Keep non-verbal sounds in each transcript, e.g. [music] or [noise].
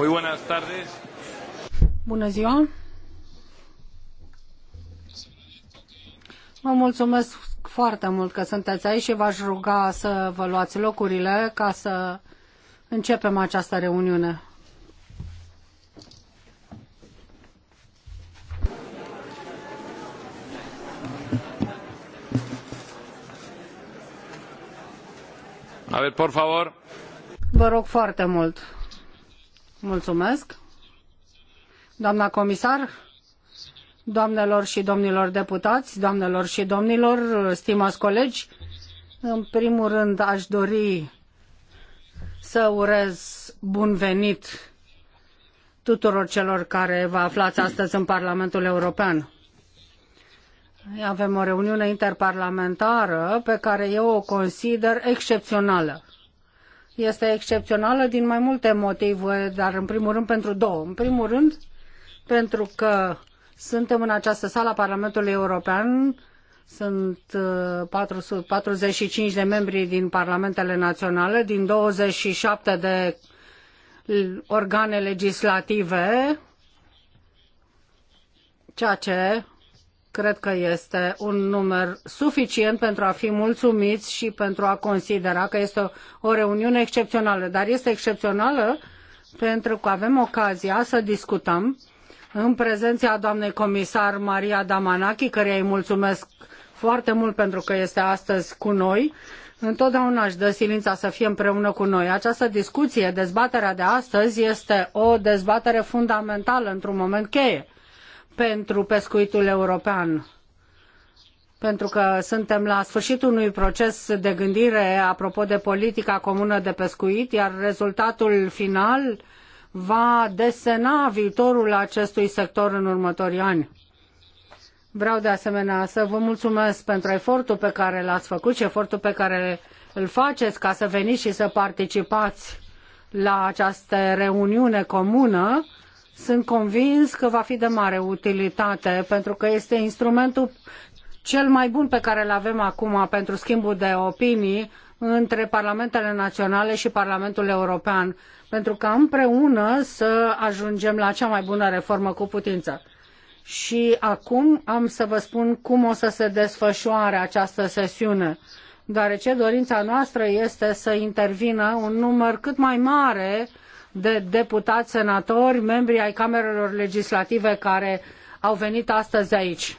Muy buenas tardes. Bună ziua. Vă mulțumesc foarte mult că sunteți aici și v-aș ruga să vă luați locurile ca să începem această reuniune. A ver, por favor. Vă rog foarte mult. Mulțumesc. Doamna comisar, doamnelor și domnilor deputați, doamnelor și domnilor, stimați colegi, în primul rând aș dori să urez bun venit tuturor celor care vă aflați astăzi în Parlamentul European. Avem o reuniune interparlamentară pe care eu o consider excepțională este excepțională din mai multe motive, dar în primul rând pentru două. În primul rând, pentru că suntem în această sală a Parlamentului European, sunt 445 uh, de membri din parlamentele naționale, din 27 de organe legislative, ceea ce Cred că este un număr suficient pentru a fi mulțumiți și pentru a considera că este o, o reuniune excepțională. Dar este excepțională pentru că avem ocazia să discutăm în prezența doamnei comisar Maria Damanaki, căreia îi mulțumesc foarte mult pentru că este astăzi cu noi. Întotdeauna își dă silința să fie împreună cu noi. Această discuție, dezbaterea de astăzi, este o dezbatere fundamentală într-un moment cheie pentru pescuitul european pentru că suntem la sfârșitul unui proces de gândire apropo de politica comună de pescuit, iar rezultatul final va desena viitorul acestui sector în următorii ani. Vreau de asemenea să vă mulțumesc pentru efortul pe care l-ați făcut și efortul pe care îl faceți ca să veniți și să participați la această reuniune comună sunt convins că va fi de mare utilitate pentru că este instrumentul cel mai bun pe care îl avem acum pentru schimbul de opinii între parlamentele naționale și Parlamentul European, pentru ca împreună să ajungem la cea mai bună reformă cu putință. Și acum am să vă spun cum o să se desfășoare această sesiune, deoarece dorința noastră este să intervină un număr cât mai mare de deputați, senatori, membri ai camerelor legislative care au venit astăzi aici.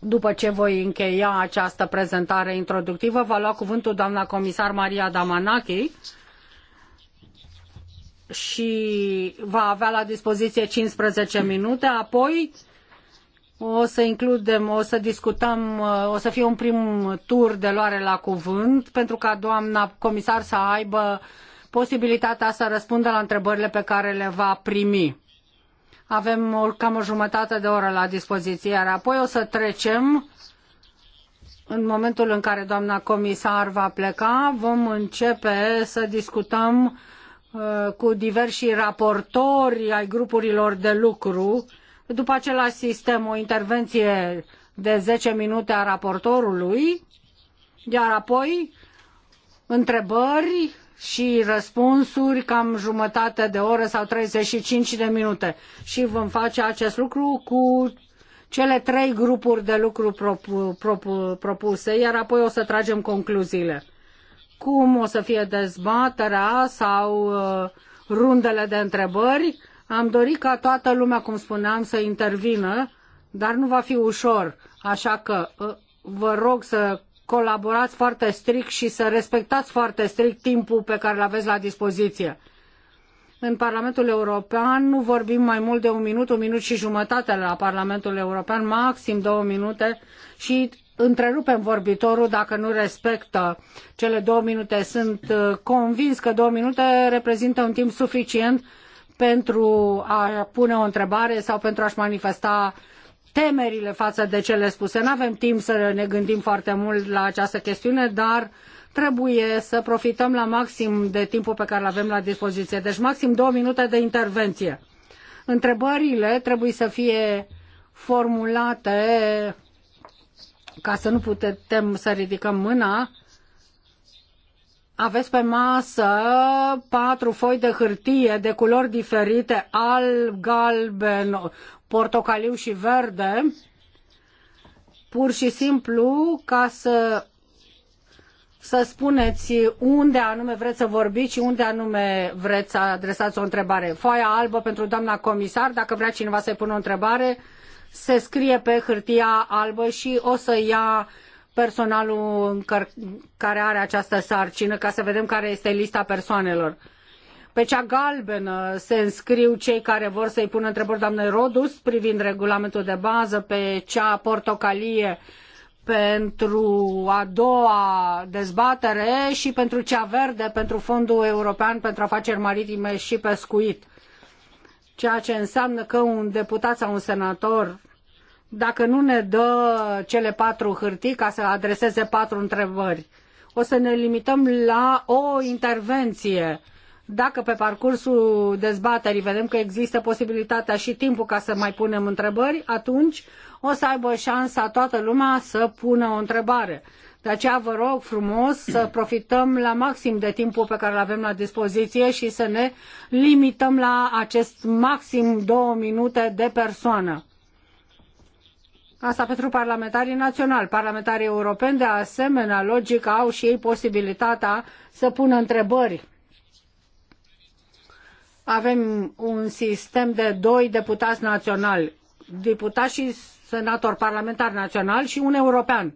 După ce voi încheia această prezentare introductivă, va lua cuvântul doamna comisar Maria Damanaki și va avea la dispoziție 15 minute, apoi o să includem, o să discutăm, o să fie un prim tur de luare la cuvânt pentru ca doamna comisar să aibă uh, posibilitatea să răspundă la întrebările pe care le va primi. Avem o, cam o jumătate de oră la dispoziție, iar apoi o să trecem în momentul în care doamna comisar va pleca, vom începe să discutăm uh, cu diversi raportori ai grupurilor de lucru. După același sistem, o intervenție de zece minute a raportorului, iar apoi întrebări și răspunsuri cam jumătate de oră sau 35 de minute. Și vom face acest lucru cu cele trei grupuri de lucru propuse, iar apoi o să tragem concluziile. Cum o să fie dezbaterea sau uh, rundele de întrebări? Am dorit ca toată lumea, cum spuneam, să intervină, dar nu va fi ușor. Așa că uh, vă rog să colaborați foarte strict și să respectați foarte strict timpul pe care îl aveți la dispoziție. În Parlamentul European nu vorbim mai mult de un minut, un minut și jumătate la Parlamentul European, maxim două minute și întrerupem vorbitorul dacă nu respectă cele două minute. Sunt uh, convins că două minute reprezintă un timp suficient pentru a pune o întrebare sau pentru a-și manifesta uh, temerile față de cele spuse. Nu avem timp să ne gândim foarte mult la această chestiune, dar trebuie să profităm la maxim de timpul pe care îl avem la dispoziție. Deci maxim două minute de intervenție. Întrebările trebuie să fie formulate ca să nu putem să ridicăm mâna. Aveți pe masă patru foi de hârtie de culori diferite, alb, galben, portocaliu și verde, pur și simplu ca să să spuneți unde anume vreți să vorbiți și unde anume vreți să adresați o întrebare. Foaia albă pentru doamna comisar, dacă vrea cineva să-i pună o întrebare, se scrie pe hârtia albă și o să ia personalul care are această sarcină ca să vedem care este lista persoanelor. Pe cea galbenă se înscriu cei care vor să-i pună întrebări doamnei Rodus privind regulamentul de bază, pe cea portocalie pentru a doua dezbatere și pentru cea verde pentru Fondul European pentru Afaceri Maritime și Pescuit. Ceea ce înseamnă că un deputat sau un senator dacă nu ne dă cele patru hârtii ca să adreseze patru întrebări. O să ne limităm la o intervenție dacă pe parcursul dezbaterii vedem că există posibilitatea și timpul ca să mai punem întrebări, atunci o să aibă șansa toată lumea să pună o întrebare. De aceea vă rog frumos să profităm la maxim de timpul pe care îl avem la dispoziție și să ne limităm la acest maxim două minute de persoană. Asta pentru parlamentarii naționali. Parlamentarii europeni, de asemenea, logic, au și ei posibilitatea să pună întrebări. Avem un sistem de doi deputați naționali, deputați și senator parlamentar național și un european.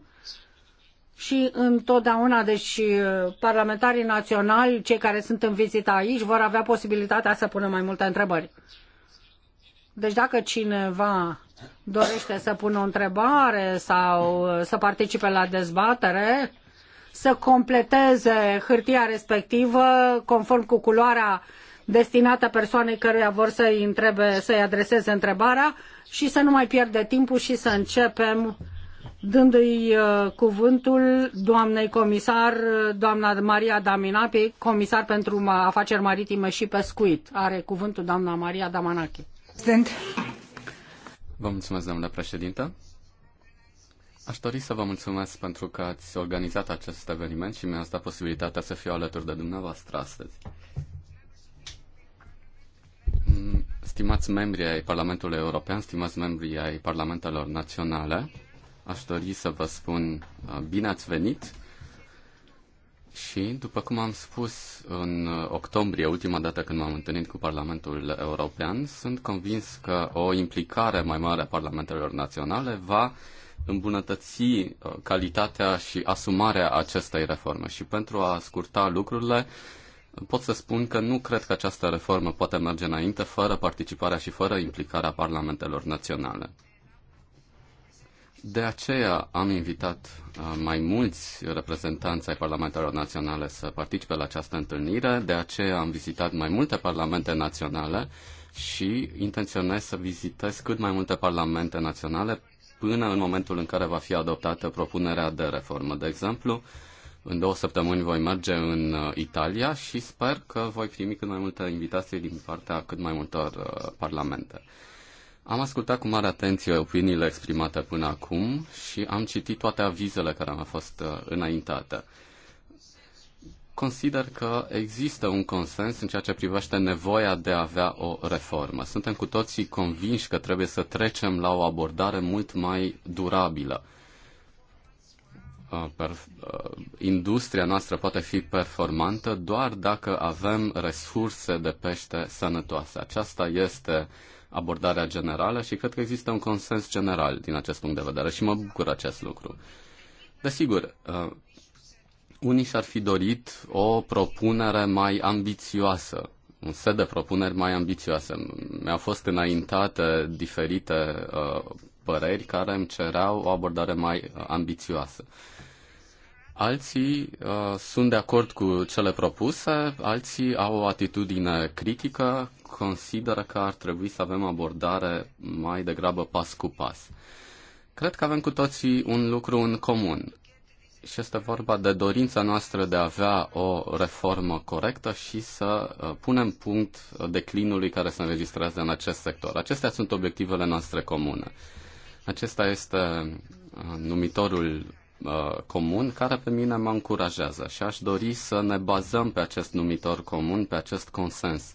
Și întotdeauna, deci, parlamentarii naționali, cei care sunt în vizită aici, vor avea posibilitatea să pună mai multe întrebări. Deci dacă cineva dorește să pună o întrebare sau să participe la dezbatere, să completeze hârtia respectivă conform cu culoarea destinată persoanei căruia vor să-i, întrebe, să-i adreseze întrebarea și să nu mai pierde timpul și să începem dându-i uh, cuvântul doamnei comisar, uh, doamna Maria Daminapi, comisar pentru afaceri maritime și pescuit. Are cuvântul doamna Maria Damanache. Sunt. Vă mulțumesc, doamna președintă. Aș dori să vă mulțumesc pentru că ați organizat acest eveniment și mi-ați dat posibilitatea să fiu alături de dumneavoastră astăzi. Stimați membri ai Parlamentului European, stimați membri ai Parlamentelor Naționale, aș dori să vă spun uh, bine ați venit și, după cum am spus în octombrie, ultima dată când m-am întâlnit cu Parlamentul European, sunt convins că o implicare mai mare a Parlamentelor Naționale va îmbunătăți uh, calitatea și asumarea acestei reforme. Și pentru a scurta lucrurile, pot să spun că nu cred că această reformă poate merge înainte fără participarea și fără implicarea parlamentelor naționale. De aceea am invitat uh, mai mulți reprezentanți ai parlamentelor naționale să participe la această întâlnire, de aceea am vizitat mai multe parlamente naționale și intenționez să vizitez cât mai multe parlamente naționale până în momentul în care va fi adoptată propunerea de reformă. De exemplu, în două săptămâni voi merge în uh, Italia și sper că voi primi cât mai multe invitații din partea cât mai multor uh, parlamente. Am ascultat cu mare atenție opiniile exprimate până acum și am citit toate avizele care au fost uh, înaintate. Consider că există un consens în ceea ce privește nevoia de a avea o reformă. Suntem cu toții convinși că trebuie să trecem la o abordare mult mai durabilă Uh, uh, industria noastră poate fi performantă doar dacă avem resurse de pește sănătoase. Aceasta este abordarea generală și cred că există un consens general din acest punct de vedere și mă bucur acest lucru. Desigur, uh, unii și-ar fi dorit o propunere mai ambițioasă, un set de propuneri mai ambițioase. Mi-au fost înaintate diferite uh, păreri care îmi cereau o abordare mai ambițioasă. Uh, Alții uh, sunt de acord cu cele propuse, alții au o atitudine critică, consideră că ar trebui să avem abordare mai degrabă pas cu pas. Cred că avem cu toții un lucru în comun și este vorba de dorința noastră de a avea o reformă corectă și să uh, punem punct declinului care se înregistrează în acest sector. Acestea sunt obiectivele noastre comune. Acesta este uh, numitorul Uh, comun care pe mine mă încurajează și aș dori să ne bazăm pe acest numitor comun, pe acest consens.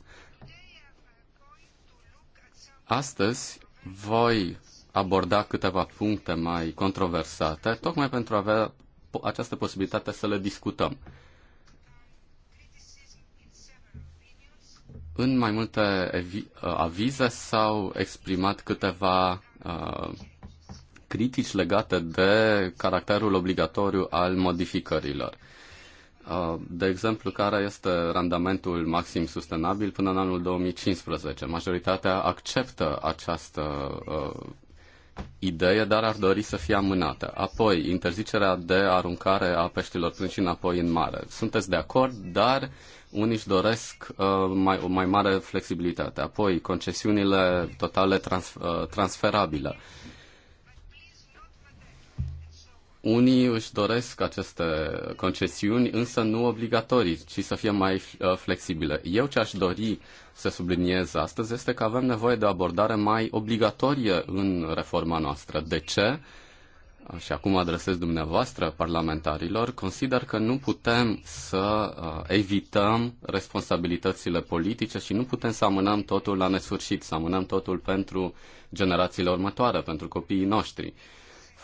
Astăzi voi aborda câteva puncte mai controversate, tocmai pentru a avea această posibilitate să le discutăm. În mai multe uh, avize s-au exprimat câteva uh, critici legate de caracterul obligatoriu al modificărilor. Uh, de exemplu, care este randamentul maxim sustenabil până în anul 2015? Majoritatea acceptă această uh, idee, dar ar dori să fie amânată. Apoi, interzicerea de aruncare a peștilor prânși înapoi în mare. Sunteți de acord, dar unii își doresc uh, mai, o mai mare flexibilitate. Apoi, concesiunile totale trans, uh, transferabile. Uh, Unii își doresc aceste concesiuni, însă nu obligatorii, ci să fie mai uh, flexibile. Eu ce aș dori să subliniez astăzi este că avem nevoie de o abordare mai obligatorie în reforma noastră. De ce? Și acum adresez dumneavoastră parlamentarilor, consider că nu putem să uh, evităm responsabilitățile politice și nu putem să amânăm totul la nesfârșit, să amânăm totul pentru generațiile următoare, pentru copiii noștri.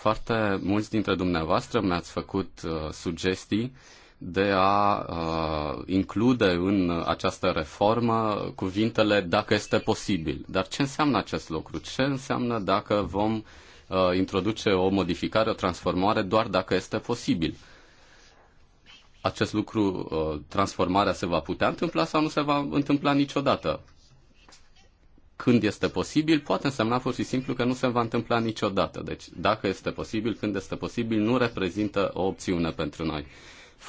Foarte mulți dintre dumneavoastră mi-ați făcut uh, sugestii de a uh, include în această reformă cuvintele dacă este posibil. Dar ce înseamnă acest lucru? Ce înseamnă dacă vom uh, introduce o modificare, o transformare doar dacă este posibil? Acest lucru, uh, transformarea se va putea întâmpla sau nu se va întâmpla niciodată? când este posibil, poate însemna pur și simplu că nu se va întâmpla niciodată. Deci, dacă este posibil, când este posibil, nu reprezintă o opțiune pentru noi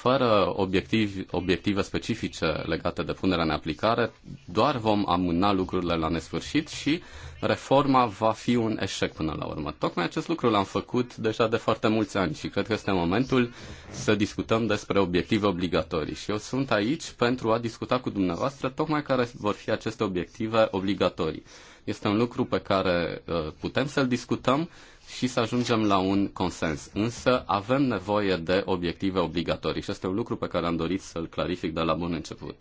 fără obiectiv, obiective specifice legate de punerea în aplicare, doar vom amâna lucrurile la nesfârșit și reforma va fi un eșec până la urmă. Tocmai acest lucru l-am făcut deja de foarte mulți ani și cred că este momentul să discutăm despre obiective obligatorii. Și eu sunt aici pentru a discuta cu dumneavoastră tocmai care vor fi aceste obiective obligatorii. Este un lucru pe care uh, putem să-l discutăm și să ajungem la un consens. Însă avem nevoie de obiective obligatorii și este un lucru pe care am dorit să-l clarific de la bun început.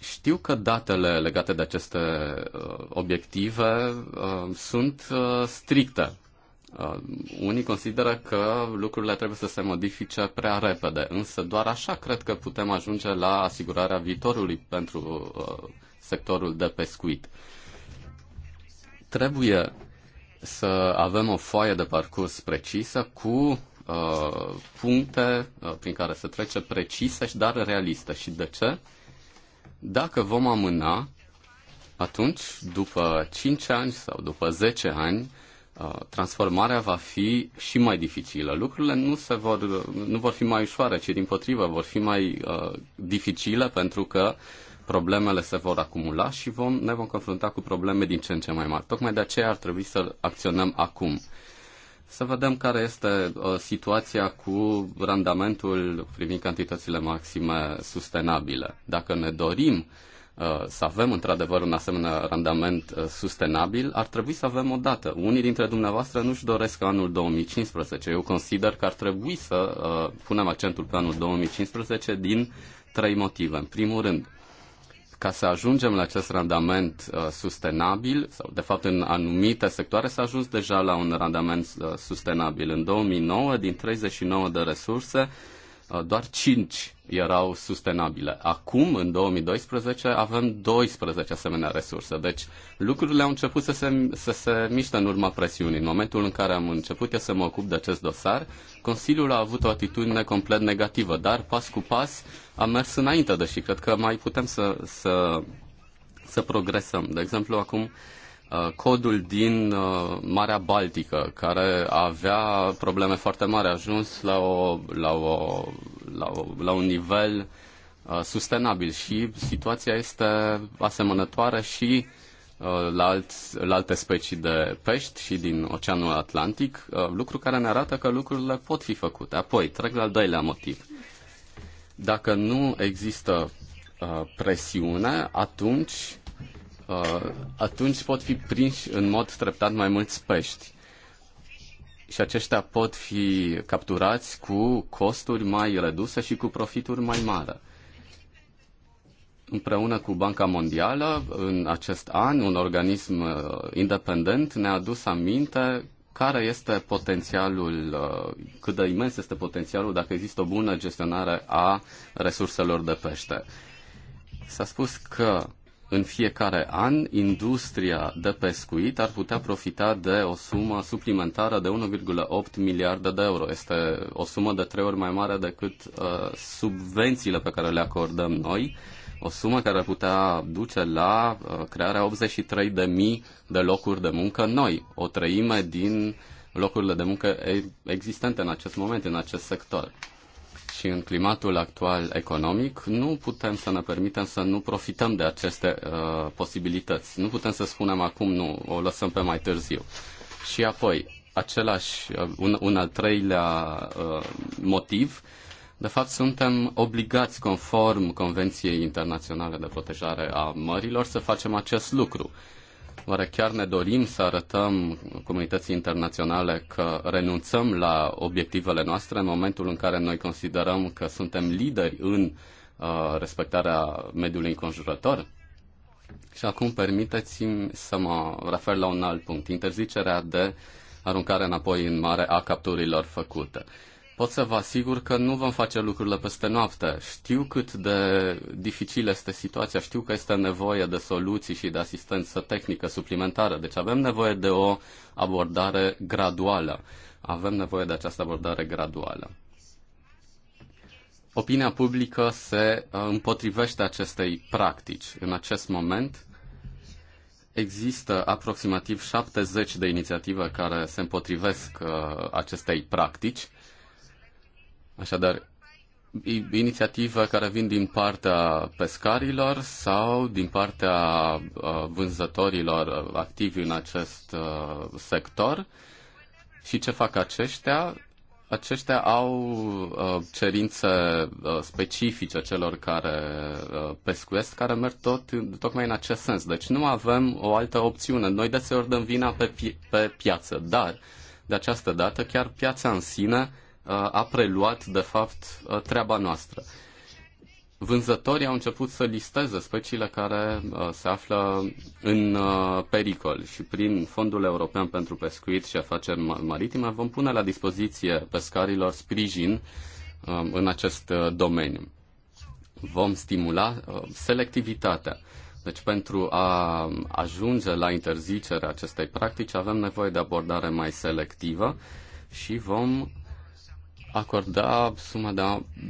Știu că datele legate de aceste uh, obiective uh, sunt uh, stricte. Uh, unii consideră că lucrurile trebuie să se modifice prea repede, însă doar așa cred că putem ajunge la asigurarea viitorului pentru uh, sectorul de pescuit. Trebuie să avem o foaie de parcurs precisă cu uh, puncte uh, prin care se trece precise, dar realiste. Și de ce? Dacă vom amâna, atunci, după 5 ani sau după 10 ani, uh, transformarea va fi și mai dificilă. Lucrurile nu, se vor, nu vor fi mai ușoare, ci din potrivă vor fi mai uh, dificile pentru că uh, problemele se vor acumula și vom, ne vom confrunta cu probleme din ce în ce mai mari. Tocmai de aceea ar trebui să acționăm acum. Să vedem care este uh, situația cu randamentul privind cantitățile maxime sustenabile. Dacă ne dorim uh, să avem într-adevăr un asemenea randament uh, sustenabil, ar trebui să avem o dată. Unii dintre dumneavoastră nu-și doresc anul 2015. Eu consider că ar trebui să uh, punem accentul pe anul 2015 din trei motive. În primul rând, uh, ca să ajungem la acest randament uh, sustenabil, sau de fapt în anumite sectoare s-a ajuns deja la un randament uh, sustenabil. În 2009, din 39 de resurse, uh, doar 5 erau sustenabile. Acum, în 2012, avem 12 asemenea resurse. Deci lucrurile au început să se, să se miște în urma presiunii. În momentul în care am început eu să mă ocup de acest dosar, Consiliul a avut o atitudine complet negativă, dar pas cu pas am mers înainte, deși cred că mai putem să, să, să progresăm. De exemplu, acum uh, codul din uh, Marea Baltică, care avea probleme foarte mari, a ajuns la, o, la, o, la, o, la un nivel uh, sustenabil și situația este asemănătoare și la, alți, la alte specii de pești și din Oceanul Atlantic, lucru care ne arată că lucrurile pot fi făcute. Apoi, trec la al doilea motiv. Dacă nu există uh, presiune, atunci, uh, atunci pot fi prinși în mod treptat mai mulți pești. Și aceștia pot fi capturați cu costuri mai reduse și cu profituri mai mari împreună cu Banca Mondială, în acest an, un organism uh, independent ne-a adus aminte care este potențialul, uh, cât de imens este potențialul dacă există o bună gestionare a resurselor de pește. S-a spus că în fiecare an industria de pescuit ar putea profita de o sumă suplimentară de 1,8 miliarde de euro. Este o sumă de trei ori mai mare decât uh, subvențiile pe care le acordăm noi uh, o sumă care ar putea duce la uh, crearea 83.000 de locuri de muncă noi, o treime din locurile de muncă existente în acest moment, în acest sector. Și în climatul actual economic nu putem să ne permitem să nu profităm de aceste uh, posibilități. Nu putem să spunem acum nu, o lăsăm pe mai târziu. Și apoi, același, uh, un, un al treilea uh, motiv uh, de fapt, suntem obligați, conform Convenției Internaționale de Protejare a Mărilor, să facem acest lucru. Oare chiar ne dorim să arătăm comunității internaționale că renunțăm la obiectivele noastre în momentul în care noi considerăm că suntem lideri în uh, respectarea mediului înconjurător? Și acum permiteți-mi să mă refer la un alt punct, interzicerea de aruncare înapoi în mare a capturilor făcute. Uh, pot să vă asigur că nu vom face lucrurile peste noapte. Știu cât de dificilă este situația, știu că este nevoie de soluții și de asistență tehnică suplimentară, deci avem nevoie de o abordare graduală. Avem nevoie de această abordare graduală. Opinia publică se uh, împotrivește acestei practici. În acest moment, Există aproximativ 70 de inițiative care se împotrivesc uh, acestei practici Așadar, inițiativa care vin din partea pescarilor sau din partea uh, vânzătorilor activi în acest uh, sector. Și ce fac aceștia? Aceștia au uh, cerințe specifice celor care pescuiesc, care merg tot, tocmai în acest sens. Deci nu avem o altă opțiune. Noi deseori dăm vina pe, pi- pe piață, dar de această dată chiar piața în sine a preluat, de fapt, treaba noastră. Vânzătorii au început să listeze speciile care se află în pericol și prin Fondul European pentru Pescuit și Afaceri Maritime vom pune la dispoziție pescarilor sprijin în acest domeniu. Vom stimula selectivitatea. Deci pentru a ajunge la interzicerea acestei practici avem nevoie de abordare mai selectivă și vom acorda suma de,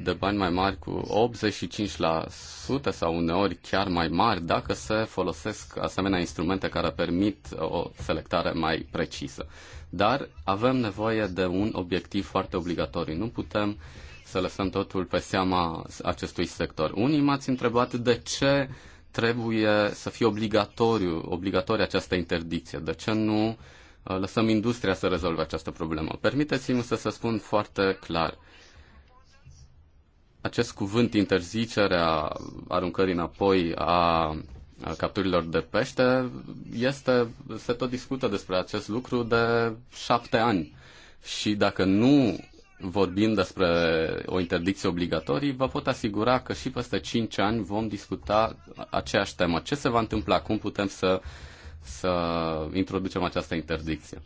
de bani mai mari cu 85% sau uneori chiar mai mari dacă se folosesc asemenea instrumente care permit o selectare mai precisă. Dar avem nevoie de un obiectiv foarte obligatoriu. Nu putem să lăsăm totul pe seama acestui sector. Unii m-ați întrebat de ce trebuie să fie obligatoriu, obligatoriu această interdicție, de ce nu uh, Uh, lăsăm industria să rezolve această problemă. Permiteți-mi să să spun foarte clar. Acest cuvânt interzicerea aruncării înapoi a capturilor de pește este, se tot discută despre acest lucru de șapte ani. Și dacă nu vorbim despre o interdicție obligatorie, vă pot asigura că și peste 5 ani vom discuta aceeași temă. Ce se va întâmpla? Cum putem să uh, să introducem această interdicție.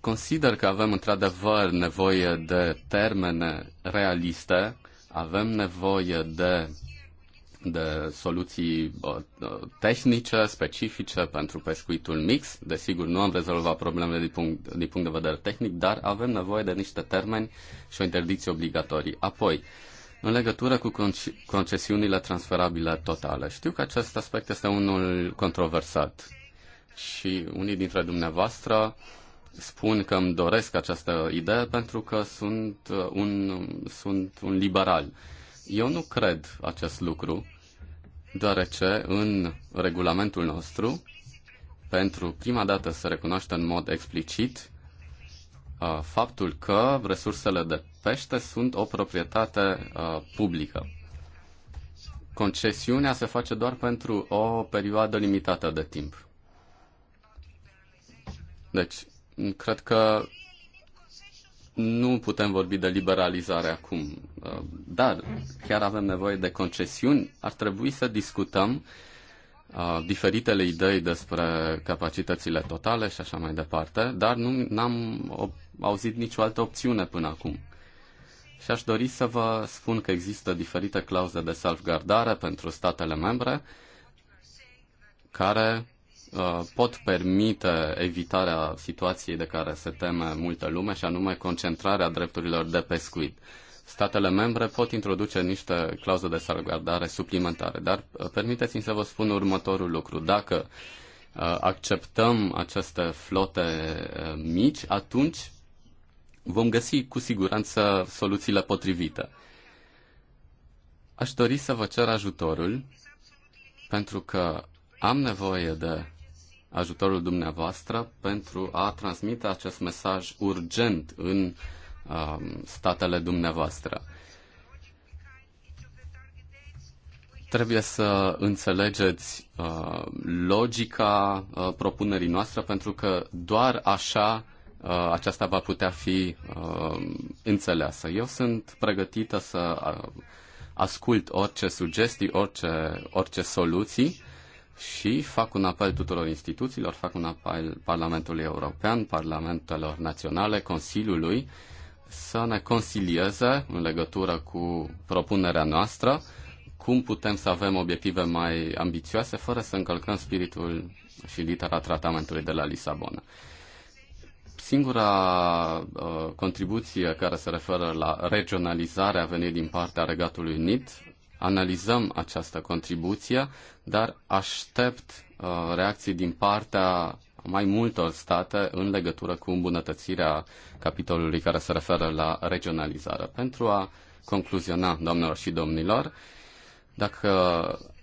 Consider că avem într-adevăr nevoie de termene realiste, avem nevoie de, de soluții tehnice, specifice pentru pescuitul mix. Desigur, nu am rezolvat problemele din punct, din punct de vedere tehnic, dar avem nevoie de niște termeni și o interdicție obligatorii. Apoi, în legătură cu concesiunile transferabile totale. Știu că acest aspect este unul controversat și unii dintre dumneavoastră spun că îmi doresc această idee pentru că sunt uh, un, sunt un liberal. Eu nu cred acest lucru, deoarece în regulamentul nostru, pentru prima dată se recunoaște în mod explicit Uh, faptul că resursele de pește sunt o proprietate uh, publică. Concesiunea se face doar pentru o perioadă limitată de timp. Deci, cred că nu putem vorbi de liberalizare acum, uh, dar chiar avem nevoie de concesiuni. Ar trebui să discutăm diferitele idei despre capacitățile totale și așa mai departe, dar nu am auzit nicio altă opțiune până acum. Și aș dori să vă spun că există diferite clauze de salvgardare pentru statele membre care uh, pot permite evitarea situației de care se teme multă lume și anume concentrarea drepturilor de pescuit. Statele membre pot introduce niște clauze de salvgardare suplimentare, dar uh, permiteți-mi să vă spun următorul lucru. Dacă uh, acceptăm aceste flote uh, mici, atunci vom găsi cu siguranță soluțiile potrivite. Aș dori să vă cer ajutorul, pentru că am nevoie de ajutorul dumneavoastră pentru a transmite acest mesaj urgent în uh, statele dumneavoastră. Trebuie să înțelegeți uh, logica uh, propunerii noastre, pentru că doar așa Uh, aceasta va putea fi uh, înțeleasă. Eu sunt pregătită să uh, ascult orice sugestii, orice, orice soluții și fac un apel tuturor instituțiilor, fac un apel Parlamentului European, Parlamentelor Naționale, Consiliului, să ne consilieze în legătură cu propunerea noastră, cum putem să avem obiective mai ambițioase fără să încălcăm spiritul și litera tratamentului de la Lisabona. Singura uh, contribuție care se referă la regionalizare a venit din partea Regatului Unit. Analizăm această contribuție, dar aștept uh, reacții din partea mai multor state în legătură cu îmbunătățirea capitolului care se referă la regionalizare. Pentru a concluziona, doamnelor și domnilor, dacă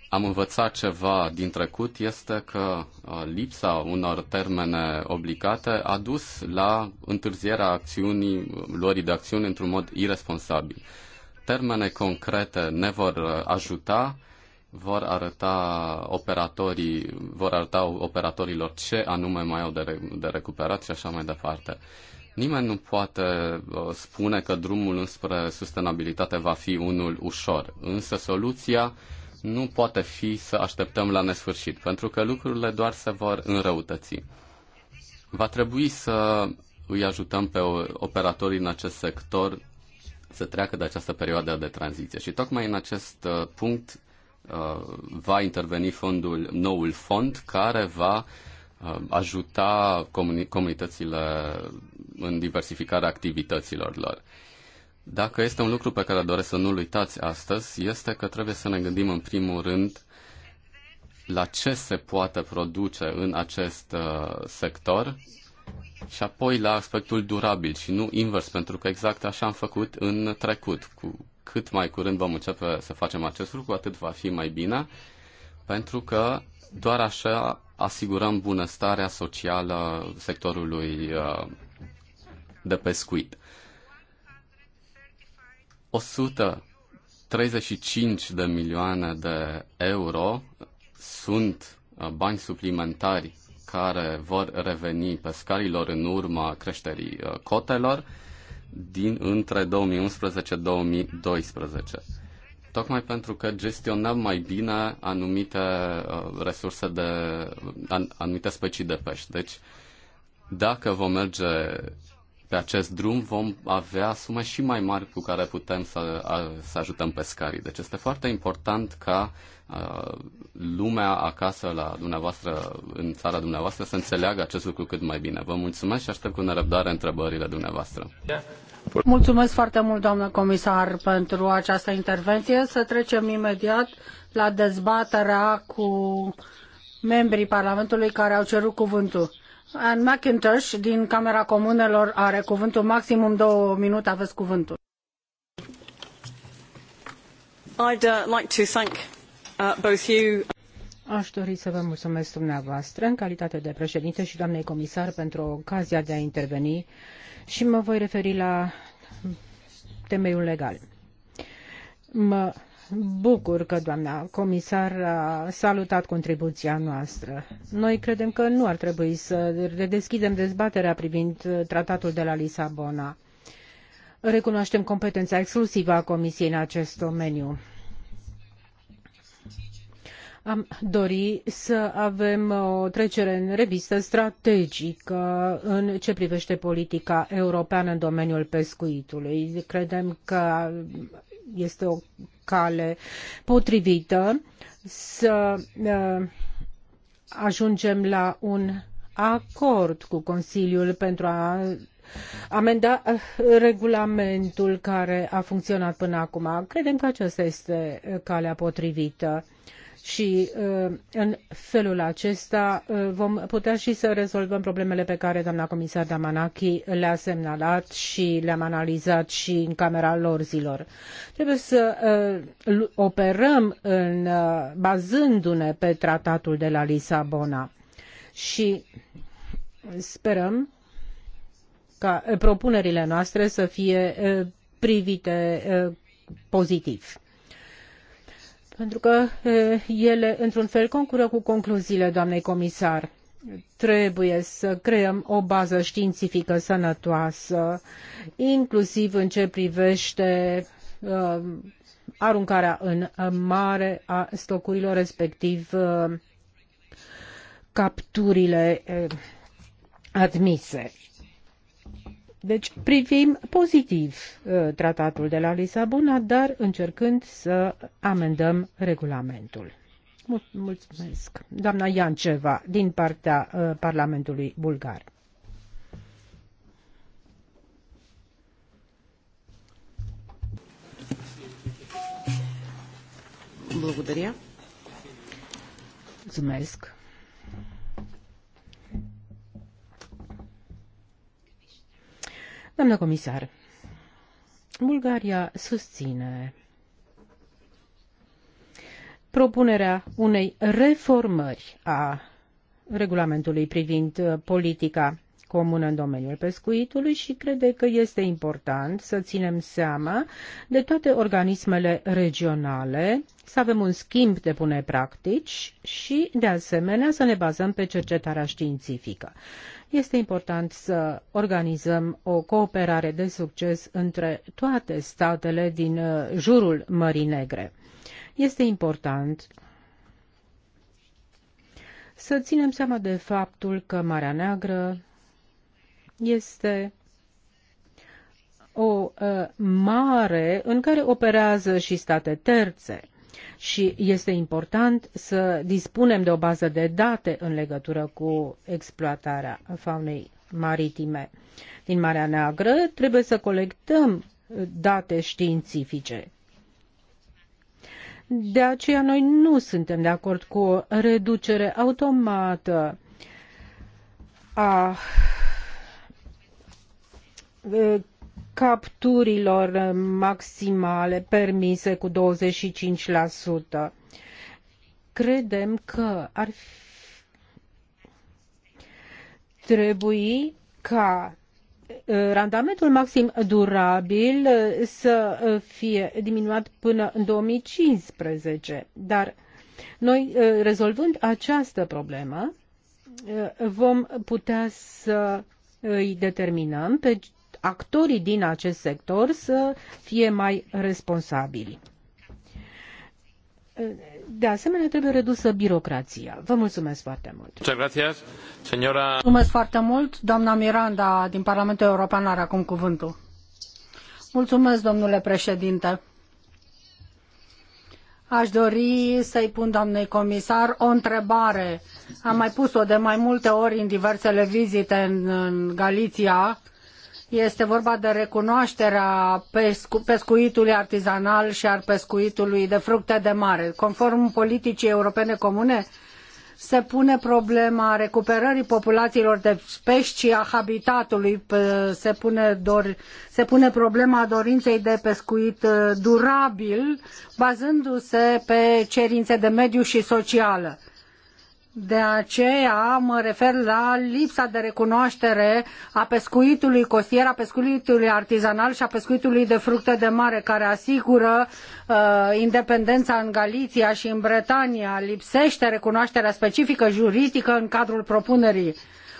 am învățat ceva din trecut este că uh, lipsa unor termene obligate a dus la întârzierea acțiunii, luării de acțiuni într-un mod irresponsabil. Termene concrete ne vor uh, ajuta, vor arăta operatorii, vor arăta operatorilor ce anume mai au de, de recuperat și așa mai departe. Nimeni nu poate uh, spune că drumul înspre sustenabilitate va fi unul ușor, însă soluția nu poate fi să așteptăm la nesfârșit, pentru că lucrurile doar se vor înrăutăți. Va trebui să îi ajutăm pe operatorii în acest sector să treacă de această perioadă de tranziție. Și tocmai în acest uh, punct uh, va interveni fondul, noul fond care va uh, ajuta comunitățile în diversificarea activităților lor. Dacă este un lucru pe care doresc să nu-l uitați astăzi, este că trebuie să ne gândim în primul rând la ce se poate produce în acest uh, sector și apoi la aspectul durabil și nu invers, pentru că exact așa am făcut în trecut. Cu cât mai curând vom începe să facem acest lucru, cu atât va fi mai bine, pentru că doar așa asigurăm bunăstarea socială sectorului uh, de pescuit. 135 de milioane de euro sunt uh, bani suplimentari care vor reveni pescarilor în urma creșterii uh, cotelor din între 2011-2012. Tocmai pentru că gestionăm mai bine anumite uh, resurse de an, anumite specii de pești. Deci, dacă vom merge pe acest drum vom avea sume și mai mari cu care putem să, să ajutăm pescarii. Deci este foarte important ca lumea acasă la dumneavoastră, în țara dumneavoastră, să înțeleagă acest lucru cât mai bine. Vă mulțumesc și aștept cu nerăbdare întrebările dumneavoastră. Mulțumesc foarte mult, doamnă comisar, pentru această intervenție. Să trecem imediat la dezbaterea cu membrii Parlamentului care au cerut cuvântul. Anne McIntosh din Camera Comunelor are cuvântul maximum două minute, aveți cuvântul. I'd uh, like to thank uh, both you Aș dori să vă mulțumesc dumneavoastră în calitate de președinte și doamnei comisar pentru ocazia de a interveni și mă voi referi la temeiul legal. Mă bucur că doamna comisar a salutat contribuția noastră. Noi credem că nu ar trebui să redeschidem dezbaterea privind tratatul de la Lisabona. Recunoaștem competența exclusivă a Comisiei în acest domeniu. Am dori să avem o trecere în revistă strategică în ce privește politica europeană în domeniul pescuitului. Credem că este o cale potrivită să uh, ajungem la un acord cu Consiliul pentru a amenda uh, regulamentul care a funcționat până acum. Credem că aceasta este calea potrivită. Uh, și uh, în felul acesta uh, vom putea și să rezolvăm problemele pe care doamna comisar Damanachi le-a semnalat și le-am analizat și în camera lor zilor. Trebuie să uh, operăm în, bazându-ne pe tratatul de la Lisabona și sperăm ca propunerile privite pozitiv pentru că ele, într-un fel, concură cu concluziile doamnei comisar. Trebuie să creăm o bază științifică sănătoasă, inclusiv în ce privește uh, aruncarea în mare a stocurilor, respectiv uh, capturile uh, admise. Deci privim pozitiv uh, tratatul de la Lisabona, dar încercând să amendăm regulamentul. Mulțumesc. Doamna Ianceva, din partea uh, Parlamentului Bulgar. Благодаря. Mulțumesc. Doamnă comisar, Bulgaria susține propunerea unei reformări a regulamentului privind uh, politica comună în domeniul pescuitului și crede că este important să ținem seama de toate organismele regionale, să avem un schimb de bune practici și, de asemenea, să ne bazăm pe cercetarea științifică este important să organizăm o cooperare de succes între toate statele din uh, jurul Mării Negre. Este important să ținem seama de faptul că Marea Neagră este o uh, mare în care operează și state terțe și este important să dispunem de o bază de date în legătură cu exploatarea faunei maritime din Marea Neagră, trebuie să colectăm uh, date științifice. De aceea noi nu suntem de acord cu o reducere automată a uh, capturilor maximale permise cu 25%. Credem că ar trebui ca uh, randamentul maxim durabil uh, să uh, fie diminuat până în 2015. Dar noi, rezolvând această problemă, vom putea să îi determinăm pe actorii din acest sector să fie mai responsabili. De asemenea, trebuie redusă birocrația. Vă mulțumesc foarte mult. Mulțumesc foarte mult. Doamna Miranda din Parlamentul European are acum cuvântul. Mulțumesc, domnule președinte. Aș dori să-i pun doamnei comisar o întrebare. Am mai pus-o de mai multe ori în diversele vizite în, în Galiția. Uh, este vorba de recunoașterea pescu- pescuitului artizanal și al pescuitului de fructe de mare. Conform politicii europene comune, se pune problema recuperării populațiilor de pești și a habitatului, se pune, dor, se pune problema dorinței de pescuit uh, durabil, bazându-se pe cerințe de mediu și socială. De aceea mă refer la lipsa de recunoaștere a pescuitului costier, a pescuitului artizanal și a pescuitului de fructe de mare, care asigură uh, independența în Galiția și în Bretania. Lipsește recunoașterea specifică juridică în cadrul propunerii.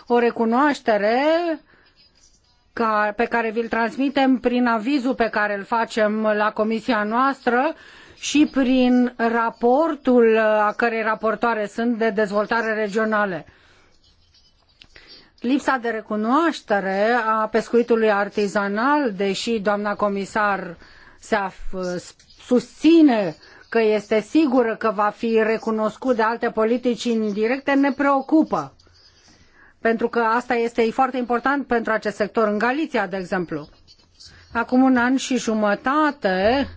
O recunoaștere pe care vi-l transmitem prin avizul pe care îl facem la comisia noastră uh, și prin raportul a cărei raportoare sunt de dezvoltare regională. Lipsa de recunoaștere a pescuitului artizanal, deși doamna comisar se susține că este sigură că va fi recunoscut de alte politici indirecte, ne preocupă. Pentru că asta este foarte important pentru acest sector în Galiția, de exemplu. Acum un an și jumătate,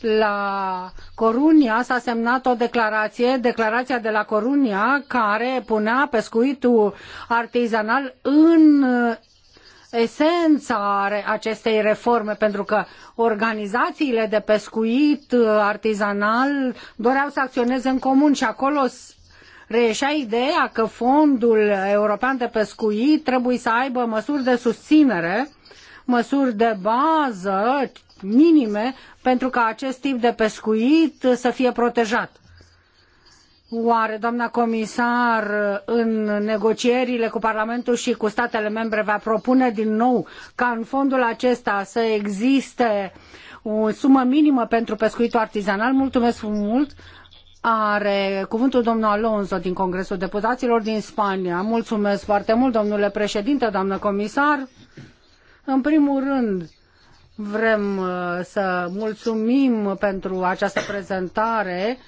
la Corunia s-a semnat o declarație, declarația de la Corunia, care punea pescuitul artizanal în uh, esența acestei reforme, pentru că organizațiile de pescuit uh, artizanal doreau să acționeze în comun și acolo reieșea ideea că Fondul European de Pescuit trebuie să aibă măsuri de susținere măsuri de bază minime pentru ca acest tip de pescuit să fie protejat. Oare, doamna comisar, în negocierile cu Parlamentul și cu statele membre va propune din nou ca în fondul acesta să existe o sumă minimă pentru pescuitul artizanal? Mulțumesc mult! Are cuvântul domnul Alonso din Congresul Deputaților din Spania. Mulțumesc foarte mult, domnule președinte, doamnă comisar. În primul rând, Vrem uh, să mulțumim pentru această prezentare.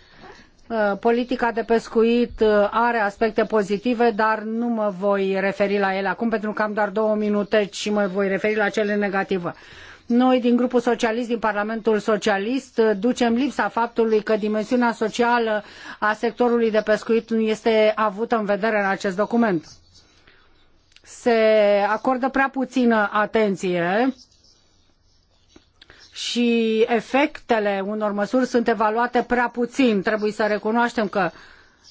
Uh, politica de pescuit uh, are aspecte pozitive, dar nu mă voi referi la ele acum pentru că am doar două minute și mă voi referi la cele negative. Noi din grupul socialist, din Parlamentul Socialist, ducem lipsa faptului că dimensiunea socială a sectorului de pescuit nu este avută în vedere în acest document. Se acordă prea puțină atenție uh, și efectele unor măsuri sunt evaluate prea puțin. Trebuie să recunoaștem că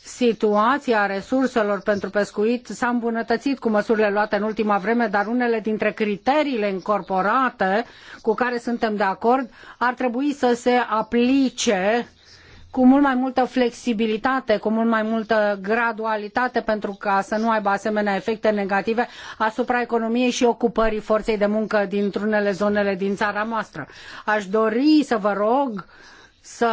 situația resurselor pentru pescuit s-a îmbunătățit cu măsurile luate în ultima vreme, dar unele dintre criteriile incorporate cu care suntem de acord ar trebui să se aplice cu mult mai multă flexibilitate, cu mult mai multă gradualitate pentru ca să nu aibă asemenea efecte negative asupra economiei și ocupării forței de muncă dintr-unele zonele din țara noastră. Aș dori să vă rog să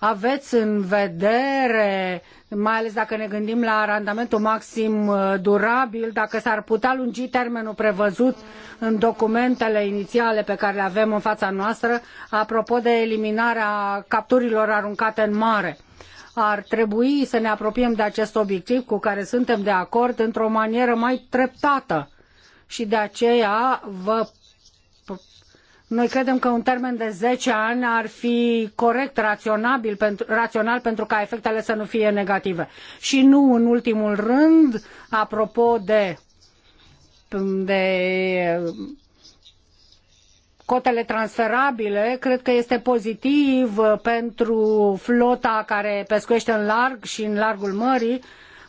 aveți în vedere, mai ales dacă ne gândim la randamentul maxim uh, durabil, dacă s-ar putea lungi termenul prevăzut în documentele inițiale pe care le avem în fața noastră, apropo de eliminarea capturilor aruncate în mare ar trebui să ne apropiem de acest obiectiv cu care suntem de acord într-o manieră mai treptată. Și de aceea vă noi credem că un termen de zece ani ar fi corect, raționabil, pentru, rațional, pentru ca efectele să nu fie negative. Și nu în ultimul rând, apropo de, de cotele transferabile, cred că este pozitiv pentru flota care pescuiește în larg și în largul mării,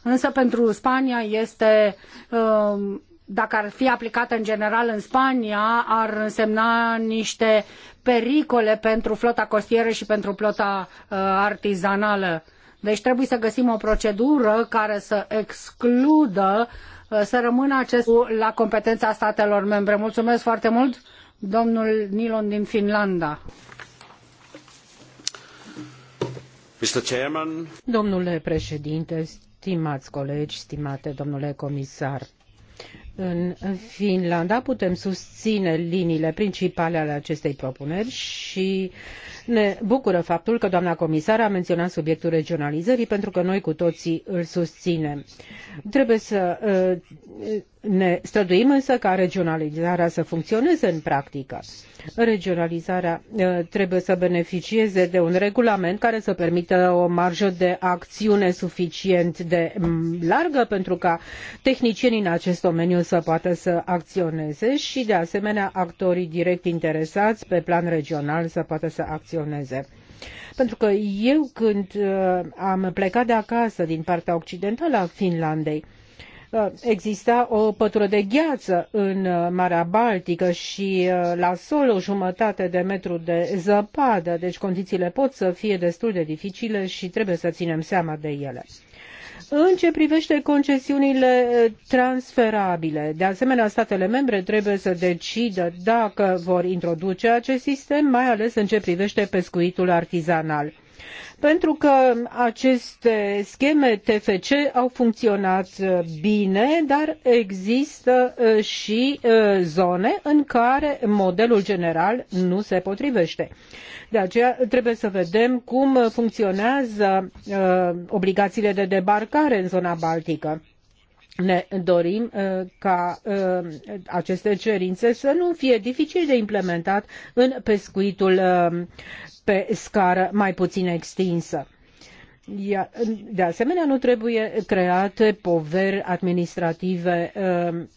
însă pentru Spania este um, dacă ar fi aplicată în general în Spania, ar însemna niște pericole pentru flota costieră și pentru flota uh, artizanală. Deci trebuie să găsim o procedură care să excludă uh, să rămână acest la competența statelor membre. Mulțumesc foarte mult, domnul Nilon din Finlanda. Domnule președinte, stimați colegi, stimate domnule comisar, în Finlanda putem susține liniile principale ale acestei propuneri și ne bucură faptul că doamna comisar a menționat subiectul regionalizării, pentru că noi cu toții îl susținem. Trebuie să uh, ne străduim însă ca regionalizarea să funcționeze în practică. Regionalizarea uh, trebuie să beneficieze de un regulament care să permită o marjă de acțiune suficient de mm, largă pentru ca tehnicienii în acest domeniu să poată să acționeze și de asemenea actorii direct interesați pe plan regional să poată să acționeze acționeze. Pentru că eu când uh, am plecat de acasă din partea occidentală a Finlandei, uh, exista o pătură de gheață în uh, Marea Baltică și la sol o jumătate de metru de zăpadă, deci condițiile pot să fie destul de dificile și trebuie să ținem seama de ele. În ce privește concesiunile eh, transferabile, de asemenea, statele membre trebuie să decidă dacă vor introduce acest sistem, mai ales în ce privește pescuitul artizanal. Pentru că aceste scheme TFC au funcționat uh, bine, dar există uh, și uh, zone în care modelul general nu se potrivește. De aceea trebuie să vedem cum funcționează obligațiile de debarcare în zona Baltică ne dorim ca aceste cerințe să nu fie dificil de implementat în pescuitul pe scară mai puțin extinsă. De asemenea, nu trebuie create poveri administrative um,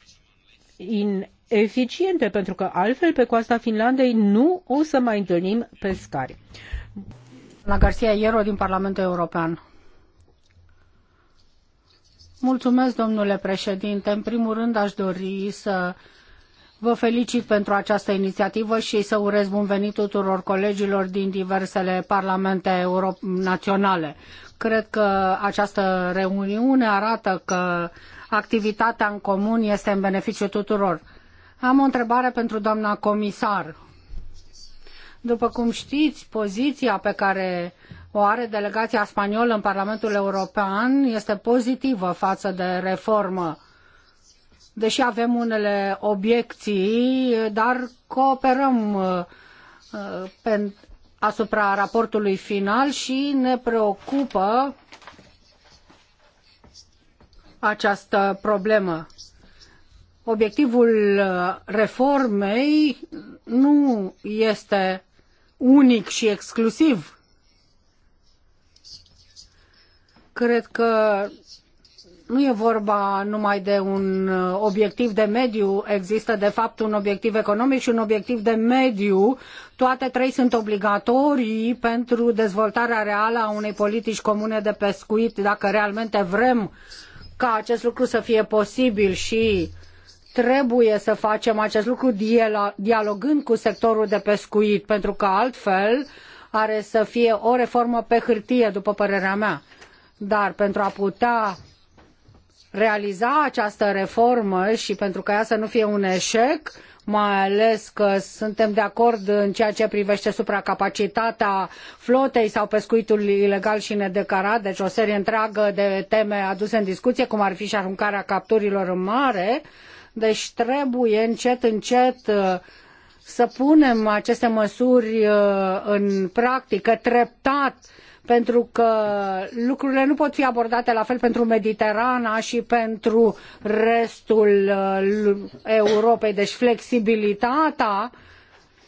ineficiente, pentru că altfel pe coasta Finlandei nu o să mai întâlnim pescari. La Garcia Iero din Parlamentul European. Mulțumesc, domnule președinte. În primul rând, aș dori să Vă felicit pentru această inițiativă și să urez bun venit tuturor colegilor din diversele parlamente naționale. Cred că această reuniune arată că activitatea în comun este în beneficiu tuturor. Am o întrebare pentru doamna comisar. După cum știți, poziția pe care o are delegația spaniolă în Parlamentul European este pozitivă față de reformă deși avem unele obiecții, dar cooperăm uh, uh, pe, asupra raportului final și ne preocupă această problemă. Obiectivul uh, reformei nu este unic și exclusiv. Cred că nu e vorba numai de un uh, obiectiv de mediu, există de fapt un obiectiv economic și un obiectiv de mediu. Toate trei sunt obligatorii pentru dezvoltarea reală a unei politici comune de pescuit, dacă realmente vrem ca acest lucru să fie posibil și trebuie să facem acest lucru dialogând cu sectorul de pescuit, pentru că altfel are să fie o reformă pe hârtie, după părerea mea. Dar pentru a putea realiza această reformă și pentru ca ea să nu fie un eșec, mai ales că suntem de acord în ceea ce privește supracapacitatea flotei sau pescuitul ilegal și nedecarat, deci o serie întreagă de teme aduse în discuție, cum ar fi și aruncarea capturilor în mare. Deci trebuie încet, încet uh, să punem aceste măsuri uh, în practică treptat pentru că lucrurile nu pot fi abordate la fel pentru Mediterana și pentru restul uh, Europei. Deci flexibilitatea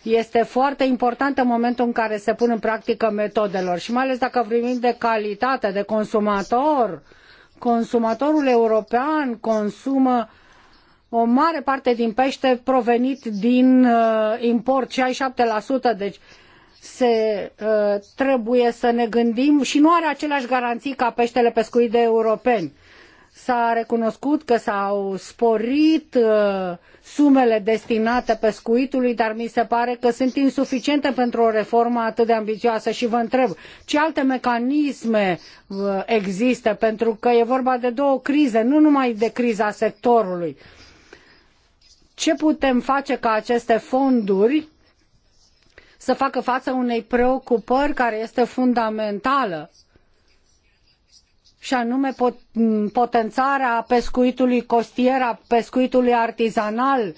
este foarte importantă în momentul în care se pun în practică metodelor și mai ales dacă vorbim de calitate, de consumator, consumatorul european consumă o mare parte din pește provenit din uh, import, 67%, deci uh, se uh, trebuie să ne gândim și nu are aceleași garanții ca peștele pescuit de europeni. S-a recunoscut că s-au sporit uh, sumele destinate pescuitului, dar mi se pare că sunt insuficiente pentru o reformă atât de ambițioasă și vă întreb ce alte mecanisme uh, există, pentru că e vorba de două crize, nu numai de criza sectorului. Ce putem face ca aceste fonduri să facă față unei preocupări care este fundamentală și anume pot, potențarea pescuitului costier, a pescuitului artizanal,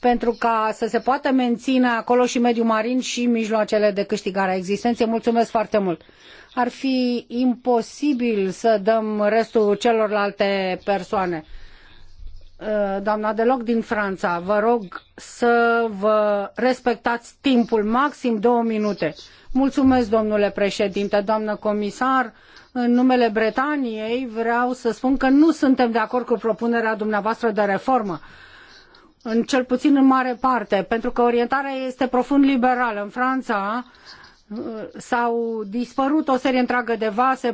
pentru ca să se poată menține acolo și mediul marin și mijloacele de câștigare a existenței. Mulțumesc foarte mult! Ar fi imposibil să dăm restul celorlalte persoane. Uh, doamna deloc din Franța, vă rog să vă respectați timpul, maxim două minute. Mulțumesc, domnule președinte, doamnă comisar. În numele Bretaniei vreau să spun că nu suntem de acord cu propunerea dumneavoastră de reformă în cel puțin în mare parte, pentru că orientarea este profund liberală. În Franța uh, s-au dispărut o serie întreagă de vase,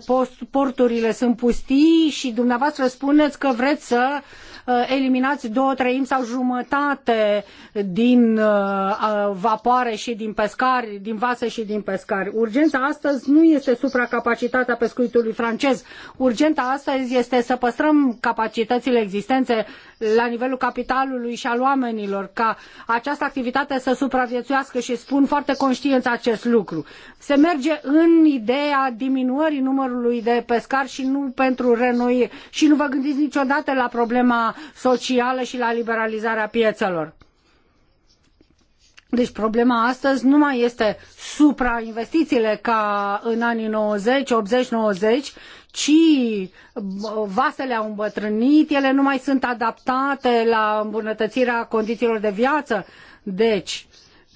porturile sunt pustii și dumneavoastră spuneți că vreți să Uh, eliminați două treimi sau jumătate din uh, uh, vapoare și din pescari, din vase și din pescari. Urgența astăzi nu este supracapacitatea pescuitului francez. Urgenta astăzi este să păstrăm capacitățile existente la nivelul capitalului și al oamenilor, ca această activitate să supraviețuiască și spun foarte conștienți acest lucru. Se merge în ideea diminuării numărului de pescari și nu pentru renoi și nu vă gândiți niciodată la problema socială și la liberalizarea piețelor. Deci problema astăzi nu mai este suprainvestițiile ca în anii 90, 80-90, ci vasele au îmbătrânit, ele nu mai sunt adaptate la îmbunătățirea condițiilor de viață. Deci,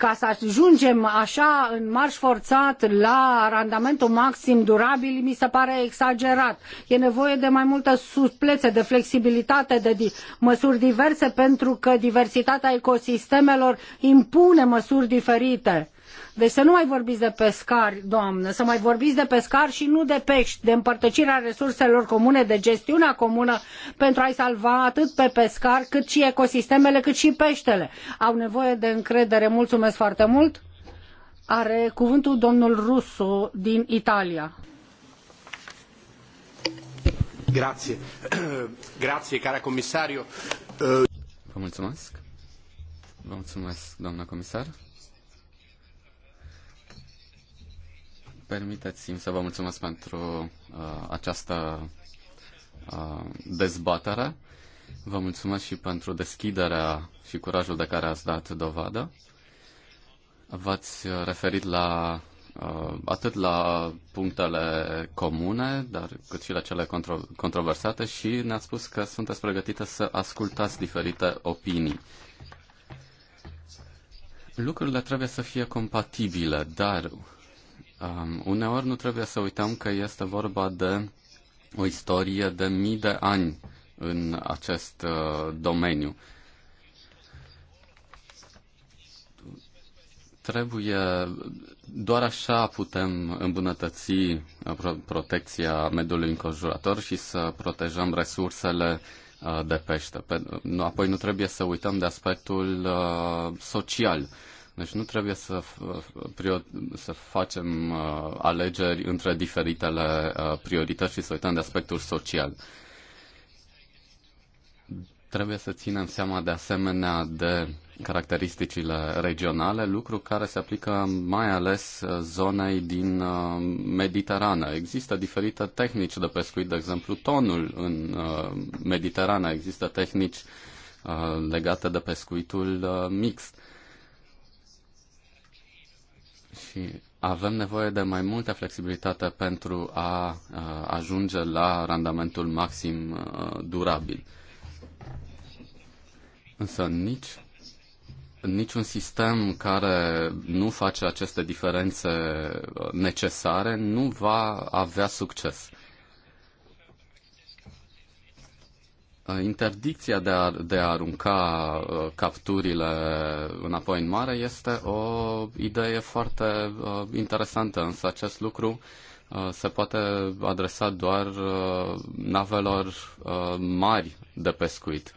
ca să ajungem așa în marș forțat la randamentul maxim durabil mi se pare exagerat. E nevoie de mai multă suplețe, de flexibilitate, de di măsuri diverse pentru că diversitatea ecosistemelor impune măsuri diferite deci să nu mai vorbiți de pescari, doamnă, să mai vorbiți de pescari și nu de pești, de împărtăcirea resurselor comune, de gestiunea comună pentru a-i salva atât pe pescari cât și ecosistemele, cât și peștele. Au nevoie de încredere. Mulțumesc foarte mult. Are cuvântul domnul Rusu din Italia. Grazie. [clears throat] Grazie, comisario. Vă mulțumesc. Vă mulțumesc, doamna comisar. Permiteți-mi să vă mulțumesc pentru uh, această uh, dezbatere. Vă mulțumesc și pentru deschiderea și curajul de care ați dat dovadă. V-ați referit la uh, atât la punctele comune, dar cât și la cele contro- controversate și ne-ați spus că sunteți pregătite să ascultați diferite opinii. Lucrurile trebuie să fie compatibile, dar Um, uneori nu trebuie să uităm că este vorba de o istorie de mii de ani în acest uh, domeniu. Trebuie, doar așa putem îmbunătăți uh, protecția mediului înconjurător și să protejăm resursele uh, de pește. Apoi nu trebuie să uităm de aspectul uh, social deci nu trebuie să, să facem uh, alegeri între diferitele uh, priorități și să uităm de aspectul social. Trebuie să ținem seama de asemenea de caracteristicile regionale, lucru care se aplică mai ales uh, zonei din Mediterana. Există diferite tehnici de pescuit, de exemplu tonul în Mediterana, există tehnici legate de pescuitul mixt. și avem nevoie de mai multă flexibilitate pentru a ajunge la randamentul maxim uh, durabil. Însă nici niciun sistem care nu face aceste diferențe uh, necesare nu va avea succes. Interdicția de a, de a arunca uh, capturile înapoi în mare este o idee foarte uh, interesantă, însă acest lucru uh, se poate adresa doar navelor mari de pescuit,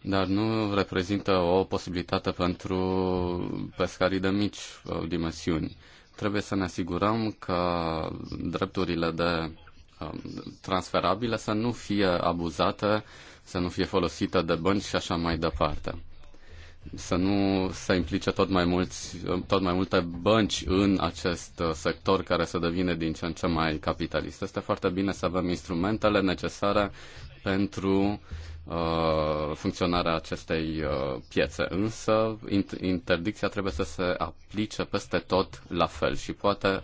dar nu reprezintă o posibilitate pentru pescarii de mici dimensiuni. Trebuie să ne asigurăm că drepturile de Um, transferabile să nu fie abuzată să nu fie folosită de bănci și așa mai departe. Să nu se implice tot mai, mulți, tot mai multe bănci în acest uh, sector care să devine din ce în ce mai capitalist. Este foarte bine să avem instrumentele necesare pentru uh, funcționarea acestei uh, piețe. Însă interdicția trebuie să se aplice peste tot la fel și poate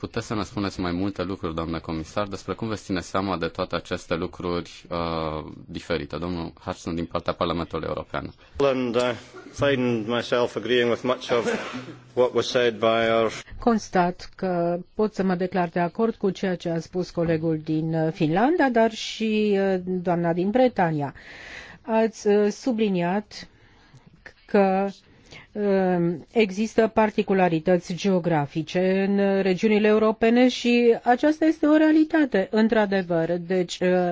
Puteți să ne spuneți mai multe lucruri, doamne comisar, despre cum veți ține seama de toate aceste lucruri uh, diferite. Domnul Hudson din partea Parlamentului European. Constat că pot să mă declar de acord cu ceea ce a spus colegul din uh, Finlanda, dar și uh, doamna din Bretania. Ați uh, subliniat că Ehm, există particularități geografice în regiunile europene și aceasta este o realitate, într-adevăr. Deci eh,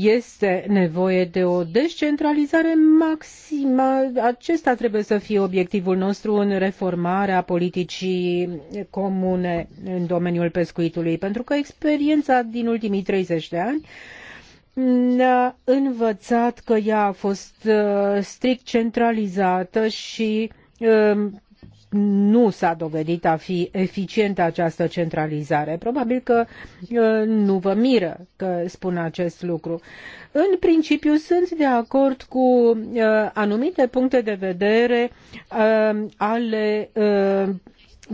este nevoie de o descentralizare maximă. Acesta trebuie să fie obiectivul nostru în reformarea politicii comune în domeniul pescuitului, pentru că experiența din ultimii 30 de ani ne-a învățat că ea a fost uh, strict centralizată și um, nu s-a dovedit a fi eficientă această centralizare. Probabil că uh, nu vă miră că spun acest lucru. În principiu sunt de acord cu uh, anumite puncte de vedere um, ale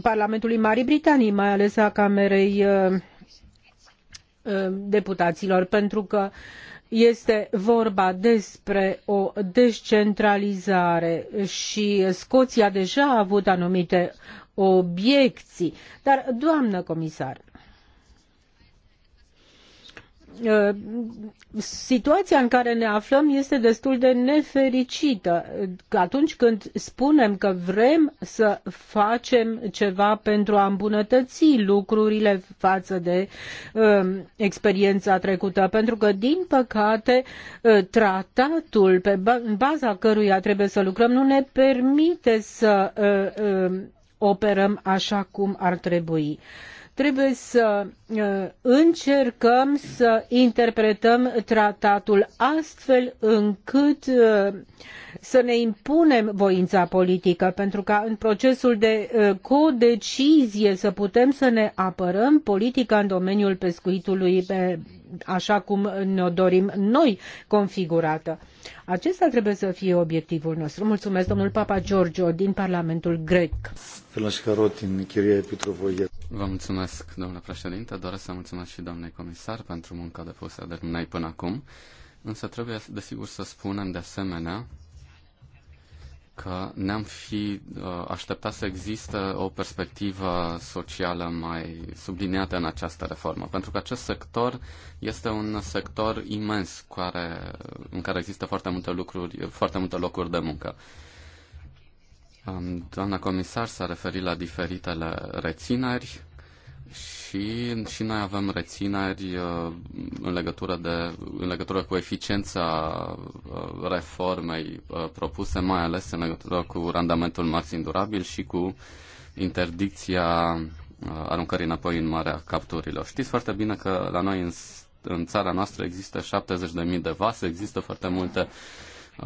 Parlamentului Marii Britanii, mai ales a Camerei Uh, deputaților, pentru că este vorba despre o descentralizare și Scoția deja a avut anumite obiecții. Dar, doamnă comisar, Uh, situația în care ne aflăm este destul de nefericită. Atunci când spunem că vrem să facem ceva pentru a îmbunătăți lucrurile față de um, experiența trecută, pentru că, din păcate, uh, tratatul pe baza căruia trebuie să lucrăm nu ne permite să uh, um, operăm așa cum ar trebui. Trebuie să uh, încercăm să interpretăm tratatul astfel încât uh, să ne impunem voința politică, pentru ca în procesul de uh, codecizie să putem să ne apărăm politica în domeniul pescuitului așa cum ne-o dorim noi configurată. Acesta trebuie să fie obiectivul nostru. Mulțumesc, domnul Papa Giorgio, din Parlamentul Grec. Vă mulțumesc, domnule președinte. Doresc să mulțumesc și doamnei comisar pentru munca depusă de dumnei până acum. Însă trebuie, desigur, să spunem de asemenea că ne-am fi uh, așteptat să există o perspectivă socială mai subliniată în această reformă, pentru că acest sector este un sector imens care, în care există foarte multe lucruri, foarte multe locuri de muncă. Doamna comisar s-a referit la diferitele rețineri și, și noi avem rețineri uh, în legătură, de, în legătură cu eficiența uh, reformei uh, propuse, mai ales în legătură cu randamentul maxim durabil și cu interdicția aruncării înapoi în marea capturilor. Știți foarte bine că la noi în, în țara noastră există 70.000 de vase, există foarte multe uh,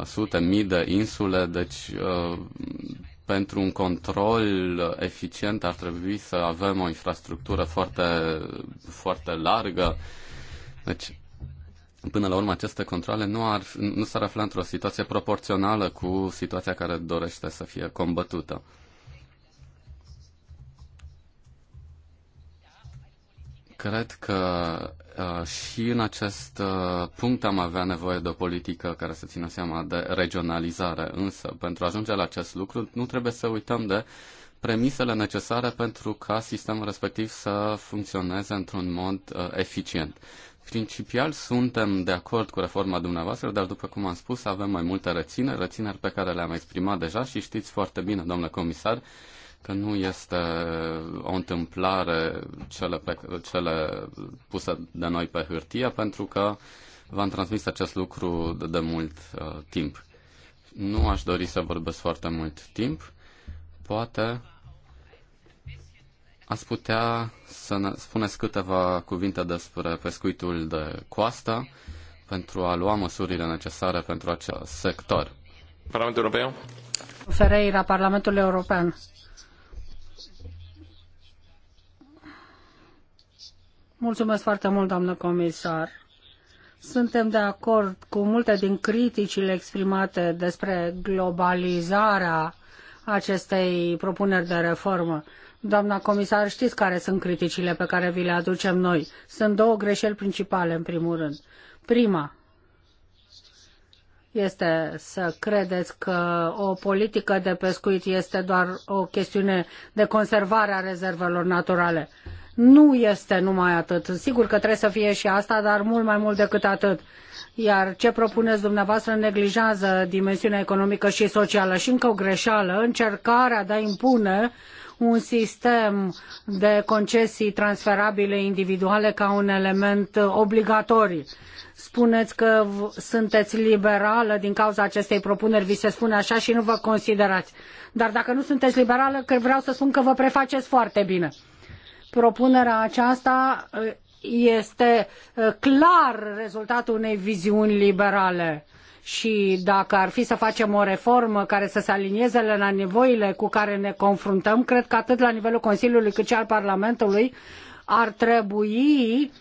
sute mii de insule, deci uh, pentru un control eficient ar trebui să avem o infrastructură foarte, foarte largă. Deci, până la urmă, aceste controle nu, ar, nu s-ar afla într-o situație proporțională cu situația care dorește să fie combătută. Cred că Uh, și în acest uh, punct am avea nevoie de o politică care să țină seama de regionalizare. Însă, pentru a ajunge la acest lucru, nu trebuie să uităm de premisele necesare pentru ca sistemul respectiv să funcționeze într-un mod uh, eficient. Principial suntem de acord cu reforma dumneavoastră, dar după cum am spus avem mai multe rețineri, rețineri pe care le-am exprimat deja și știți foarte bine, domnule comisar, că nu este o întâmplare cele, pe, cele puse de noi pe hârtie, pentru că v-am transmis acest lucru de, de mult uh, timp. Nu aș dori să vorbesc foarte mult timp. Poate ați putea să ne spuneți câteva cuvinte despre pescuitul de coastă pentru a lua măsurile necesare pentru acest sector. Parlamentul European? Ferreira, Parlamentul European. Mulțumesc foarte mult, doamnă comisar. Suntem de acord cu multe din criticile exprimate despre globalizarea acestei propuneri de reformă. Doamna comisar, știți care sunt criticile pe care vi le aducem noi. Sunt două greșeli principale, în primul rând. Prima este să credeți că o politică de pescuit este doar o chestiune de conservare a rezervelor naturale nu este numai atât. Sigur că trebuie să fie și asta, dar mult mai mult decât atât. Iar ce propuneți dumneavoastră neglijează dimensiunea economică și socială. Și încă o greșeală, încercarea de a impune un sistem de concesii transferabile individuale ca un element obligatoriu. Spuneți că sunteți liberală din cauza acestei propuneri, vi se spune așa și nu vă considerați. Dar dacă nu sunteți liberală, că vreau să spun că vă prefaceți foarte bine. Propunerea aceasta uh, este uh, clar rezultatul unei viziuni liberale și dacă ar fi să facem o reformă care să se alinieze la nevoile cu care ne confruntăm, cred că atât la nivelul Consiliului cât și al Parlamentului ar trebui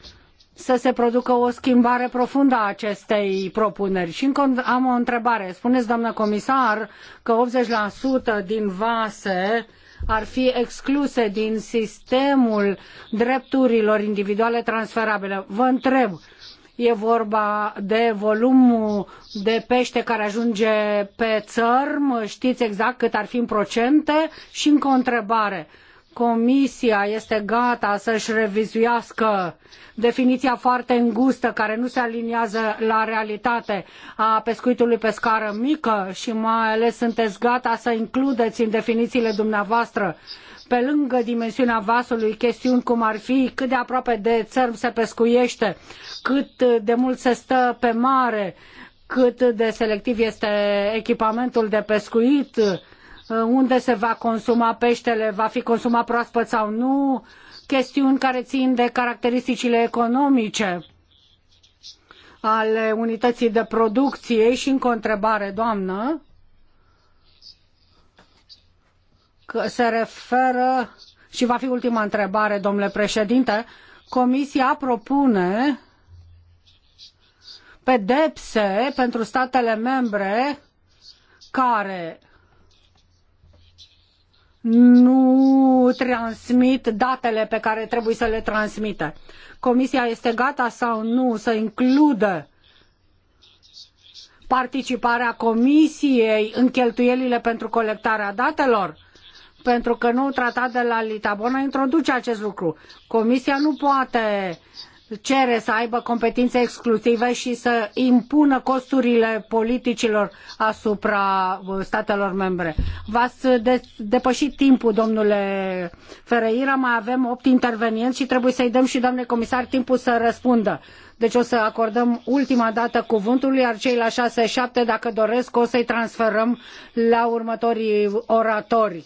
să se producă o schimbare profundă a acestei propuneri. Și încă am o întrebare. Spuneți, doamnă comisar, că 80% din vase uh, ar fi excluse din sistemul drepturilor individuale transferabile. Vă întreb, e vorba de volumul de pește care ajunge pe țărm, știți exact cât ar fi în procente? Și încă o întrebare, Comisia este gata să-și revizuiască definiția foarte îngustă, care nu se aliniază la realitate a pescuitului pe scară mică și mai ales sunteți gata să includeți în definițiile dumneavoastră pe lângă dimensiunea vasului, chestiuni cum ar fi cât de aproape de țărm se pescuiește, cât de mult se stă pe mare, cât de selectiv este echipamentul de pescuit, uh, Uh, unde se va consuma peștele, va fi consumat proaspăt sau nu, chestiuni care țin de caracteristicile economice ale unității de producție și încă o întrebare, doamnă, că se referă și va fi ultima întrebare, domnule președinte, Comisia propune pedepse pentru statele membre care nu transmit datele pe care trebuie să le transmită. Comisia este gata sau nu să includă participarea Comisiei în cheltuielile pentru colectarea datelor? Pentru că noul tratat de la Litabona introduce acest lucru. Comisia nu poate uh, cere să aibă competențe exclusive și să impună costurile politicilor asupra uh, statelor membre. V-ați depășit timpul, domnule Ferreira, mai avem opt intervenienți și trebuie să-i dăm și, doamne comisar, timpul să răspundă. Deci o să acordăm ultima dată cuvântul, iar cei la 6-7, dacă doresc, o să-i transferăm la următorii oratori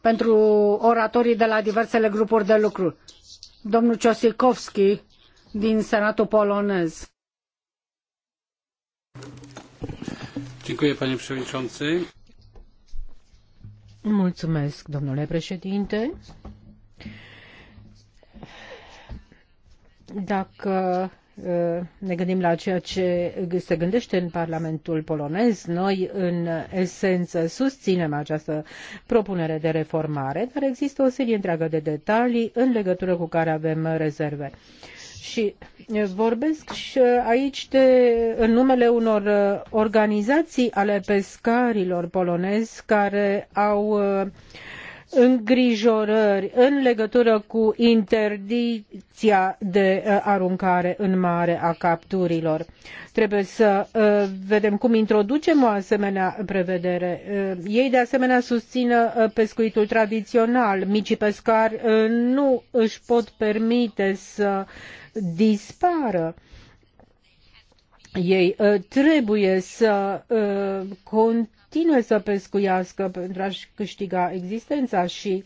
pentru oratorii de la diversele grupuri de lucru domnul Ciosikovski din Senatul polonez. Dziękuję, panie przewodniczący. Mulțumesc, domnule președinte. Dacă Uh, ne gândim la ceea ce se gândește în Parlamentul polonez. Noi, în esență, susținem această propunere de reformare, dar există o serie întreagă de detalii în legătură cu care avem rezerve. Și uh, vorbesc și uh, aici de, în numele unor organizații ale pescarilor polonezi care au uh, îngrijorări în legătură cu interdicția de uh, aruncare în mare a capturilor. Trebuie să uh, vedem cum introducem o asemenea prevedere. Uh, ei de asemenea susțină pescuitul tradițional. Micii pescari nu își pot permite să dispară ei trebuie să continue continue să pescuiască pentru a-și câștiga existența și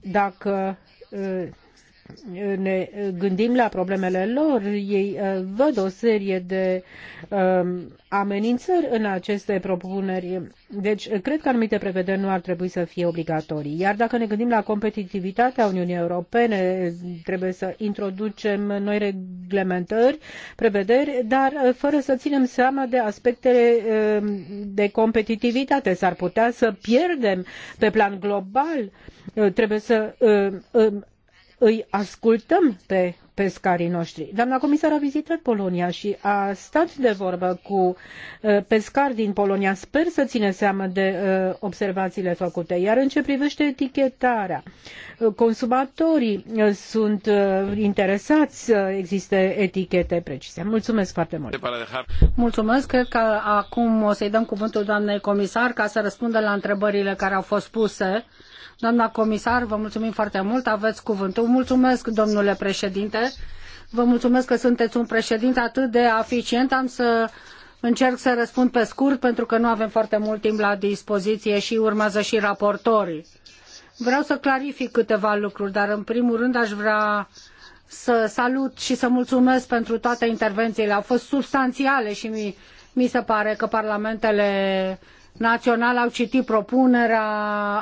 dacă uh, ne gândim la problemele lor. Ei uh, văd o serie de um, amenințări în aceste propuneri. Deci, cred că anumite prevederi nu ar trebui să fie obligatorii. Iar dacă ne gândim la competitivitatea Uniunii Europene, trebuie să introducem noi reglementări, prevederi, dar uh, fără să ținem seama de aspectele um, de competitivitate. S-ar putea să pierdem pe plan global. Uh, trebuie să um, îi ascultăm pe pescarii noștri. Doamna comisar a vizitat Polonia și a stat de vorbă cu uh, pescari din Polonia. Sper să ține seamă de uh, observațiile făcute. Iar în ce privește etichetarea, uh, consumatorii sunt interesați să existe etichete precise. Mulțumesc foarte mult! Mulțumesc! Cred că acum o să-i dăm cuvântul doamnei comisar ca să răspundă la întrebările care au fost puse Doamna comisar, vă mulțumim foarte mult, aveți cuvântul. Mulțumesc, domnule președinte. Vă mulțumesc că sunteți un președinte atât de eficient. Am să încerc să răspund pe scurt pentru că nu avem foarte mult timp la dispoziție și urmează și raportorii. Vreau să clarific câteva lucruri, dar în primul rând aș vrea să salut și să mulțumesc pentru toate intervențiile. Au fost substanțiale și mi, mi se pare că parlamentele național au citit propunerea,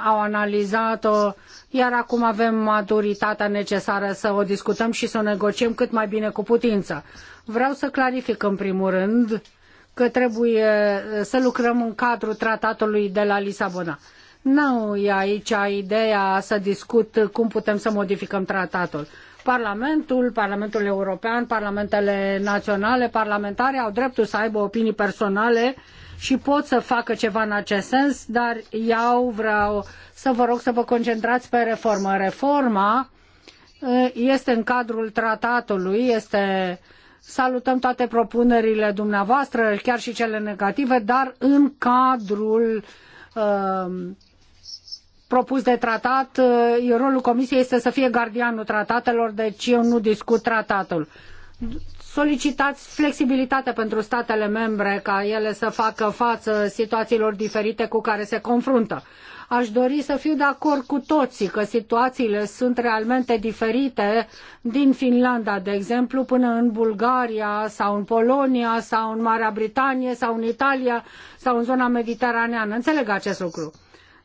au analizat-o, iar acum avem maturitatea necesară să o discutăm și să o negociem cât mai bine cu putință. Vreau să clarific în primul rând că trebuie să lucrăm în cadrul tratatului de la Lisabona. Nu e aici ideea să discut cum putem să modificăm tratatul. Parlamentul, Parlamentul European, Parlamentele Naționale, parlamentare au dreptul să aibă opinii personale uh, și pot să facă ceva în acest sens, dar eu vreau să vă rog să vă concentrați pe reformă. Reforma eh, este în cadrul tratatului, este salutăm toate propunerile dumneavoastră, chiar și cele negative, dar în cadrul uh, propus de tratat, eh, rolul Comisiei este să fie gardianul tratatelor, deci eu nu discut tratatul solicitați flexibilitate pentru statele membre ca ele să facă față situațiilor diferite cu care se confruntă. Aș dori să fiu de acord cu toții că situațiile sunt realmente diferite din Finlanda, de exemplu, până în Bulgaria sau în Polonia sau în Marea Britanie sau în Italia sau în zona mediteraneană. Înțeleg acest lucru.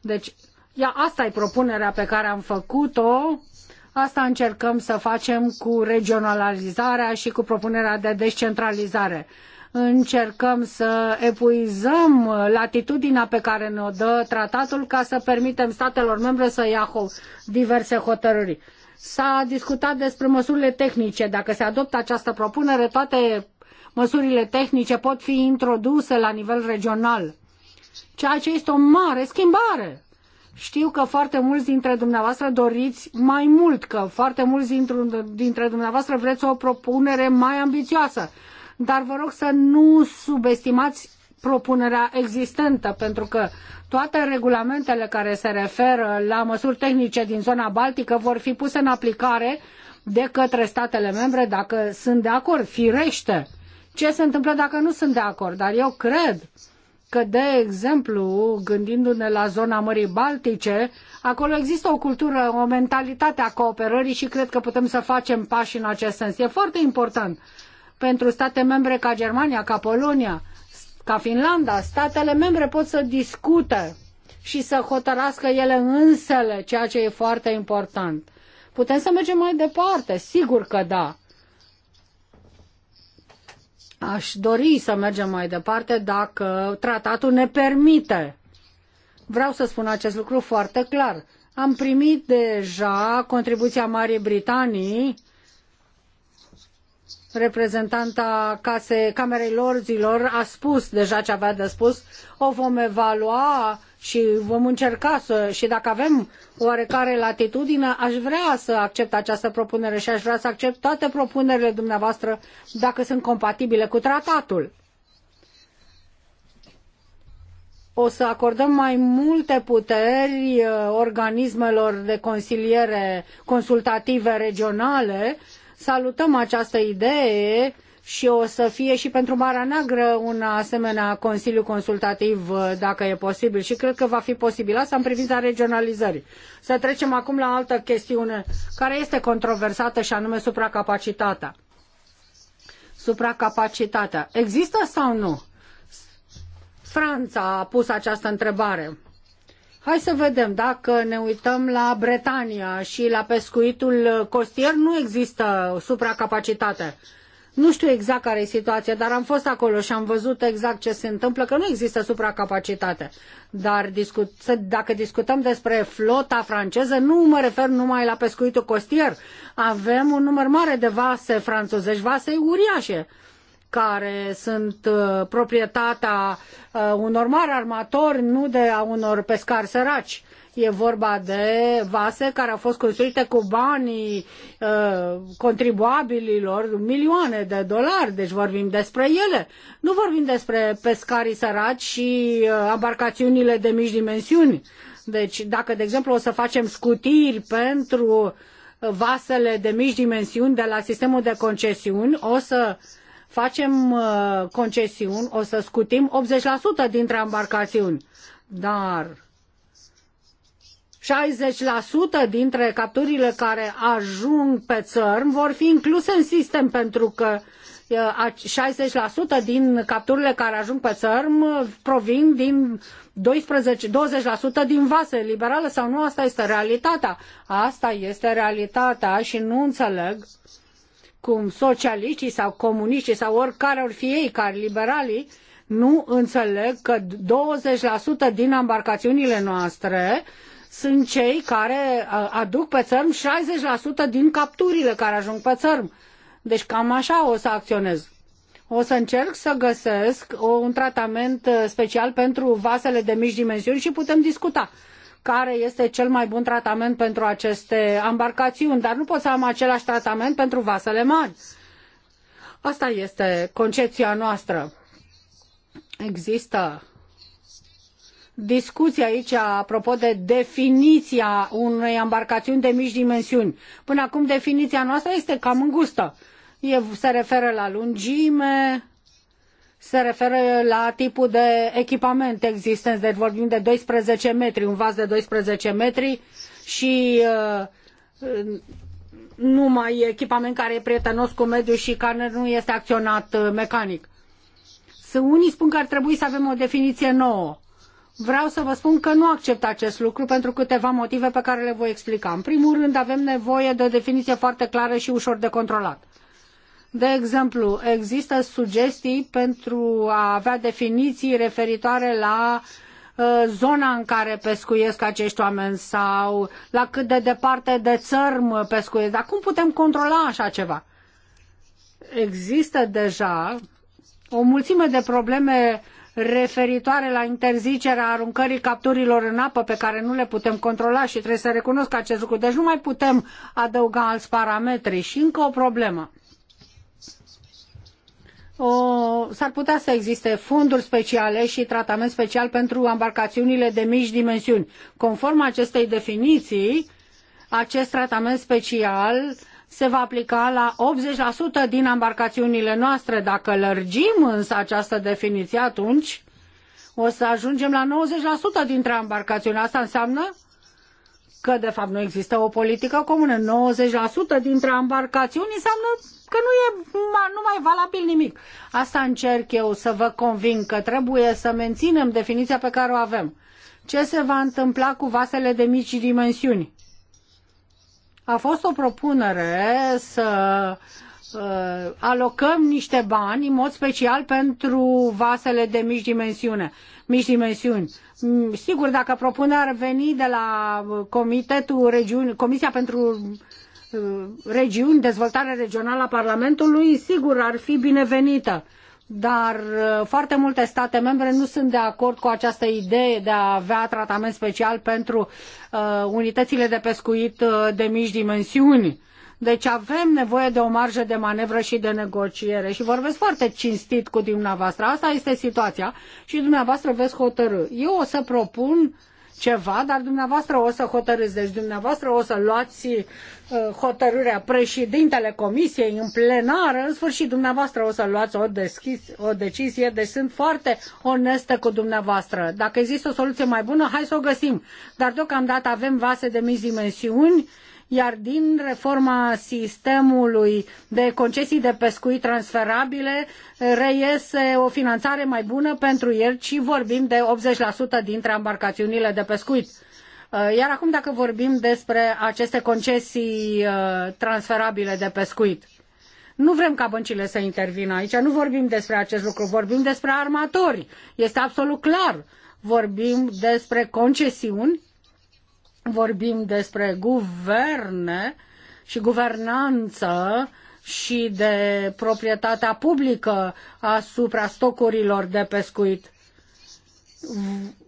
Deci, ia, asta e propunerea pe care am făcut-o Asta încercăm să facem cu regionalizarea și cu propunerea de descentralizare. Încercăm să epuizăm latitudinea pe care ne-o dă tratatul ca să permitem statelor membre să ia diverse hotărâri. S-a discutat despre măsurile tehnice. Dacă se adoptă această propunere, toate măsurile tehnice pot fi introduse la nivel regional, ceea ce este o mare schimbare știu că foarte mulți dintre dumneavoastră doriți mai mult, că foarte mulți dintre dumneavoastră vreți o propunere mai ambițioasă, dar vă rog să nu subestimați propunerea existentă, pentru că toate regulamentele care se referă la măsuri tehnice din zona Baltică vor fi puse în aplicare de către statele membre dacă sunt de acord, firește. Ce se întâmplă dacă nu sunt de acord? Dar eu cred că, de exemplu, gândindu-ne la zona Mării Baltice, acolo există o cultură, o mentalitate a cooperării și cred că putem să facem pași în acest sens. E foarte important pentru state membre ca Germania, ca Polonia, ca Finlanda, statele membre pot să discute și să hotărască ele însele, ceea ce e foarte important. Putem să mergem mai departe, sigur că da. Aș dori să mergem mai departe dacă tratatul ne permite. Vreau să spun acest lucru foarte clar. Am primit deja contribuția Marii Britanii, reprezentanta case, Camerei Lorzilor a spus deja ce avea de spus, o vom evalua și vom încerca să, și dacă avem oarecare latitudine, aș vrea să accept această propunere și aș vrea să accept toate propunerile dumneavoastră dacă sunt compatibile cu tratatul. O să acordăm mai multe puteri uh, organismelor de consiliere consultative regionale. Salutăm această idee și o să fie și pentru Marea Neagră un asemenea Consiliu Consultativ, uh, dacă e posibil. Și cred că va fi posibil asta în privința regionalizării. Să trecem acum la altă chestiune care este controversată și anume supracapacitatea. Supracapacitatea. Există sau nu? Franța a pus această întrebare. Hai să vedem, dacă ne uităm la Bretania și la pescuitul costier, nu există supracapacitate. Nu știu exact care e situația, dar am fost acolo și am văzut exact ce se întâmplă, că nu există supracapacitate. Dar discut, dacă discutăm despre flota franceză, nu mă refer numai la pescuitul costier. Avem un număr mare de vase franțuzești, deci vase uriașe care sunt uh, proprietatea uh, unor mari armatori, nu de a unor pescari săraci. E vorba de vase care au fost construite cu banii uh, contribuabililor, milioane de dolari, deci vorbim despre ele. Nu vorbim despre pescarii săraci și uh, embarcațiunile de mici dimensiuni. Deci dacă, de exemplu, o să facem scutiri pentru uh, vasele de mici dimensiuni de la sistemul de concesiuni, o să facem uh, concesiuni, o să scutim 80% dintre embarcațiuni. Dar 60% dintre capturile care ajung pe țărm vor fi incluse în sistem pentru că 60% din capturile care ajung pe țărm uh, provin din 12, 20% din vase liberale sau nu, asta este realitatea. Asta este realitatea și nu înțeleg cum socialiștii sau comuniștii sau oricare or fi ei, care liberalii, nu înțeleg că 20% din embarcațiunile noastre sunt cei care uh, aduc pe țărm 60% din capturile care ajung pe țărm. Deci cam așa o să acționez. O să încerc să găsesc un tratament uh, special pentru vasele de mici dimensiuni și putem discuta care este cel mai bun tratament pentru aceste embarcațiuni, dar nu pot să am același tratament pentru vasele mari. Asta este concepția noastră. Există discuție aici apropo de definiția unei embarcațiuni de mici dimensiuni. Până acum definiția noastră este cam îngustă. E, se referă la lungime, se referă la tipul de echipament existent, deci vorbim de 12 metri, un vas de 12 metri și uh, numai echipament care e prietenos cu mediul și care nu este acționat uh, mecanic. Unii spun că ar trebui să avem o definiție nouă Vreau să vă spun că nu accept acest lucru pentru câteva motive pe care le voi explica. În primul rând, avem nevoie de o definiție foarte clară și ușor de controlat. De exemplu, există sugestii pentru a avea definiții referitoare la uh, zona în care pescuiesc acești oameni sau la cât de departe de țărm pescuiesc. Dar cum putem controla așa ceva? Există deja o mulțime de probleme uh, referitoare la interzicerea aruncării capturilor în apă pe care nu le putem controla și trebuie să recunosc acest lucru. Deci nu mai putem adăuga alți parametri și încă o problemă. s-ar putea să existe fonduri speciale și tratament special pentru embarcațiunile de mici dimensiuni. Conform acestei definiții, acest tratament special uh, se va aplica la 80% din embarcațiunile noastre. Dacă lărgim însă această definiție, atunci o să ajungem la 90% dintre embarcațiuni. Asta înseamnă că de fapt nu există o politică comună. 90% dintre embarcațiuni înseamnă că nu e nu mai valabil nimic. Asta încerc eu să vă convin că trebuie să menținem definiția pe care o avem. Ce se va întâmpla cu vasele de mici dimensiuni? a fost o propunere să uh, alocăm niște bani în mod special pentru vasele de mici dimensiune, mici dimensiuni. Mm, sigur, dacă propunerea ar veni de la Comitetul Regiuni, Comisia pentru uh, Regiuni, Dezvoltare Regională a Parlamentului, sigur ar fi binevenită. Uh, dar uh, foarte multe state membre nu sunt de acord cu această idee de a avea tratament special pentru uh, unitățile de pescuit uh, de mici dimensiuni. Deci avem nevoie de o marjă de manevră și de negociere și vorbesc foarte cinstit cu dumneavoastră. Asta este situația și dumneavoastră veți hotărâ. Eu o să propun uh, ceva, dar dumneavoastră o să hotărâți. Deci dumneavoastră o să luați uh, hotărârea președintele comisiei în plenară, în sfârșit dumneavoastră o să luați o, deschis, o decizie, deci sunt foarte onestă cu dumneavoastră. Dacă există o soluție mai bună, hai să o găsim. Dar deocamdată avem vase de mici dimensiuni, iar din reforma sistemului de concesii de pescuit transferabile reiese o finanțare mai bună pentru el și vorbim de 80% dintre embarcațiunile de pescuit. Uh, iar acum dacă vorbim despre aceste concesii uh, transferabile de pescuit, nu vrem ca băncile să intervină aici, nu vorbim despre acest lucru, vorbim despre armatori. Este absolut clar. Vorbim despre concesiuni vorbim despre guverne și guvernanță și de proprietatea publică asupra stocurilor de pescuit.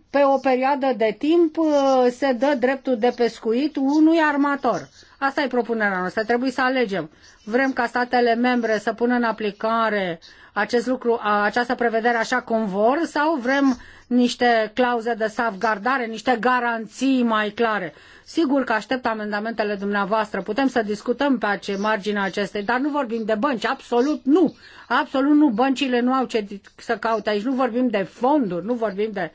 Pe o perioadă de timp uh, se dă dreptul de pescuit unui armator Asta e propunerea noastră. Trebuie să alegem. Vrem ca statele membre să pună în aplicare acest lucru, această prevedere așa cum vor sau vrem niște clauze de salvgardare, niște garanții mai clare. Sigur că aștept amendamentele dumneavoastră, putem să discutăm pe ace, marginea acestei, dar nu vorbim de bănci, absolut nu. Absolut nu, băncile nu au ce să caute aici, nu vorbim de fonduri, nu vorbim de...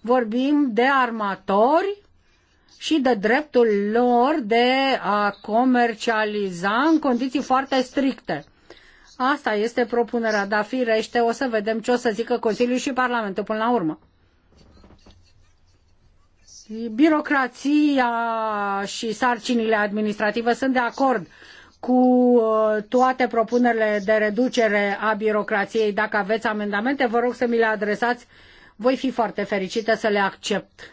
Vorbim de armatori și de dreptul lor de a comercializa în condiții foarte stricte. Asta este propunerea, dar firește o să vedem ce o să zică Consiliul și Parlamentul până la urmă. Birocrația și sarcinile administrative sunt de acord cu uh, toate propunerile de reducere a birocrației. Dacă aveți amendamente, vă rog să mi le adresați. Voi fi foarte fericită să le accept.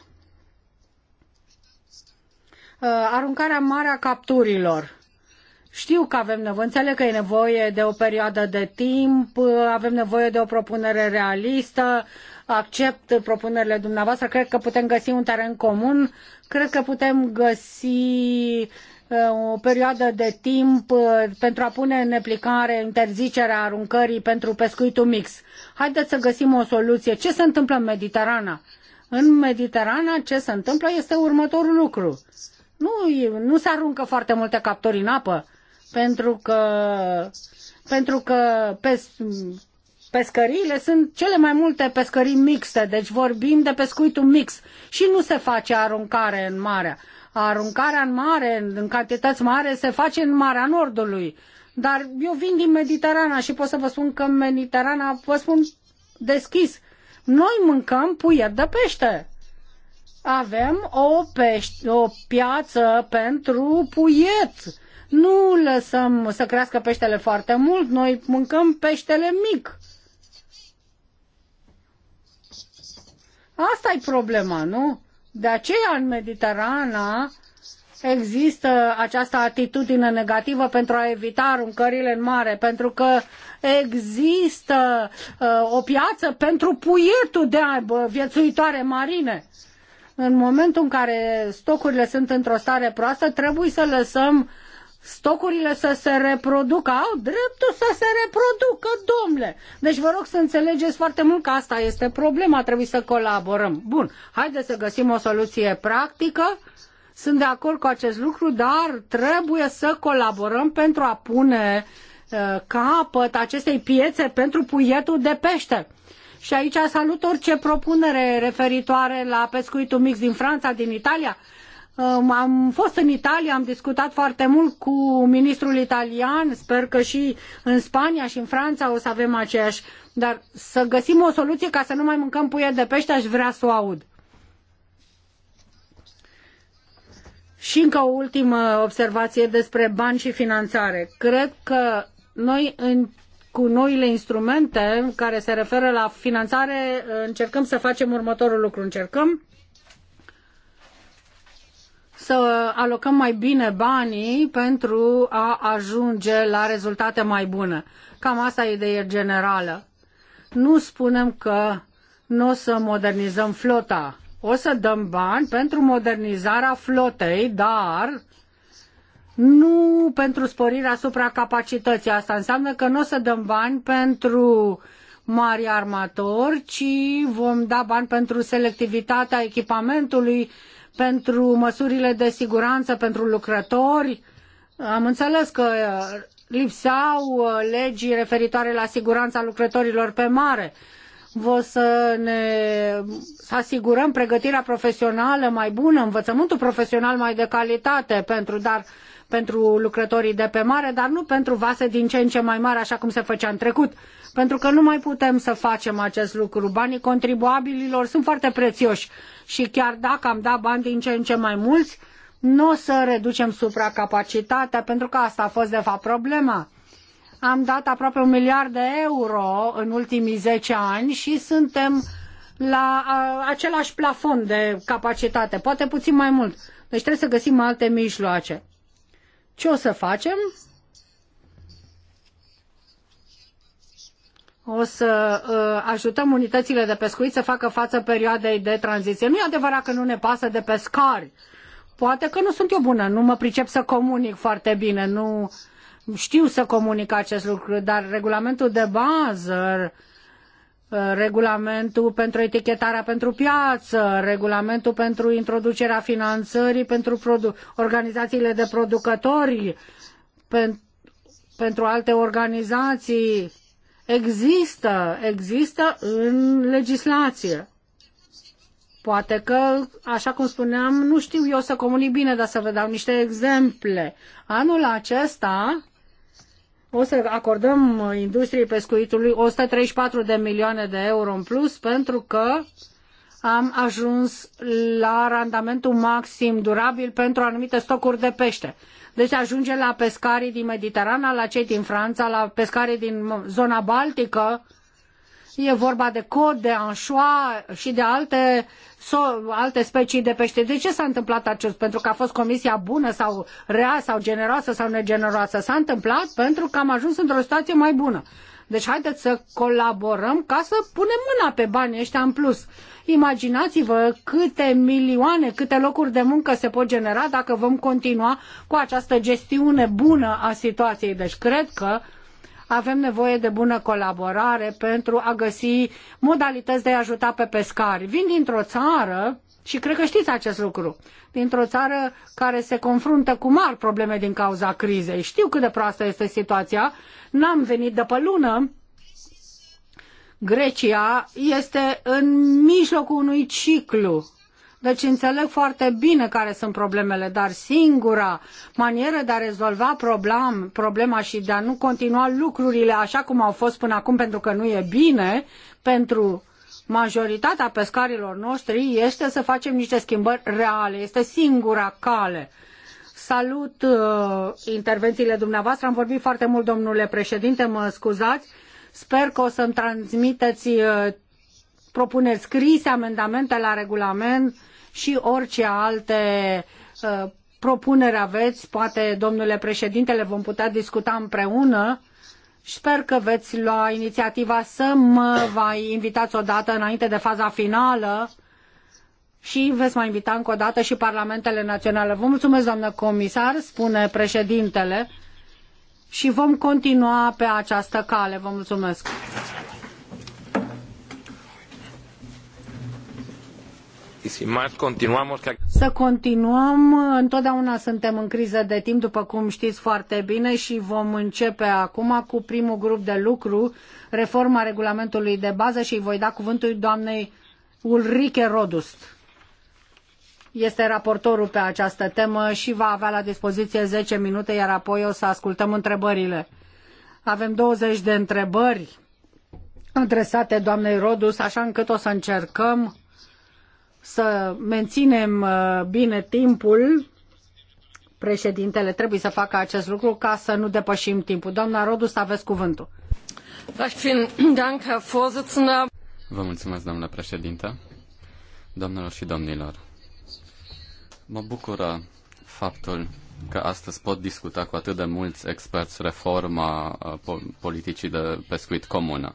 Uh, aruncarea mare a capturilor. Știu că avem nevoie, înțeleg că e nevoie de o perioadă de timp, uh, avem nevoie de o propunere realistă, accept propunerile dumneavoastră, cred că putem găsi un teren comun, cred că putem găsi uh, o perioadă de timp pentru a pune în aplicare interzicerea aruncării pentru pescuitul mix. Haideți să găsim o soluție. Ce se întâmplă în Mediterana? În Mediterana ce se întâmplă este următorul lucru. Nu, nu se aruncă foarte multe captori în apă, pentru că, pentru că pes, pescăriile sunt cele mai multe pescării mixte, deci vorbim de pescuitul mix și nu se face aruncare în mare. Aruncarea în mare, în cantități mare, se face în Marea Nordului. Dar eu vin din Mediterana și pot să vă spun că în Mediterana, vă spun deschis, noi mâncăm puier de pește avem o, pești, o piață pentru puiet. Nu lăsăm să crească peștele foarte mult, noi mâncăm peștele mic. Asta e problema, nu? De aceea în Mediterana există această atitudine negativă pentru a evita aruncările în mare, pentru că există uh, o piață pentru puietul de aibă viețuitoare marine. În momentul în care stocurile sunt într-o stare proastă, trebuie să lăsăm stocurile să se reproducă. Au dreptul să se reproducă, domnule. Deci vă rog să înțelegeți foarte mult că asta este problema, trebuie să colaborăm. Bun, haideți să găsim o soluție practică. Sunt de acord cu acest lucru, dar trebuie să colaborăm pentru a pune uh, capăt acestei piețe pentru puietul de pește. Și aici salut orice propunere referitoare la pescuitul mix din Franța, din Italia. Am fost în Italia, am discutat foarte mult cu ministrul italian, sper că și în Spania și în Franța o să avem aceeași, dar să găsim o soluție ca să nu mai mâncăm puie de pește, aș vrea să o aud. Și încă o ultimă observație despre bani și finanțare. Cred că noi în cu noile instrumente care se referă la finanțare, încercăm să facem următorul lucru. Încercăm să alocăm mai bine banii pentru a ajunge la rezultate mai bune. Cam asta e ideea generală. Nu spunem că nu o să modernizăm flota. O să dăm bani pentru modernizarea flotei, dar nu pentru sporirea supracapacității. Asta înseamnă că nu o să dăm bani pentru mari armatori, ci vom da bani pentru selectivitatea echipamentului, pentru măsurile de siguranță pentru lucrători. Am înțeles că lipseau uh, legii referitoare la siguranța lucrătorilor pe mare. Vă să ne să asigurăm pregătirea profesională mai bună, învățământul profesional mai de calitate pentru dar pentru lucrătorii de pe mare, dar nu pentru vase din ce în ce mai mari, așa cum se făcea în trecut, pentru că nu mai putem să facem acest lucru. Banii contribuabililor sunt foarte prețioși și chiar dacă am dat bani din ce în ce mai mulți, nu o să reducem supracapacitatea, pentru că asta a fost de fapt problema. Am dat aproape un miliard de euro în ultimii zece ani și suntem la a, același plafon de capacitate, poate puțin mai mult. Deci trebuie să găsim alte mijloace. Ce o să facem? O să uh, ajutăm unitățile de pescuit să facă față perioadei de tranziție. Nu e adevărat că nu ne pasă de pescari. Poate că nu sunt eu bună, nu mă pricep să comunic foarte bine, nu știu să comunic acest lucru, dar regulamentul de bază uh, Uh, regulamentul pentru etichetarea pentru piață, regulamentul pentru introducerea finanțării pentru organizațiile de producători, pen pentru alte organizații. Există, există în legislație. Poate că, așa cum spuneam, nu știu eu să comunic bine, dar să vă dau niște exemple. Anul acesta, o să acordăm industriei pescuitului 134 de milioane de euro în plus pentru că am ajuns la randamentul maxim durabil pentru anumite stocuri de pește. Deci ajunge la pescarii din Mediterana, la cei din Franța, la pescarii din zona Baltică, E vorba de cod, de anșoa și de alte, so, alte specii de pește. De ce s-a întâmplat acest? Pentru că a fost comisia bună sau rea sau generoasă sau negeneroasă. S-a întâmplat pentru că am ajuns într-o situație mai bună. Deci haideți să colaborăm ca să punem mâna pe banii ăștia în plus. Imaginați-vă câte milioane, câte locuri de muncă se pot genera dacă vom continua cu această gestiune bună a situației. Deci cred că avem nevoie de bună colaborare pentru a găsi modalități de a ajuta pe pescari. Vin dintr-o țară și cred că știți acest lucru. Dintr-o țară care se confruntă cu mari probleme din cauza crizei. Știu cât de proastă este situația. N-am venit de pe lună. Grecia este în mijlocul unui ciclu deci înțeleg foarte bine care sunt problemele, dar singura manieră de a rezolva problem, problema și de a nu continua lucrurile așa cum au fost până acum, pentru că nu e bine pentru majoritatea pescarilor noștri, este să facem niște schimbări reale. Este singura cale. Salut uh, intervențiile dumneavoastră. Am vorbit foarte mult, domnule președinte, mă scuzați. Sper că o să-mi transmiteți uh, propuneri scrise, amendamente la regulament și orice alte uh, propuneri aveți, poate, domnule președinte, le vom putea discuta împreună și sper că veți lua inițiativa să mă mai invitați dată înainte de faza finală și veți mai invita încă o dată și parlamentele naționale. Vă mulțumesc, doamnă comisar, spune președintele, și vom continua pe această cale. Vă mulțumesc. Să continuăm. Întotdeauna suntem în criză de timp, după cum știți foarte bine, și vom începe acum cu primul grup de lucru, reforma regulamentului de bază și îi voi da cuvântul doamnei Ulrike Rodust. Este raportorul pe această temă și va avea la dispoziție zece minute, iar apoi o să ascultăm întrebările. Avem 20 de întrebări adresate doamnei Rodus, așa încât o să încercăm să menținem uh, bine timpul. Președintele trebuie să facă acest lucru ca să nu depășim timpul. Doamna Rodu, să aveți cuvântul. Vă mulțumesc, doamnă președintă. Doamnelor și domnilor, mă bucură faptul că astăzi pot discuta cu atât de mulți experți reforma uh, politicii de pescuit comună.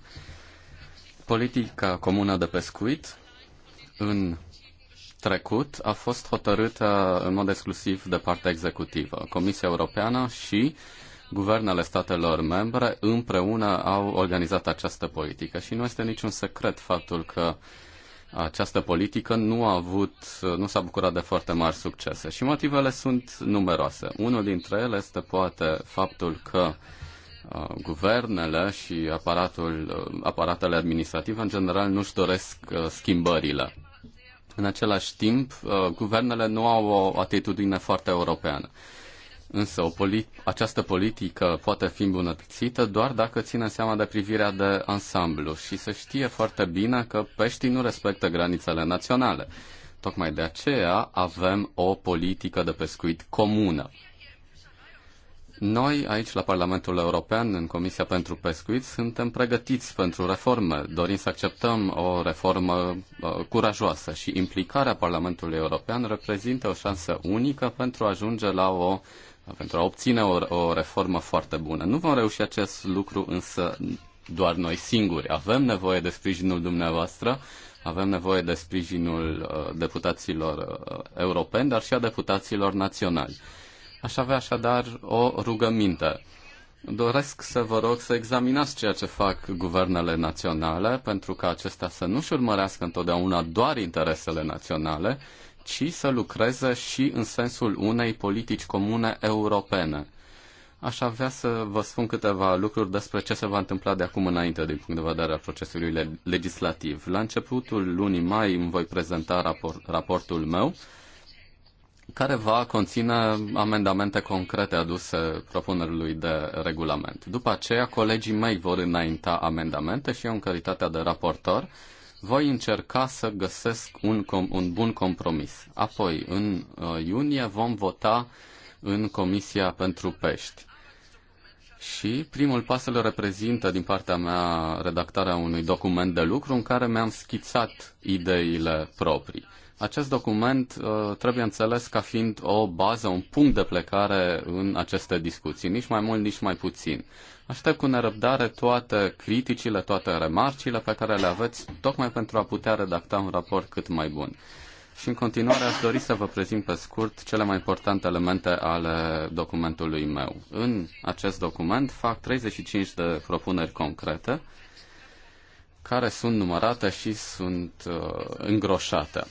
Politica comună de pescuit în trecut a fost hotărâtă în mod exclusiv de partea executivă. Comisia Europeană și guvernele statelor membre împreună au organizat această politică și nu este niciun secret faptul că această politică nu a avut, nu s-a bucurat de foarte mari succese și motivele sunt numeroase. Unul dintre ele este poate faptul că uh, guvernele și aparatul, uh, aparatele administrative în general nu-și doresc uh, schimbările în același timp, uh, guvernele nu au o atitudine foarte europeană. Însă o polit- această politică poate fi îmbunătățită doar dacă ține seama de privirea de ansamblu și se știe foarte bine că peștii nu respectă granițele naționale. Tocmai de aceea avem o politică de pescuit comună. Noi, aici, la Parlamentul European, în Comisia pentru Pescuit, suntem pregătiți pentru reforme. Dorim să acceptăm o reformă uh, curajoasă și implicarea Parlamentului European reprezintă o șansă unică pentru a ajunge la o pentru a obține o, o reformă foarte bună. Nu vom reuși acest lucru însă doar noi singuri. Avem nevoie de sprijinul dumneavoastră, avem nevoie de sprijinul uh, deputaților uh, europeni, dar și a deputaților naționali. Aș avea așadar o rugăminte. Doresc să vă rog să examinați ceea ce fac guvernele naționale, pentru ca acestea să nu-și urmărească întotdeauna doar interesele naționale, ci să lucreze și în sensul unei politici comune europene. Aș avea să vă spun câteva lucruri despre ce se va întâmpla de acum înainte din punct de vedere al procesului legislativ. La începutul lunii mai îmi voi prezenta rapor- raportul meu care va conține amendamente concrete aduse propunerilor de regulament. După aceea, colegii mei vor înainta amendamente și eu, în calitatea de raportor, voi încerca să găsesc un, un bun compromis. Apoi, în uh, iunie, vom vota în Comisia pentru Pești. Și primul pas îl reprezintă din partea mea redactarea unui document de lucru în care mi-am schițat ideile proprii. Acest document uh, trebuie înțeles ca fiind o bază, un punct de plecare în aceste discuții, nici mai mult, nici mai puțin. Aștept cu nerăbdare toate criticile, toate remarcile pe care le aveți, tocmai pentru a putea redacta un raport cât mai bun. Și în continuare aș dori să vă prezint pe scurt cele mai importante elemente ale documentului meu. În acest document fac 35 de propuneri concrete care sunt numărate și sunt uh, îngroșate.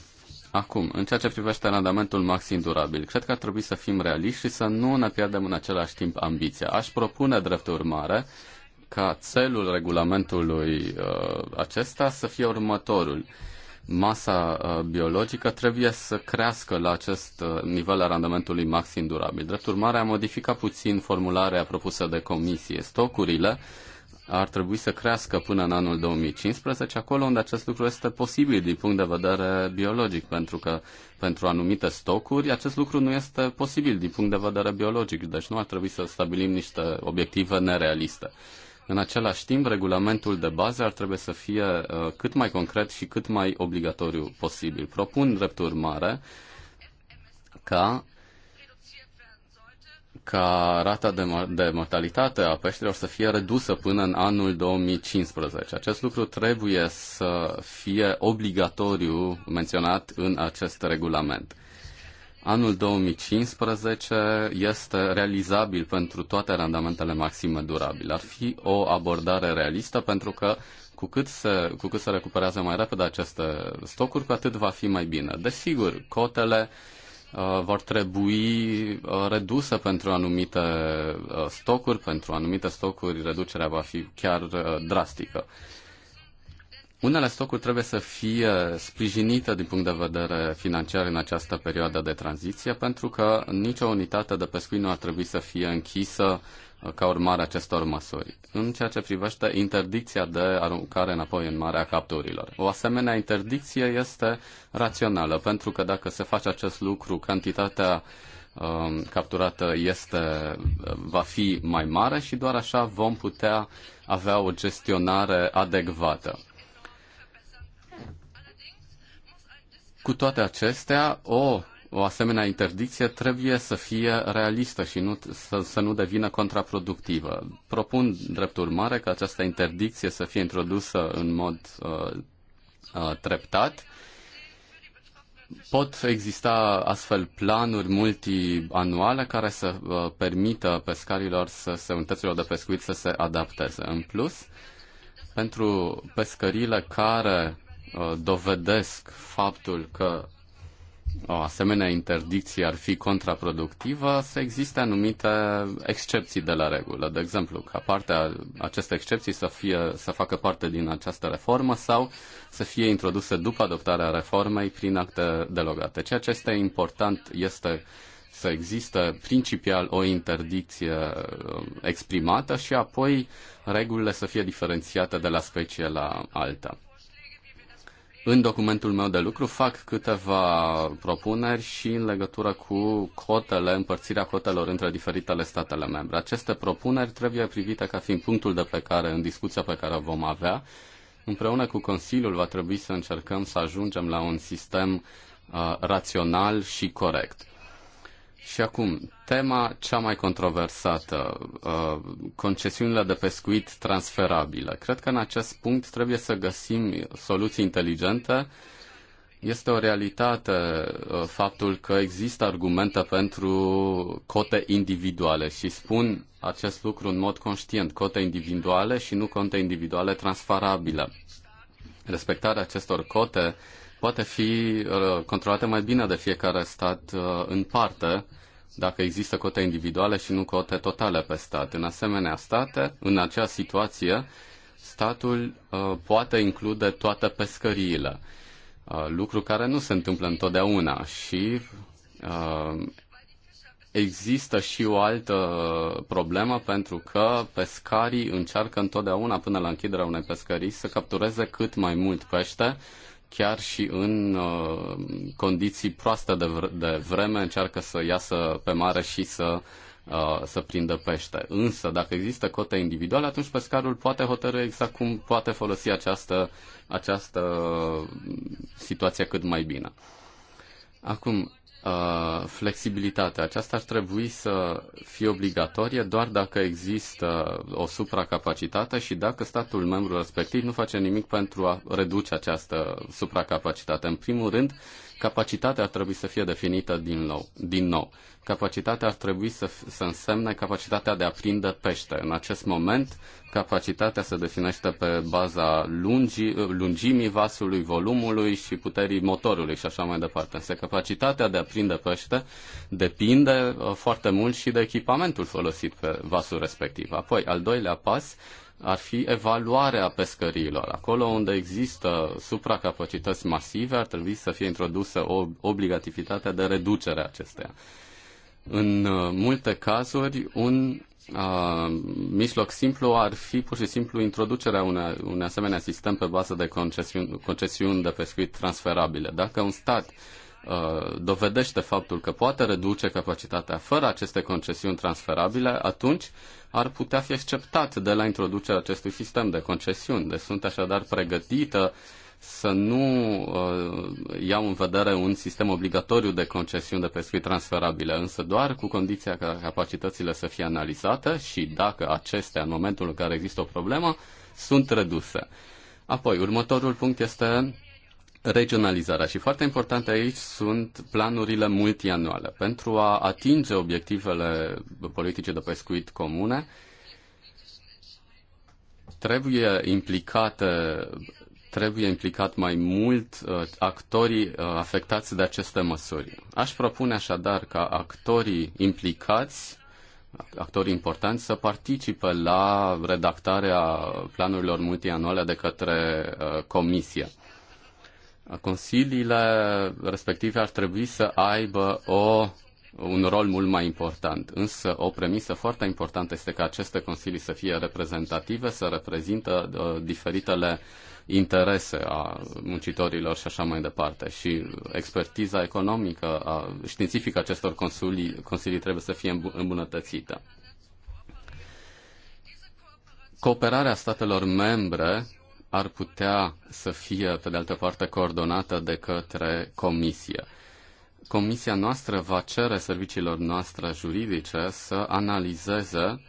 Acum, în ceea ce privește randamentul maxim durabil, cred că ar trebui să fim realiști și să nu ne pierdem în același timp ambiția. Aș propune, drept urmare, ca țelul regulamentului uh, acesta să fie următorul. Masa uh, biologică trebuie să crească la acest uh, nivel al randamentului maxim durabil. Drept urmare, a modificat puțin formularea propusă de comisie. Stocurile uh, ar trebui să crească până în anul 2015, acolo unde acest lucru este posibil din punct de vedere biologic, pentru că pentru anumite stocuri acest lucru nu este posibil din punct de vedere biologic, deci nu ar trebui să stabilim niște obiective nerealiste. În același timp, regulamentul de bază ar trebui să fie uh, cât mai concret și cât mai obligatoriu posibil. Propun drept urmare ca ca rata de, de mortalitate a peștilor să fie redusă până în anul 2015. Acest lucru trebuie să fie obligatoriu menționat în acest regulament. Anul 2015 este realizabil pentru toate randamentele maxime durabile. Ar fi o abordare realistă pentru că cu cât, se, cu cât se recuperează mai repede aceste stocuri, cu atât va fi mai bine. Desigur, cotele uh, Uh, vor trebui uh, reduse pentru anumite uh, stocuri, pentru anumite stocuri reducerea va fi chiar drastică. Unele stocuri trebuie să fie sprijinite din punct de vedere financiar în această perioadă de tranziție, pentru că nicio unitate de pescuit nu ar trebui să fie închisă ca urmare acestor măsuri. În ceea ce privește interdicția de aruncare înapoi în marea capturilor. O asemenea interdicție este rațională, pentru că dacă se face acest lucru, cantitatea um, capturată este, va fi mai mare și doar așa vom putea avea o gestionare adecvată. Cu toate acestea, o o asemenea interdicție trebuie să fie realistă și nu, să, să nu devină contraproductivă. Propun drept urmare ca această interdicție să fie introdusă în mod uh, uh, treptat. Pot exista astfel planuri multianuale care să uh, permită pescarilor, să, se unităților de pescuit să se adapteze. În plus, pentru pescările care uh, dovedesc faptul că o asemenea interdicție ar fi contraproductivă, să existe anumite excepții de la regulă. De exemplu, ca partea aceste excepții să, fie, să facă parte din această reformă sau să fie introduse după adoptarea reformei prin acte delogate. Ceea ce este important este să existe principial o interdicție um, exprimată și apoi regulile să fie diferențiate de la specie la alta. În documentul meu de lucru fac câteva propuneri și în legătură cu cotele, împărțirea cotelor între diferitele statele membre. Aceste propuneri trebuie privite ca fiind punctul de plecare în discuția pe care o vom avea. Împreună cu Consiliul va trebui să încercăm să ajungem la un sistem uh, rațional și corect. Și acum, tema cea mai controversată, uh, concesiunile de pescuit transferabile. Cred că în acest punct trebuie să găsim soluții inteligente. Este o realitate uh, faptul că există argumente pentru cote individuale și spun acest lucru în mod conștient, cote individuale și nu cote individuale transferabile. Respectarea acestor cote poate fi uh, controlată mai bine de fiecare stat uh, în parte, dacă există cote individuale și nu cote totale pe stat. În asemenea state, în acea situație, statul uh, poate include toate pescăriile, lucru care nu se întâmplă întotdeauna și există și o altă problemă pentru că pescarii încearcă întotdeauna până la închiderea unei pescării să captureze cât mai mult pește chiar și în uh, condiții proaste de, vre- de vreme, încearcă să iasă pe mare și să, uh, să prindă pește. Însă, dacă există cote individuale, atunci pescarul poate hotărâi exact cum poate folosi această, această uh, situație cât mai bine. Acum, flexibilitatea. Uh, flexibilitate. Aceasta ar trebui să fie obligatorie doar dacă există o supracapacitate și dacă statul membru respectiv nu face nimic pentru a reduce această supracapacitate. În primul rând, uh, Capacitatea ar trebui să fie definită din nou. Din nou. Capacitatea ar trebui să, să însemne capacitatea de a prinde pește. În acest moment, capacitatea se definește pe baza lungi, lungimii vasului, volumului și puterii motorului și așa mai departe. Însă capacitatea de a prinde pește depinde uh, foarte mult și de echipamentul folosit pe vasul respectiv. Apoi, al doilea pas ar fi evaluarea pescărilor. Acolo unde există supracapacități masive, ar trebui să fie introdusă o obligativitate de reducere a acesteia. În uh, multe cazuri, un uh, mijloc simplu ar fi pur și simplu introducerea unei, unei asemenea sistem pe bază de concesiuni, concesiuni de pescuit transferabile. Dacă un stat uh, dovedește faptul că poate reduce capacitatea fără aceste concesiuni transferabile, atunci ar putea fi exceptat de la introducerea acestui sistem de concesiuni. Deci sunt așadar pregătită să nu uh, iau în vedere un sistem obligatoriu de concesiuni de pescuit transferabile, însă doar cu condiția ca capacitățile să fie analizate și dacă acestea, în momentul în care există o problemă, sunt reduse. Apoi, următorul punct este regionalizarea și foarte important aici sunt planurile multianuale. Pentru a atinge obiectivele politice de pescuit comune, trebuie implicate trebuie implicat mai mult uh, actorii uh, afectați de aceste măsuri. Aș propune așadar ca actorii implicați, actorii importanți, să participe la redactarea planurilor multianuale de către uh, comisie consiliile respective ar trebui să aibă o, un rol mult mai important. Însă o premisă foarte importantă este că aceste consilii să fie reprezentative, să reprezintă uh, diferitele interese a muncitorilor și așa mai departe. Și expertiza economică, a, științifică acestor consilii, consilii trebuie să fie îmbunătățită. Cooperarea statelor membre ar putea să fie, pe de altă parte, coordonată de către Comisie. Comisia noastră va cere serviciilor noastre juridice să analizeze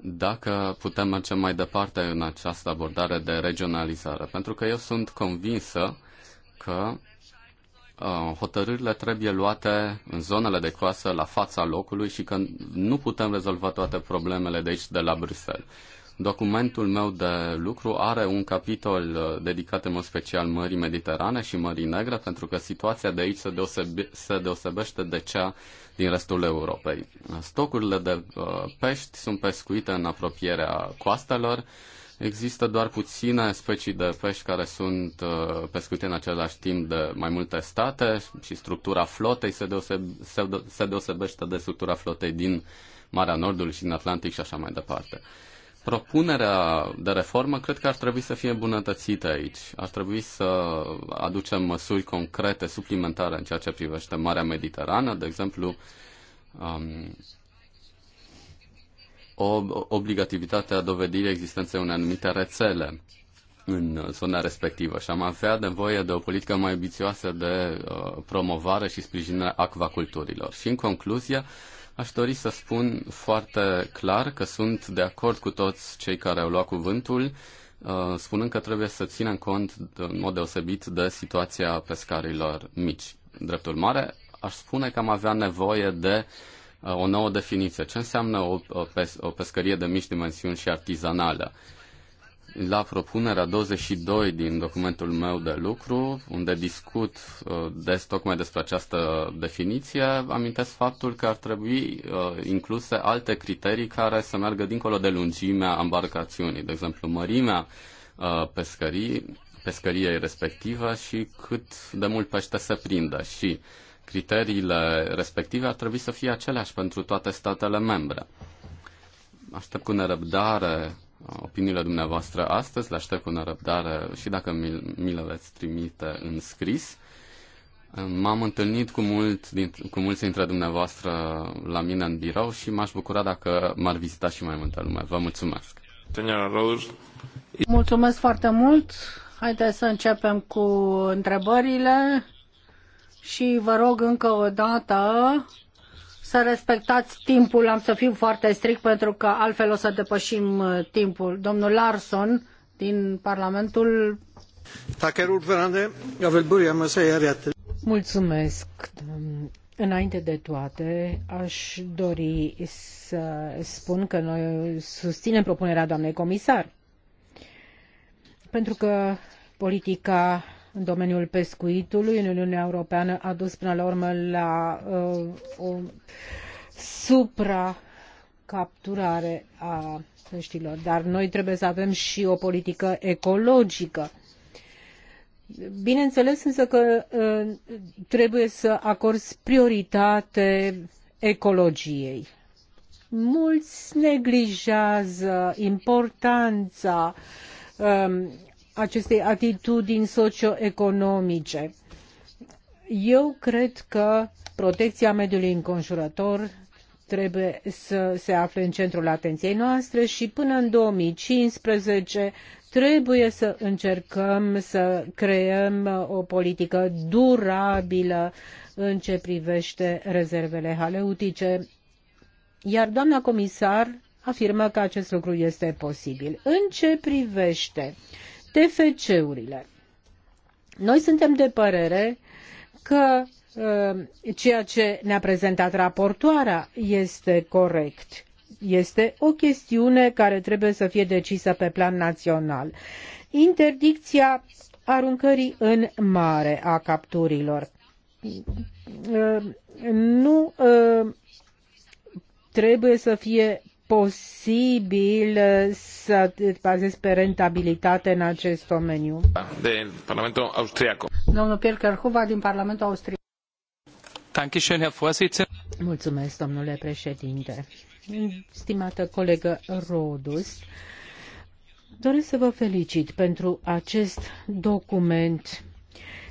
dacă putem merge mai departe în această abordare de regionalizare, pentru că eu sunt convinsă că uh, hotărârile trebuie luate în zonele de coasă, la fața locului și că nu putem rezolva toate problemele de aici, de la Bruxelles. Documentul meu de lucru are un capitol uh, dedicat în mod special Mării Mediterane și Mării Negre, pentru că situația de aici se, deosebe, se deosebește de cea din restul Europei. Stocurile de uh, pești sunt pescuite în apropierea coastelor. Există doar puține specii de pești care sunt uh, pescuite în același timp de mai multe state și structura flotei se, deoseb- se, de- se deosebește de structura flotei din Marea Nordului și din Atlantic și așa mai departe. Uh, Propunerea de reformă cred că ar trebui să fie îmbunătățită aici. Ar trebui să aducem măsuri concrete, suplimentare în ceea ce privește Marea Mediterană, de exemplu, um, o obligativitate a dovedirii existenței unei anumite rețele în zona respectivă și am avea nevoie de o politică mai ambițioasă de uh, promovare și sprijinire acvaculturilor. Și în concluzie, uh, Aș dori să spun foarte clar că sunt de acord cu toți cei care au luat cuvântul, uh, spunând că trebuie să ținem cont în mod deosebit de situația pescarilor mici. Dreptul mare, aș spune că am avea nevoie de uh, o nouă definiție. Ce înseamnă o, pes- o pescărie de mici dimensiuni și artizanală? la propunerea 22 din documentul meu de lucru, unde discut uh, des, tocmai despre această definiție, amintesc faptul că ar trebui uh, incluse alte criterii care să meargă dincolo de lungimea embarcațiunii, de exemplu mărimea uh, pescării, pescăriei respective și cât de mult pește se prinde și criteriile respective ar trebui să fie aceleași pentru toate statele membre. Aștept cu nerăbdare opiniile dumneavoastră astăzi, le aștept cu nărăbdare și dacă mi, le veți trimite în scris. M-am întâlnit cu, mult, cu mulți dintre dumneavoastră la mine în birou și m-aș bucura dacă m-ar vizita și mai multă lume. Vă mulțumesc! Mulțumesc foarte mult! Haideți să începem cu întrebările și vă rog încă o dată să respectați timpul, am să fiu foarte strict pentru că altfel o să depășim uh, timpul. Domnul Larson din Parlamentul. Mulțumesc. Înainte de toate, aș dori să spun că noi susținem propunerea doamnei comisar. Pentru că politica în domeniul pescuitului în Uniunea Europeană a dus până la urmă la uh, o supracapturare a peștilor. Dar noi trebuie să avem și o politică ecologică. Bineînțeles însă că uh, trebuie să acorzi prioritate ecologiei. Mulți neglijează importanța uh, acestei atitudini socioeconomice. Eu cred că protecția mediului înconjurător trebuie să se afle în centrul atenției noastre și până în 2015 trebuie să încercăm să creăm o politică durabilă în ce privește rezervele haleutice. Iar doamna comisar afirmă că acest lucru este posibil. În ce privește TFC-urile. Noi suntem de părere că uh, ceea ce ne-a prezentat raportoarea este corect. Este o chestiune care trebuie să fie decisă pe plan național. Interdicția aruncării în mare a capturilor. Uh, nu uh, trebuie să fie posibil uh, să bazezi pe rentabilitate în acest domeniu. De Parlamentul Austriac. Domnul Pierre Kerhuva din Parlamentul Austriac. Mulțumesc, domnule președinte. Stimată colegă Rodus, doresc să vă felicit pentru acest document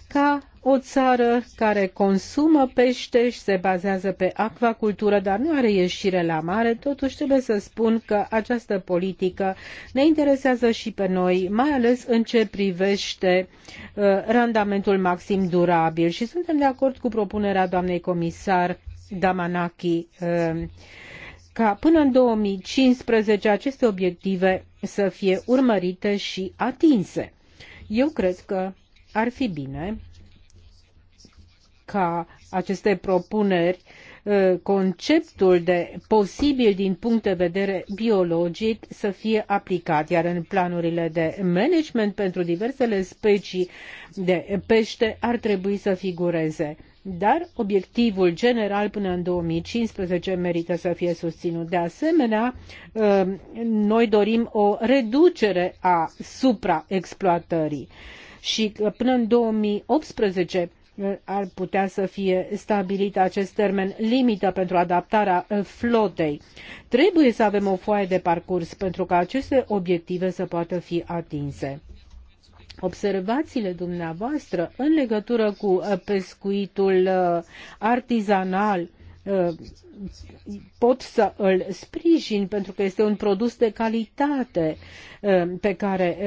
ca o țară care consumă pește și se bazează pe acvacultură, dar nu are ieșire la mare, totuși trebuie să spun că această politică ne interesează și pe noi, mai ales în ce privește uh, randamentul maxim durabil. Și suntem de acord cu propunerea doamnei comisar Damanaki uh, ca până în 2015 aceste obiective să fie urmărite și atinse. Eu cred că ar fi bine ca aceste propuneri uh, conceptul de posibil din punct de vedere biologic să fie aplicat, iar în planurile de management pentru diversele specii de pește ar trebui să figureze. Dar obiectivul general până în 2015 merită să fie susținut. De asemenea, uh, noi dorim o reducere a supraexploatării și uh, până în 2018 ar putea să fie stabilit acest termen limită pentru adaptarea uh, flotei. Trebuie să avem o foaie de parcurs pentru ca aceste obiective să poată fi atinse. Observațiile dumneavoastră în legătură cu uh, pescuitul uh, artizanal pot să îl sprijin pentru că este un produs de calitate pe care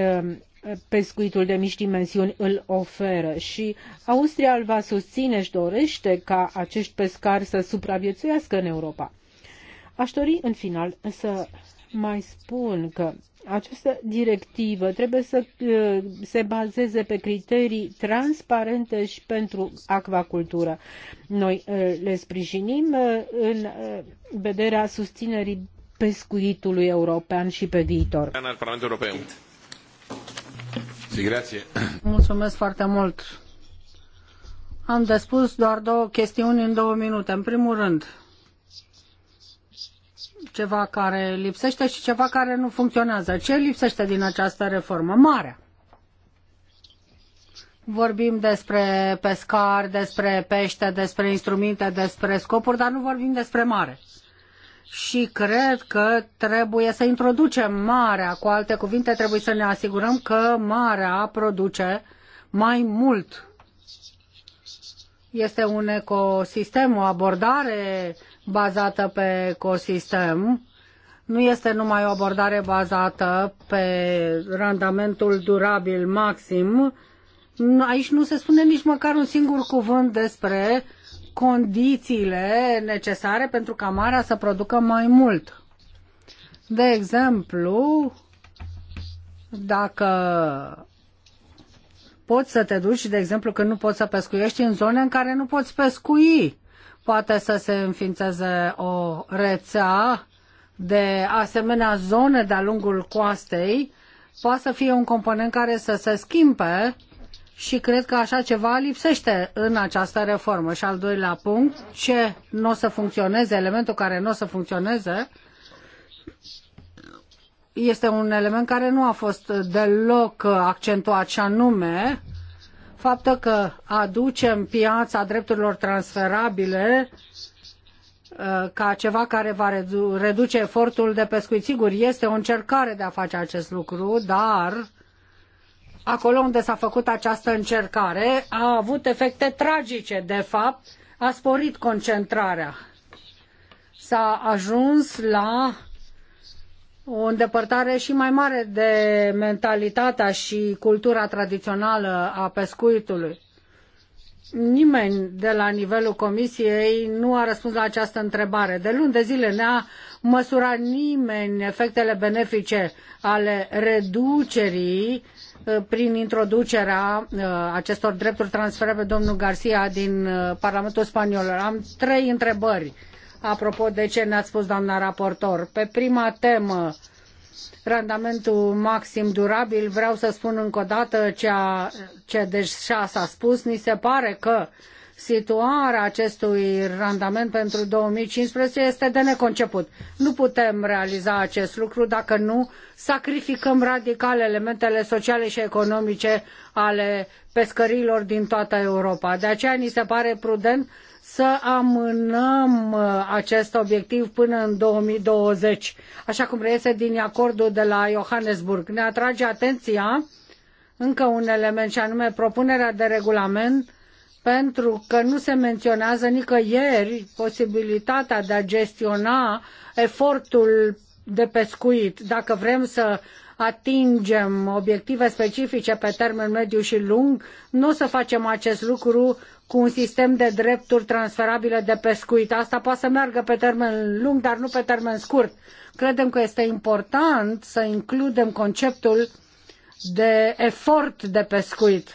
pescuitul de mici dimensiuni îl oferă și Austria îl va susține și dorește ca acești pescari să supraviețuiască în Europa. Aș dori în final să mai spun că această directivă trebuie să uh, se bazeze pe criterii transparente și pentru acvacultură. Noi uh, le sprijinim uh, în vederea susținerii pescuitului european și pe viitor. Parlamentul European. Mulțumesc foarte mult. Am de spus doar două chestiuni în două minute. În primul rând, ceva care lipsește și ceva care nu funcționează. Ce lipsește din această reformă? Marea. Vorbim despre pescar, despre pește, despre instrumente, despre scopuri, dar nu vorbim despre mare și cred că trebuie să introducem marea, cu alte cuvinte trebuie să ne asigurăm că marea produce mai mult. Este un ecosistem, o abordare bazată pe ecosistem. Nu este numai o abordare bazată pe randamentul durabil maxim. Aici nu se spune nici măcar un singur cuvânt despre uh, condițiile necesare pentru ca marea să producă mai mult. De exemplu, dacă poți să te duci, de exemplu, când nu poți să pescuiești în zone în care nu poți pescui, poate să se înființeze o rețea de asemenea zone de-a lungul coastei, poate să fie un component care să se schimbe și cred că așa ceva lipsește în această reformă. Și al doilea punct, ce nu o să funcționeze, elementul care nu o să funcționeze, este un element care nu a fost deloc accentuat și anume faptul că aducem piața drepturilor transferabile uh, ca ceva care va reduce efortul de pescuit. Sigur, este o încercare de a face acest lucru, dar acolo unde s-a făcut această încercare, a avut efecte tragice, de fapt, a sporit concentrarea. S-a ajuns la o îndepărtare și mai mare de mentalitatea și cultura tradițională a pescuitului. Nimeni de la nivelul comisiei nu a răspuns la această întrebare. De luni de zile ne-a măsurat nimeni efectele benefice ale reducerii Uh, prin introducerea uh, acestor drepturi transferabile domnul Garcia din uh, Parlamentul Spaniol. Am trei întrebări apropo de ce ne-ați spus, doamna raportor. Pe prima temă, randamentul maxim durabil, vreau să spun încă o dată ceea ce deja s-a spus. Ni se pare că uh, situarea acestui randament pentru 2015 este de neconceput. Nu putem realiza acest lucru dacă nu sacrificăm radical elementele sociale și economice ale pescărilor din toată Europa. De aceea ni se pare prudent să amânăm uh, acest obiectiv până în 2020, așa cum reiese din acordul de la Johannesburg. Ne atrage atenția încă un element, și anume propunerea de regulament pentru că nu se menționează nicăieri posibilitatea de a gestiona efortul de pescuit. Dacă vrem să atingem obiective specifice pe termen mediu și lung, nu o să facem acest lucru cu un sistem de drepturi transferabile de pescuit. Asta poate să meargă pe termen lung, dar nu pe termen scurt. Credem că este important să includem conceptul de efort de pescuit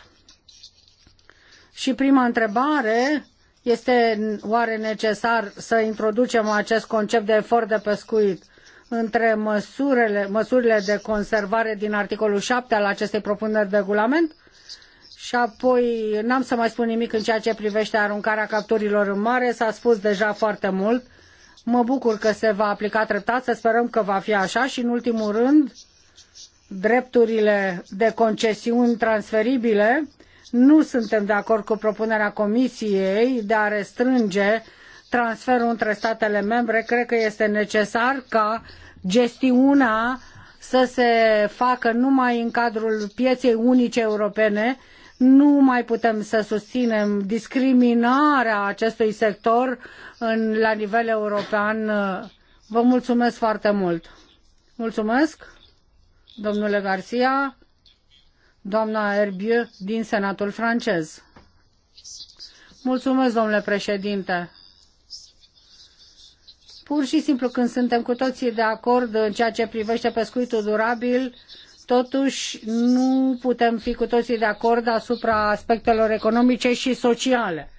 și prima întrebare este oare necesar să introducem acest concept de efort de pescuit între măsurile, măsurile de conservare din articolul 7 al acestei propuneri de regulament? Și apoi n-am să mai spun nimic în ceea ce privește aruncarea capturilor în mare, s-a spus deja foarte mult. Mă bucur că se va aplica treptat, să sperăm că va fi așa și în ultimul rând drepturile de concesiuni transferibile nu suntem de acord cu propunerea Comisiei de a restrânge transferul între statele membre. Cred că este necesar ca gestiunea să se facă numai în cadrul pieței unice europene. Nu mai putem să susținem discriminarea acestui sector în, la nivel european. Vă mulțumesc foarte mult. Mulțumesc, domnule Garcia doamna Herbieu din Senatul francez. Mulțumesc, domnule președinte. Pur și simplu când suntem cu toții de acord în ceea ce privește pescuitul durabil, totuși nu putem fi cu toții de acord asupra aspectelor economice și sociale.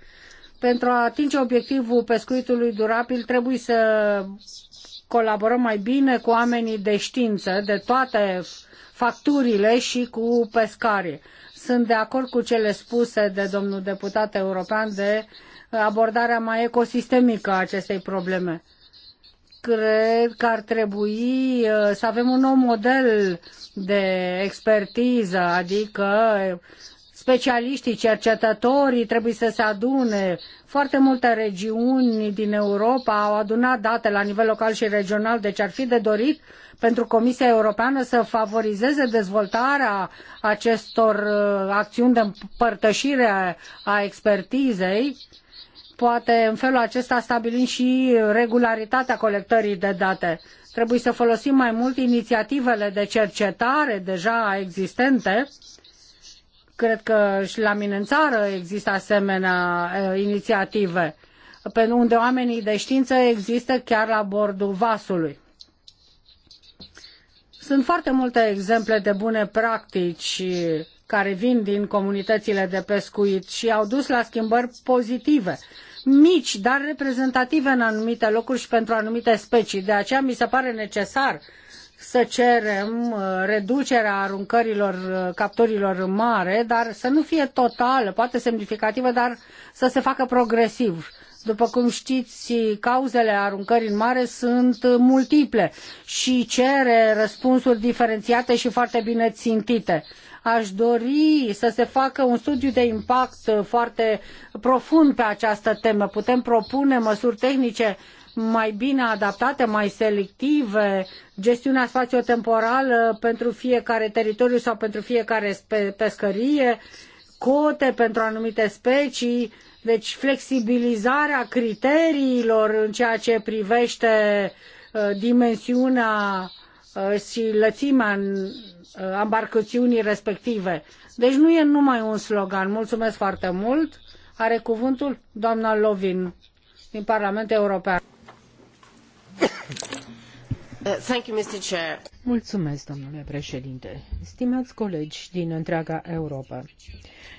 Pentru a atinge obiectivul pescuitului durabil trebuie să colaborăm mai bine cu oamenii de știință de toate facturile și cu pescarii. Sunt de acord cu cele spuse de domnul deputat european de abordarea mai ecosistemică a acestei probleme. Cred că ar trebui uh, să avem un nou model de expertiză, adică uh, specialiștii, cercetătorii trebuie să se adune. Foarte multe regiuni din Europa au adunat date la nivel local și regional, deci ar fi de dorit pentru Comisia Europeană să favorizeze dezvoltarea acestor uh, acțiuni de împărtășire a expertizei, poate în felul acesta stabilim și regularitatea colectării de date. Trebuie să folosim mai mult inițiativele de cercetare deja existente. Cred că și la mine în țară există asemenea uh, inițiative, pe unde oamenii de știință există chiar la bordul vasului. Sunt foarte multe exemple de bune practici care vin din comunitățile de pescuit și au dus la schimbări pozitive, mici, dar reprezentative în anumite locuri și pentru anumite specii. De aceea mi se pare necesar să cerem uh, reducerea aruncărilor uh, capturilor în mare, dar să nu fie totală, poate semnificativă, dar să se facă progresiv după cum știți, cauzele aruncării în mare sunt multiple și cere răspunsuri diferențiate și foarte bine țintite. Aș dori să se facă un studiu de impact foarte profund pe această temă. Putem propune măsuri tehnice mai bine adaptate, mai selective, gestiunea spațiotemporală pentru fiecare teritoriu sau pentru fiecare pescărie, cote pentru anumite specii, deci flexibilizarea criteriilor în ceea ce privește uh, dimensiunea uh, și lățimea embarcațiunii uh, respective. Deci nu e numai un slogan. Mulțumesc foarte mult. Are cuvântul doamna Lovin din Parlamentul European. Thank you, Mr. Chair. Mulțumesc, domnule președinte. Stimați colegi din întreaga Europa,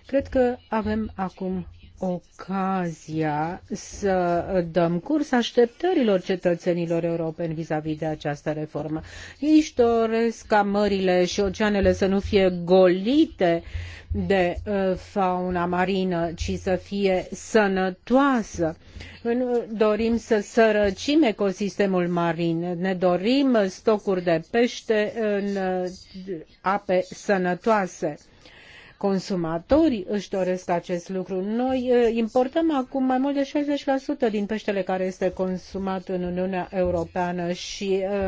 cred că avem acum ocazia să dăm curs așteptărilor cetățenilor europeni vis-a-vis -vis de această reformă. Ei își doresc ca mările și oceanele să nu fie golite de uh, fauna marină, ci să fie sănătoasă. Uh, dorim să sărăcim ecosistemul marin, ne dorim stocuri de pește în uh, ape sănătoase Consumatorii își doresc acest lucru. Noi eh, importăm acum mai mult de 60% din peștele care este consumat în Uniunea Europeană și eh,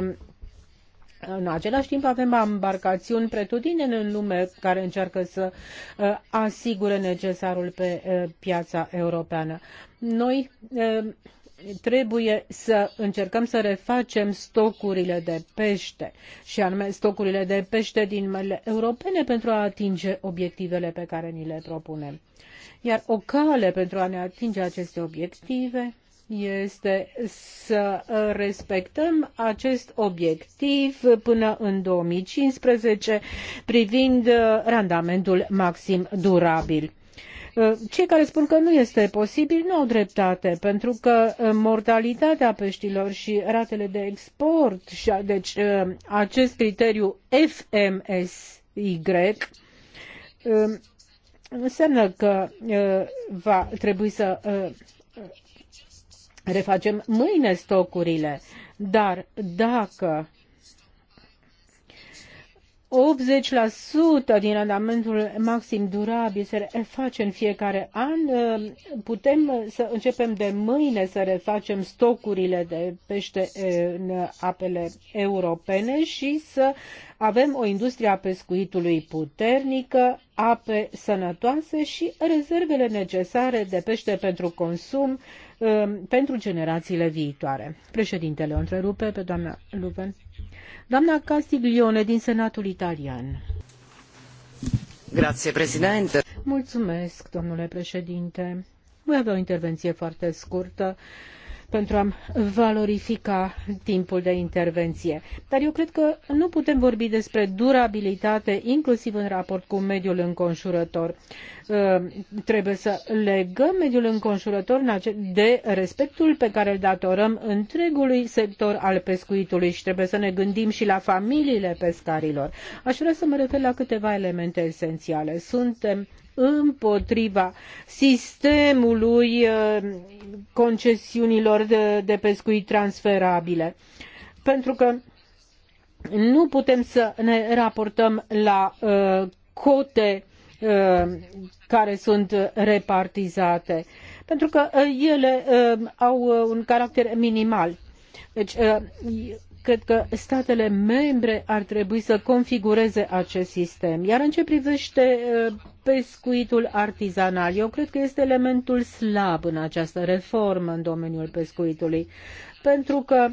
în același timp avem embarcațiuni pretutine în lume care încearcă să eh, asigure necesarul pe piața europeană. Noi trebuie să încercăm să refacem stocurile de pește și anume stocurile de pește din mările europene pentru a atinge obiectivele pe care ni le propunem. Iar o cale pentru a ne atinge aceste obiective este să respectăm acest obiectiv până în 2015 privind randamentul maxim durabil. Uh, cei care spun că nu este posibil nu au dreptate, pentru că uh, mortalitatea peștilor și ratele de export, și, deci uh, acest criteriu FMSY, înseamnă că va trebui să refacem mâine stocurile, dar dacă 80% din randamentul maxim durabil se reface în fiecare an. Putem să începem de mâine să refacem stocurile de pește în apele europene și să avem o industrie a pescuitului puternică, ape sănătoase și rezervele necesare de pește pentru consum Um, pentru generațiile viitoare. Președintele o întrerupe pe doamna Lupen. Doamna Castiglione din Senatul Italian. Grazie, președinte. Mulțumesc, domnule președinte. Voi avea o intervenție foarte scurtă pentru a valorifica timpul de intervenție. Dar eu cred că nu putem vorbi despre durabilitate, inclusiv în raport cu mediul înconjurător. Uh, trebuie să legăm mediul înconjurător de respectul pe care îl datorăm întregului sector al pescuitului și trebuie să ne gândim și la familiile pescarilor. Aș vrea să mă refer la câteva elemente esențiale. Suntem împotriva sistemului uh, concesiunilor de, de pescuit transferabile. Pentru că nu putem să ne raportăm la uh, cote uh, care sunt repartizate, pentru că uh, ele uh, au uh, un caracter minimal. Deci, cred că statele membre ar trebui să configureze acest sistem. Iar în ce privește pescuitul artizanal. Eu cred că este elementul slab în această reformă în domeniul pescuitului, pentru că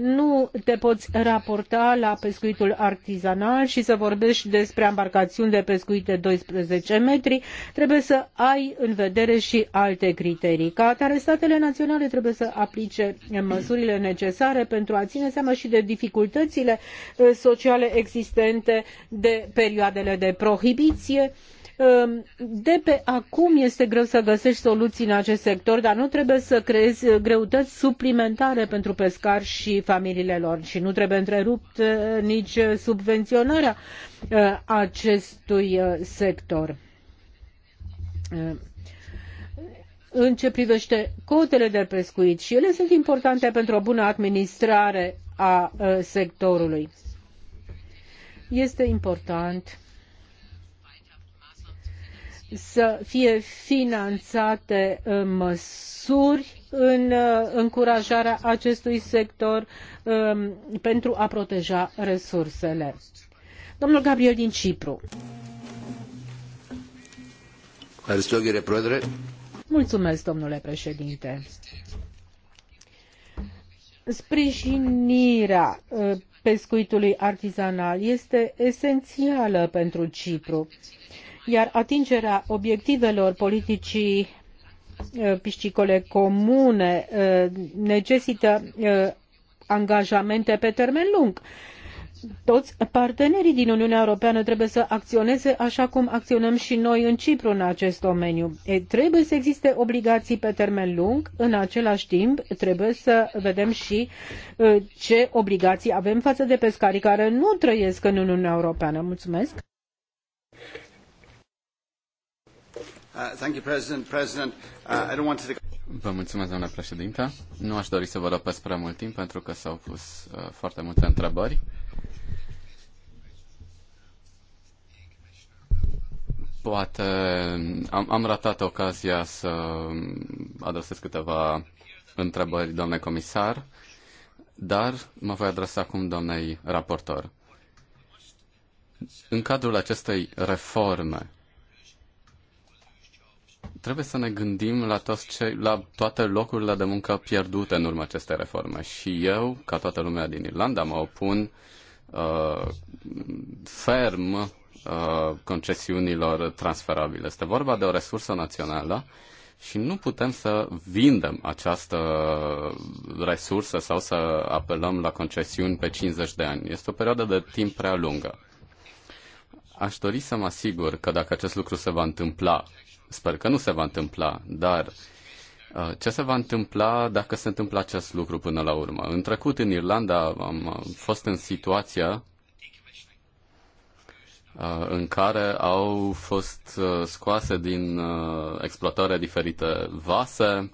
nu te poți raporta la pescuitul artizanal și să vorbești despre embarcațiuni de pescuit de 12 metri, trebuie să ai în vedere și alte criterii. Ca atare, statele naționale trebuie să aplice măsurile necesare pentru a ține seama și de dificultățile sociale existente, de perioadele de prohibiție, Ehm, de pe acum este greu să găsești soluții în acest sector, dar nu trebuie să creezi greutăți suplimentare pentru pescari și familiile lor și nu trebuie întrerupt eh, nici subvenționarea eh, acestui eh, sector. Ehm, în ce privește cotele de pescuit, și ele sunt importante pentru o bună administrare a sectorului. Este important să fie finanțate uh, măsuri în uh, încurajarea acestui sector um, pentru a proteja resursele. Domnul Gabriel din Cipru. Mulțumesc, domnule președinte. Sprijinirea uh, pescuitului artizanal este esențială pentru Cipru iar atingerea obiectivelor politicii eh, piscicole comune eh, necesită eh, angajamente pe termen lung. Toți partenerii din Uniunea Europeană trebuie să acționeze așa cum acționăm și noi în Cipru în acest domeniu. E, trebuie să existe obligații pe termen lung, în același timp trebuie să vedem și e, ce obligații avem față de pescarii care nu trăiesc în Uniunea Europeană. Mulțumesc! Vă mulțumesc, doamna președintă. Nu aș dori să vă răpesc prea mult timp pentru că s-au pus uh, foarte multe întrebări. Poate am, am ratat ocazia să adresez câteva întrebări, doamne comisar, dar mă voi adresa acum doamnei raportor. În cadrul acestei reforme trebuie să ne gândim la, toți ce, la toate locurile de muncă pierdute în urma acestei reforme. Și eu, ca toată lumea din Irlanda, mă opun uh, ferm uh, concesiunilor transferabile. Este vorba de o resursă națională și nu putem să vindem această resursă sau să apelăm la concesiuni pe 50 de ani. Este o perioadă de timp prea lungă. Aș dori să mă asigur că dacă acest lucru se va întâmpla Sper că nu se va întâmpla, dar uh, ce se va întâmpla dacă se întâmplă acest lucru până la urmă? În trecut, în Irlanda, am fost în situația uh, în care au fost uh, scoase din exploatare diferite vase,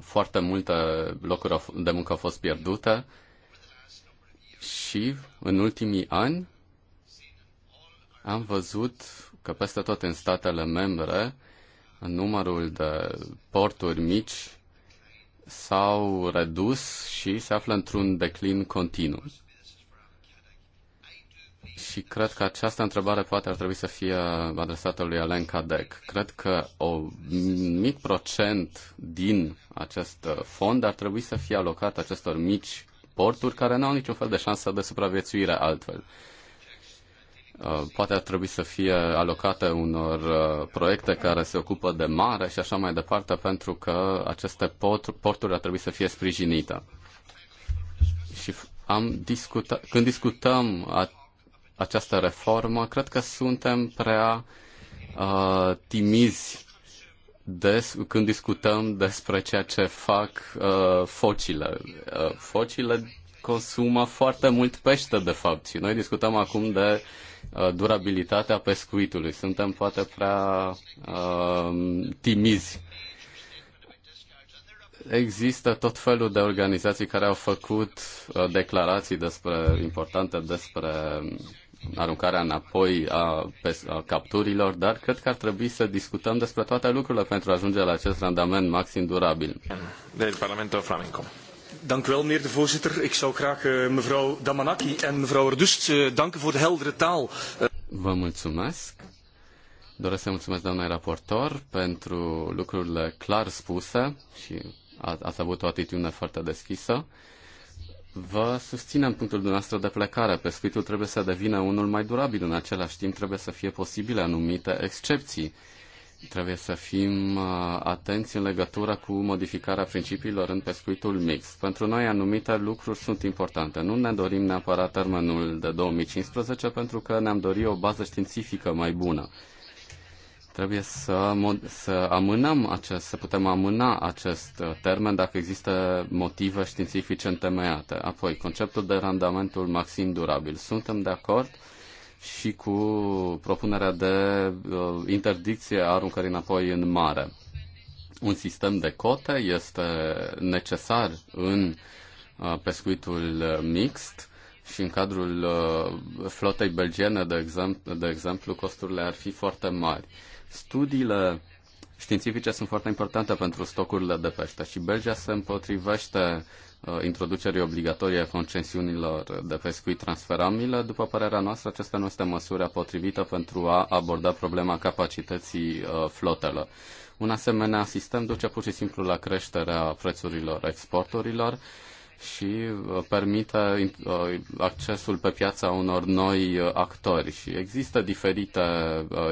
foarte multe locuri de muncă au fost pierdute și în ultimii ani am văzut că peste tot în statele membre numărul de porturi mici s-au redus și se află într-un declin continuu. Și cred că această întrebare poate ar trebui să fie adresată lui Alen Cadec. Cred că o mic procent din acest fond ar trebui să fie alocat acestor mici porturi care nu au niciun fel de șansă de supraviețuire altfel. Uh, poate ar trebui să fie alocate unor uh, proiecte care se ocupă de mare și așa mai departe, pentru că aceste porturi ar trebui să fie sprijinite. Și am discuta, când discutăm a, această reformă, cred că suntem prea a, uh, timizi des, când discutăm despre ceea ce fac a, focile. A, focile consumă foarte mult pește, de fapt, și noi discutăm acum de uh, Uh, durabilitatea pescuitului. Suntem poate prea uh, timizi există tot felul de organizații care au făcut uh, declarații despre importante despre aruncarea înapoi a, a capturilor, dar cred că ar trebui să discutăm despre toate lucrurile pentru a ajunge la acest randament maxim durabil. Del Parlamentul Flamenco. Dank u wel, meneer de voorzitter. Ik zou graag uh, mevrouw Damanaki en mevrouw Erdust uh, danken voor de heldere taal. Eh, Vă mulțumesc. Doresc să mulțumesc doamnei raportor pentru lucrurile clar spuse și ați avut o atitudine foarte deschisă. Vă susținem punctul dumneavoastră de plecare. Pescuitul trebuie să devină unul mai durabil. În același timp trebuie să fie posibile anumite excepții Trebuie să fim uh, atenți în legătură cu modificarea principiilor în pescuitul mix. Pentru noi anumite lucruri sunt importante. Nu ne dorim neapărat termenul de 2015 pentru că ne-am dorit o bază științifică mai bună trebuie să, mod, să amânăm acest, să putem amâna acest uh, termen dacă există motive științifice întemeiate. Apoi, conceptul de randamentul maxim durabil. Suntem de acord și cu propunerea de uh, interdicție a aruncării înapoi în mare. Un sistem de cote este necesar în uh, pescuitul uh, mixt și în cadrul flotei belgiene, de exem- de exemplu, costurile ar fi foarte mari. Studiile științifice sunt foarte importante pentru stocurile de pește și Belgia se împotrivește Uh, introducerii obligatorii a concesiunilor de pescuit transferabile, după părerea noastră, acesta nu este măsura potrivită pentru a aborda problema capacității uh, flotelor. Un asemenea sistem duce pur și simplu la creșterea prețurilor exporturilor și uh, permite accesul pe piața unor noi actori. Și există diferite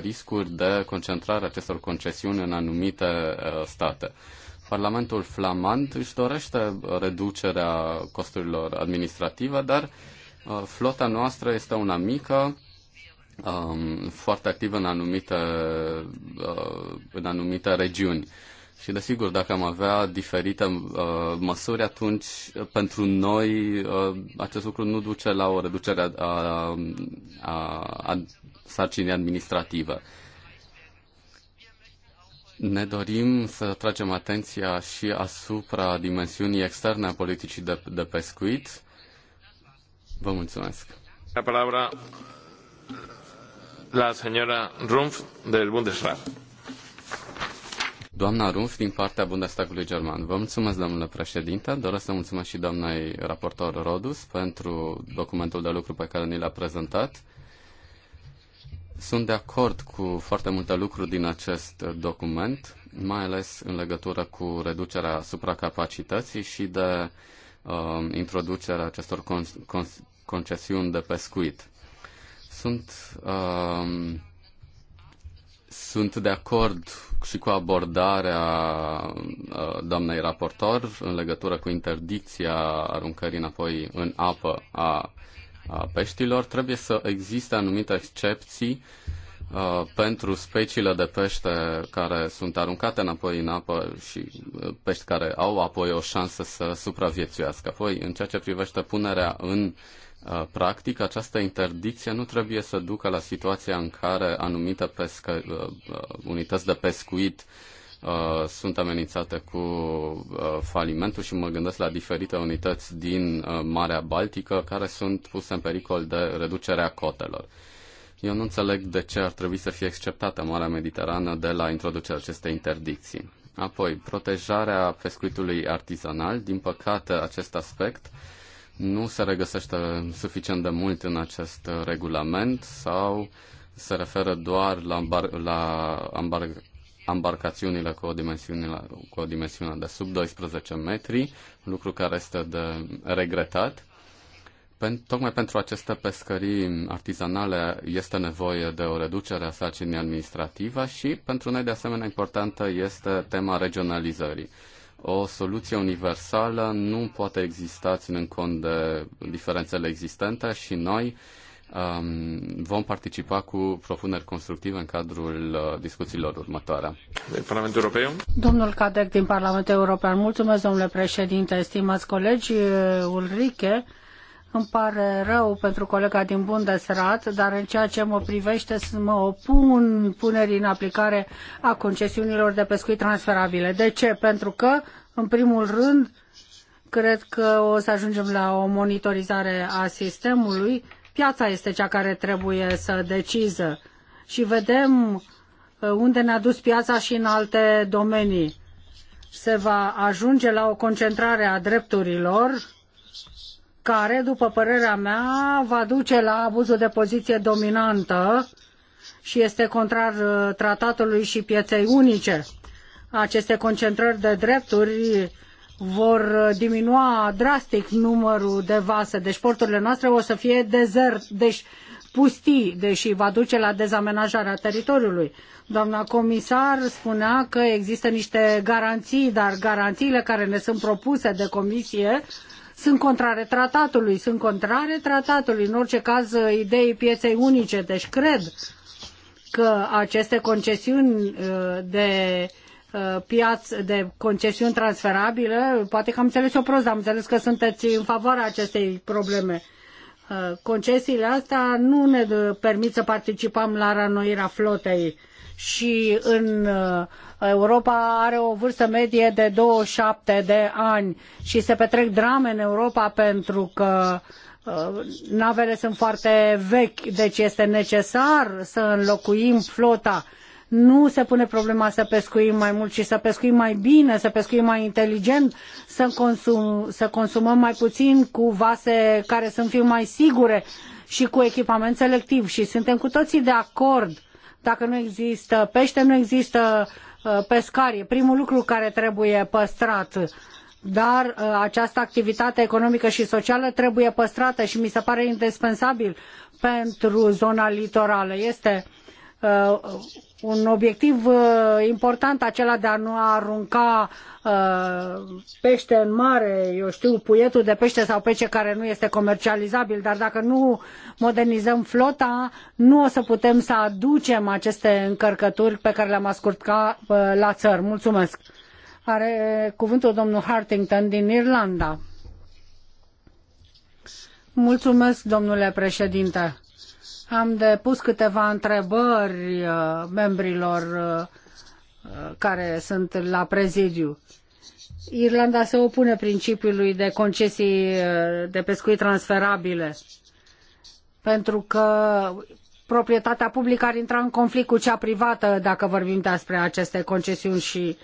riscuri de concentrare acestor concesiuni în anumite state. Parlamentul flamand își dorește reducerea costurilor administrative, dar uh, flota noastră este una mică, um, foarte activă în anumite, uh, în anumite regiuni. Și desigur, dacă am avea diferite uh, măsuri, atunci pentru noi acest lucru nu duce la o reducere a, a, a, sarcinii administrative. Ne dorim să tragem atenția și asupra dimensiunii externe a politicii de, de pescuit. Vă mulțumesc. La palabra la señora Rumpf del Bundesrat. Doamna Rumpf din partea Bundestagului German. Vă mulțumesc, domnule președinte. Doresc să mulțumesc și doamnei raportor Rodus pentru documentul de lucru pe care ni l-a prezentat. Sunt de acord cu foarte multe lucruri din acest document, mai ales în legătură cu reducerea supracapacității și de uh, introducerea acestor con- con- concesiuni de pescuit. Sunt, uh, sunt de acord și cu abordarea uh, doamnei raportor în legătură cu interdicția aruncării înapoi în apă a peștilor, trebuie să existe anumite excepții pentru speciile de pește care sunt aruncate înapoi în apă și pești care au apoi o șansă să supraviețuiască. Apoi, în ceea ce privește punerea în practic, această interdicție nu trebuie să ducă la situația în care anumite pescă, unități de pescuit Uh, sunt amenințate cu uh, falimentul și mă gândesc la diferite unități din uh, Marea Baltică care sunt puse în pericol de reducerea cotelor. Eu nu înțeleg de ce ar trebui să fie exceptată Marea Mediterană de la introducerea acestei interdicții. Apoi, protejarea pescuitului artizanal. Din păcate, acest aspect nu se regăsește suficient de mult în acest uh, regulament sau se referă doar la, ambar- la ambar- ambarcațiunile cu o dimensiune, cu o dimensiune de sub 12 metri, lucru care este de regretat. Pen, tocmai pentru aceste pescării artizanale este nevoie de o reducere a sarcinii administrative și pentru noi de asemenea importantă este tema regionalizării. O soluție universală nu poate exista ținând cont de diferențele existente și noi uh, Um, vom participa cu propuneri constructive în cadrul uh, discuțiilor următoare. Parlamentul European. Domnul Cadec din Parlamentul European. Mulțumesc, domnule președinte, stimați colegi. Uh, Ulrike, îmi pare rău pentru colega din Bundesrat, dar în ceea ce mă privește mă opun punerii în aplicare a concesiunilor de pescuit transferabile. De ce? Pentru că, în primul rând, cred că o să ajungem la o monitorizare a sistemului Piața este cea care trebuie să deciză și vedem uh, unde ne-a dus piața și în alte domenii. Se va ajunge la o concentrare a drepturilor care, după părerea mea, va duce la abuzul de poziție dominantă și este contrar uh, tratatului și pieței unice. Aceste concentrări de drepturi vor uh, diminua drastic numărul de vase, deci porturile noastre o să fie dezert, deci pustii, deși va duce la dezamenajarea teritoriului. Doamna comisar spunea că există niște garanții, dar garanțiile care ne sunt propuse de comisie sunt contrare tratatului, sunt contrare tratatului, în orice caz uh, ideii pieței unice, deci cred că aceste concesiuni uh, de uh, Uh, piață de concesiuni transferabile, poate că am înțeles o prost, am înțeles că sunteți în favoarea acestei probleme. Uh, concesiile astea nu ne permit să participăm la ranoirea flotei și în uh, Europa are o vârstă medie de 27 de ani și se petrec drame în Europa pentru că navele sunt foarte vechi, deci este necesar să înlocuim flota nu se pune problema să pescuim mai mult, ci să pescuim mai bine, să pescuim mai inteligent, să, consum, să consumăm mai puțin cu vase care să fie mai sigure și cu echipament selectiv. Și suntem cu toții de acord. Dacă nu există pește, nu există uh, pescari. primul lucru care trebuie păstrat dar uh, această activitate economică și socială trebuie păstrată și mi se pare indispensabil pentru zona litorală. Este Uh, un obiectiv uh, important acela de a nu arunca uh, pește în mare, eu știu, puietul de pește sau pește care nu este comercializabil, dar dacă nu modernizăm flota, nu o să putem să aducem aceste încărcături pe care le-am ascultat la țări. Mulțumesc! Are cuvântul domnul Hartington din Irlanda. Mulțumesc, domnule președinte. Am depus câteva întrebări uh, membrilor uh, uh, care sunt la prezidiu. Irlanda se opune principiului de concesii de pescuit transferabile pentru că proprietatea publică ar intra în conflict cu cea privată dacă vorbim despre aceste concesiuni și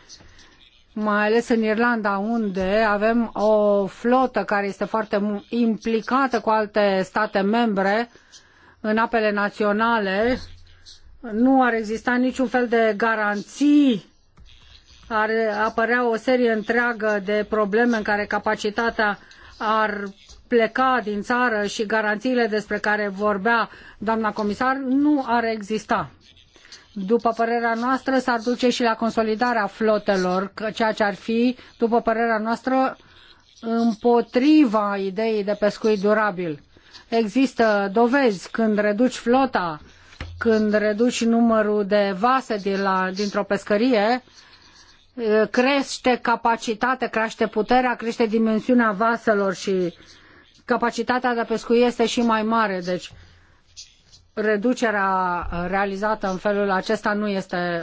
mai ales în Irlanda, unde avem o flotă care este foarte implicată cu alte state membre uh, în apele naționale, nu ar exista niciun fel de garanții, ar apărea o serie întreagă de probleme în care capacitatea ar pleca din țară și garanțiile despre care vorbea doamna comisar nu ar exista. După părerea noastră, s-ar duce și la consolidarea flotelor, ceea ce ar fi, după părerea noastră, împotriva ideii de pescuit durabil Există dovezi când reduci flota, când reduci numărul de vase din la, dintr-o pescărie, crește capacitatea, crește puterea, crește dimensiunea vaselor și capacitatea de pescuit este și mai mare. Deci reducerea realizată în felul acesta nu este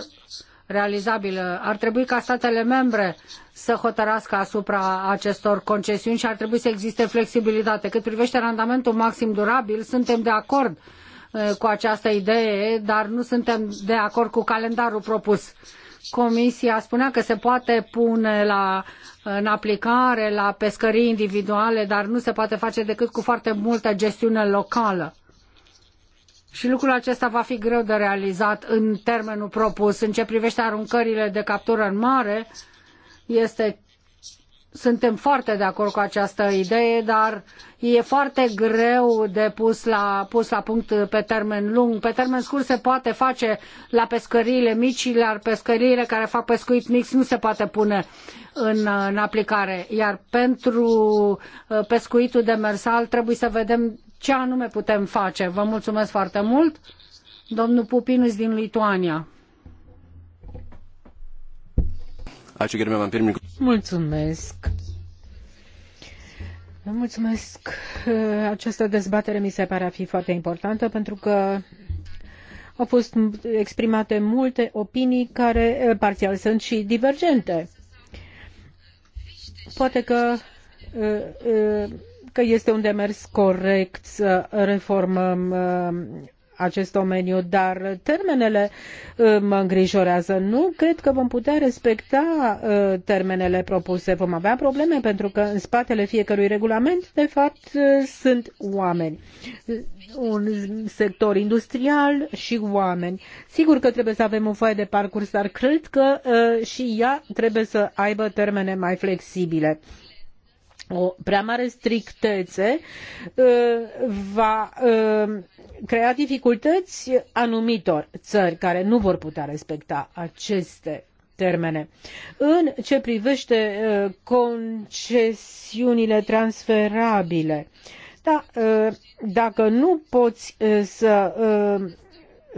realizabilă. Ar trebui ca statele membre să hotărască asupra acestor concesiuni și ar trebui să existe flexibilitate. Cât privește randamentul maxim durabil, suntem de acord eh, cu această idee, dar nu suntem de acord cu calendarul propus. Comisia spunea că se poate pune la, în aplicare la pescării individuale, dar nu se poate face decât cu foarte multă gestiune locală și lucrul acesta va fi greu de realizat în termenul propus. În ce privește aruncările de captură în mare, este suntem foarte de acord cu această idee, dar e foarte greu de pus la, pus la punct pe termen lung. Pe termen scurt se poate face la pescăriile mici, la pescăriile care fac pescuit mix nu se poate pune în, în aplicare. Iar pentru uh, pescuitul demersal trebuie să vedem ce anume putem face. Vă mulțumesc foarte mult. Domnul Pupinus din Lituania. Mulțumesc. Mulțumesc. Această dezbatere mi se pare a fi foarte importantă pentru că au fost exprimate multe opinii care eh, parțial sunt și divergente. Poate că eh, eh, că este un demers corect să reformăm uh, acest domeniu, dar termenele uh, mă îngrijorează. Nu cred că vom putea respecta uh, termenele propuse. Vom avea probleme pentru că în spatele fiecărui regulament, de fapt, sunt oameni. Un sector industrial și oameni. Sigur că trebuie să avem o foaie de parcurs, dar cred că și ea trebuie să aibă termene mai flexibile o prea mare strictețe uh, va uh, crea dificultăți anumitor țări care nu vor putea respecta aceste termene. În ce privește uh, concesiunile transferabile, da, dacă nu poți să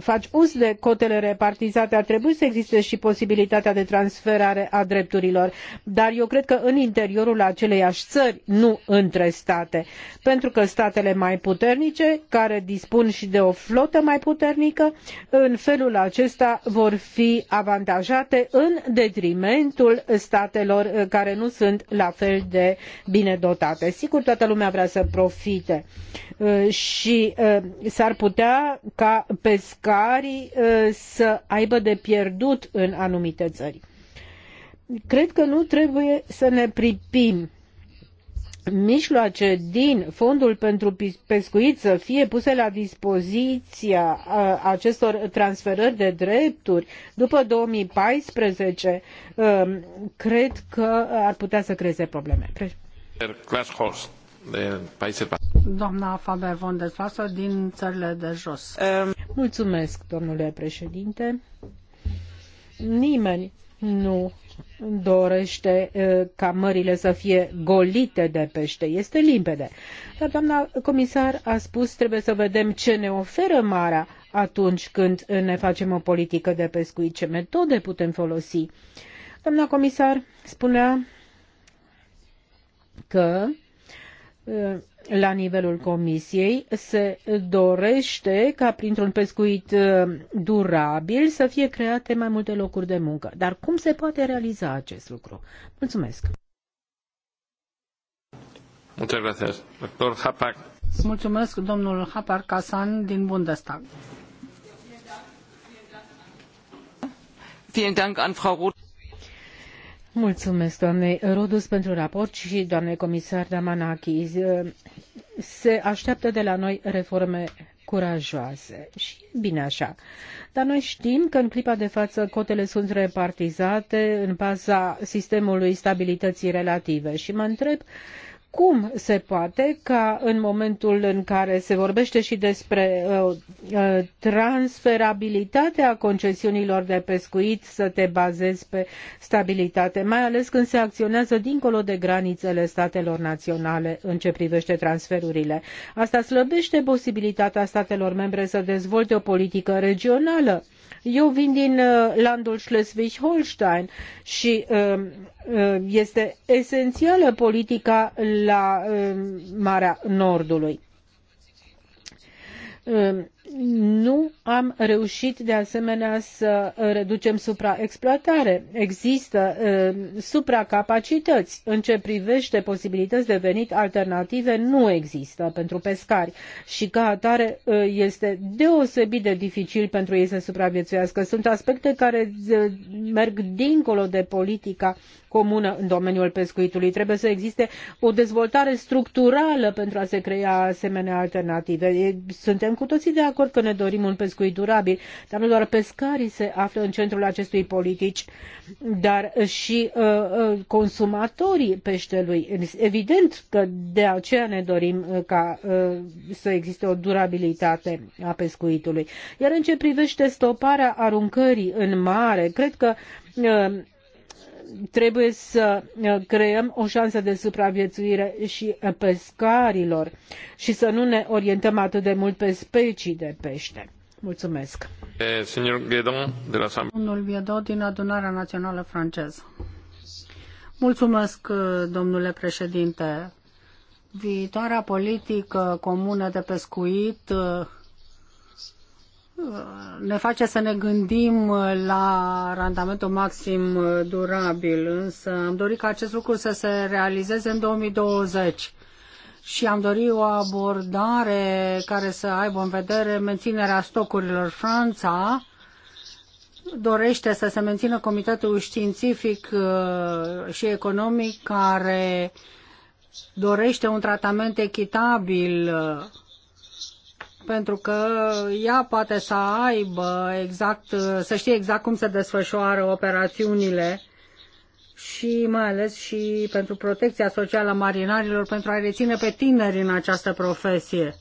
faci uz de cotele repartizate, ar trebui să existe și posibilitatea de transferare a drepturilor. Dar eu cred că în interiorul aceleiași țări, nu între state. Pentru că statele mai puternice, care dispun și de o flotă mai puternică, în felul acesta vor fi avantajate în detrimentul statelor uh, care nu sunt la fel de bine dotate. Sigur, toată lumea vrea să profite uh, și uh, s-ar putea ca pe care ă, să aibă de pierdut în anumite țări. Cred că nu trebuie să ne pripim mijloace din fondul pentru pescuit să fie puse la dispoziția ă, acestor transferări de drepturi după 2014, ă, cred că ar putea să creeze probleme de paise Doamna Faber von der din țările de jos. Mulțumesc, domnule președinte. Nimeni nu dorește ca mările să fie golite de pește. Este limpede. Dar doamna comisar a spus trebuie să vedem ce ne oferă marea atunci când ne facem o politică de pescuit, ce metode putem folosi. Doamna comisar spunea că Eh, la nivelul Comisiei se dorește ca printr-un pescuit eh, durabil să fie create mai multe locuri de muncă. Dar cum se poate realiza acest lucru? Mulțumesc! Mulțumesc, domnul Hapar Kasan din Bundestag. Vielen Dank an Frau Roth. Mulțumesc doamnei Rodus pentru raport și doamnei comisar Damanaki. Se așteaptă de la noi reforme curajoase și bine așa. Dar noi știm că în clipa de față cotele sunt repartizate în baza sistemului stabilității relative și mă întreb cum se poate ca în momentul în care se vorbește și despre uh, uh, transferabilitatea concesiunilor de pescuit să te bazezi pe stabilitate, mai ales când se acționează dincolo de granițele statelor naționale în ce privește transferurile. Asta slăbește posibilitatea statelor membre să dezvolte o politică regională eu vin din uh, landul Schleswig-Holstein și um, uh, este esențială politica la um, Marea Nordului um, nu am reușit de asemenea să uh, reducem supraexploatare. Există uh, supracapacități. În ce privește posibilități de venit alternative, nu există pentru pescari și ca atare uh, este deosebit de dificil pentru ei să supraviețuiască. Sunt aspecte care uh, merg dincolo de politica comună în domeniul pescuitului. Trebuie să existe o dezvoltare structurală pentru a se crea asemenea alternative. Suntem cu toții de acord acord că ne dorim un pescuit durabil, dar nu doar pescarii se află în centrul acestui politici, dar și uh, uh consumatorii peștelui. Evident că de aceea ne dorim uh, ca uh, să existe o durabilitate a pescuitului. Iar în ce privește stoparea aruncării în mare, cred că uh, trebuie să uh, creăm o șansă de supraviețuire și uh, pescarilor și să nu ne orientăm atât de mult pe specii de pește. Mulțumesc. Eh, Domnul Viedo din Adunarea Națională Franceză. Mulțumesc, uh, domnule președinte. Viitoarea politică comună de pescuit ne face să ne gândim la randamentul maxim durabil, însă am dorit ca acest lucru să se realizeze în 2020 și am dorit o abordare care să aibă în vedere menținerea stocurilor. Franța dorește să se mențină comitetul științific uh, și economic care dorește un tratament echitabil uh, pentru că ea poate să aibă exact, să știe exact cum se desfășoară operațiunile și mai ales și pentru protecția socială a marinarilor, pentru a reține pe tineri în această profesie,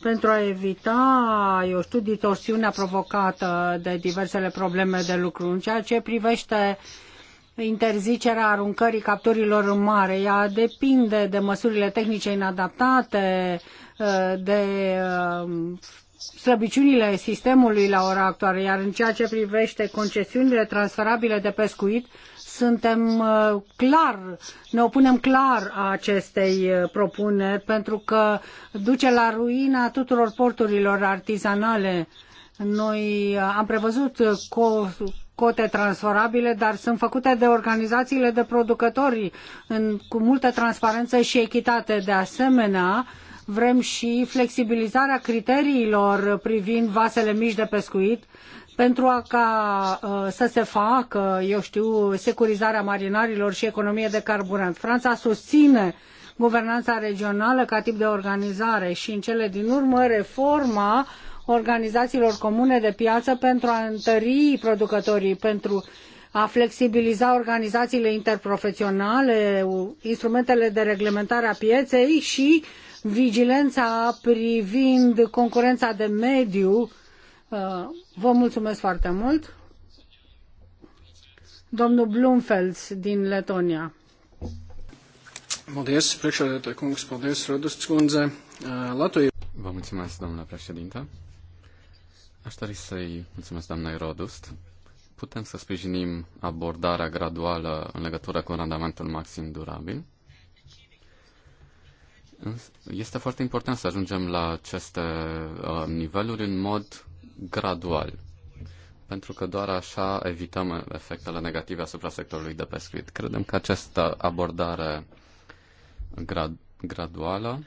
pentru a evita, eu știu, distorsiunea provocată de diversele probleme de lucru. În ceea ce privește interzicerea aruncării capturilor în mare, ea depinde de măsurile tehnice inadaptate, de uh, slăbiciunile sistemului la ora actuală, iar în ceea ce privește concesiunile transferabile de pescuit, suntem uh, clar, ne opunem clar a acestei uh, propuneri pentru că duce la ruina tuturor porturilor artizanale. Noi am prevăzut cote transferabile, dar sunt făcute de organizațiile de producători în, cu multă transparență și echitate. De asemenea, uh, Vrem și flexibilizarea criteriilor privind vasele mici de pescuit pentru a ca uh, să se facă, eu știu, securizarea marinarilor și economie de carburant. Franța susține guvernanța regională ca tip de organizare și în cele din urmă reforma organizațiilor comune de piață pentru a întări producătorii, pentru a flexibiliza organizațiile interprofesionale, instrumentele de reglementare a pieței și uh, vigilența privind concurența de mediu. Uh, vă mulțumesc foarte mult. Domnul Blumfels din Letonia. Uh, vă mulțumesc, domnule președinte. Aș dori să-i mulțumesc doamnei Rodust. Putem să sprijinim abordarea graduală în legătură cu randamentul maxim durabil este foarte important să ajungem la aceste uh, niveluri în mod gradual, pentru că doar așa evităm efectele negative asupra sectorului de pescuit. Credem că această abordare grad- graduală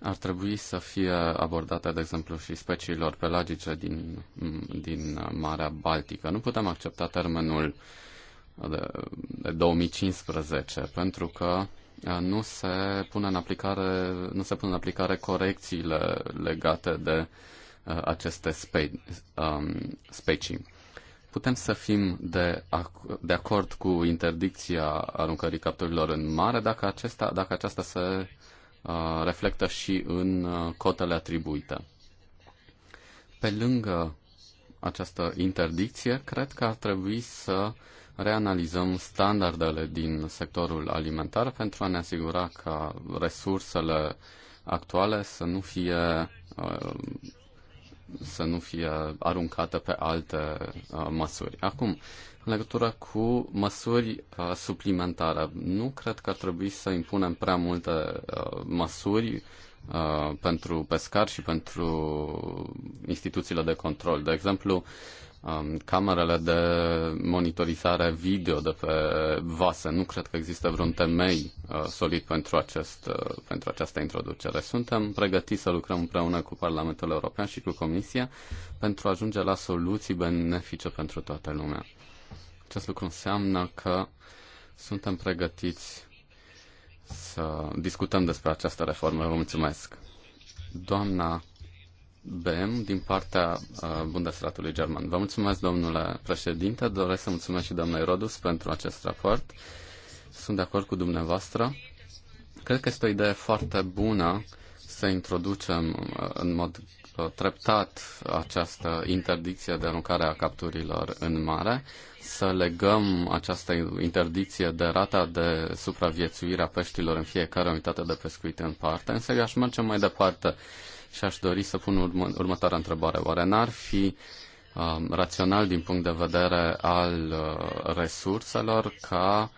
ar trebui să fie abordată de exemplu, și speciilor pelagice din, din Marea Baltică. Nu putem accepta termenul de, de 2015, pentru că nu se pune în aplicare, nu se pun în aplicare corecțiile legate de aceste spe, um, specii. Putem să fim de, ac- de acord cu interdicția aruncării capturilor în mare dacă, acesta, dacă aceasta se uh, reflectă și în cotele atribuite. Pe lângă această interdicție, cred că ar trebui să uh, reanalizăm standardele din sectorul alimentar pentru a ne asigura ca resursele actuale să nu fie uh, să nu fie aruncate pe alte uh, măsuri. Acum, în legătură cu măsuri uh, suplimentare, nu cred că ar trebui să impunem prea multe măsuri pentru pescar și pentru instituțiile de control. De exemplu, Um, camerele de monitorizare video de pe vase. Nu cred că există vreun temei uh, solid pentru, acest, uh, pentru această introducere. Suntem pregătiți să lucrăm împreună cu Parlamentul European și cu Comisia pentru a ajunge la soluții benefice pentru toată lumea. Acest lucru înseamnă că suntem pregătiți să discutăm despre această reformă. Vă mulțumesc. Doamna BM din partea uh, Bundesratului German. Vă mulțumesc, domnule președinte, doresc să mulțumesc și doamnei Rodus pentru acest raport. Sunt de acord cu dumneavoastră. Cred că este o idee foarte bună să introducem uh, în mod uh, treptat această interdicție de aruncare a capturilor în mare, să legăm această interdicție de rata de supraviețuire a peștilor în fiecare unitate de pescuit în parte, însă eu aș merge mai departe și aș dori să pun urmă, următoarea întrebare. Oare n-ar fi um, rațional din punct de vedere al uh, resurselor ca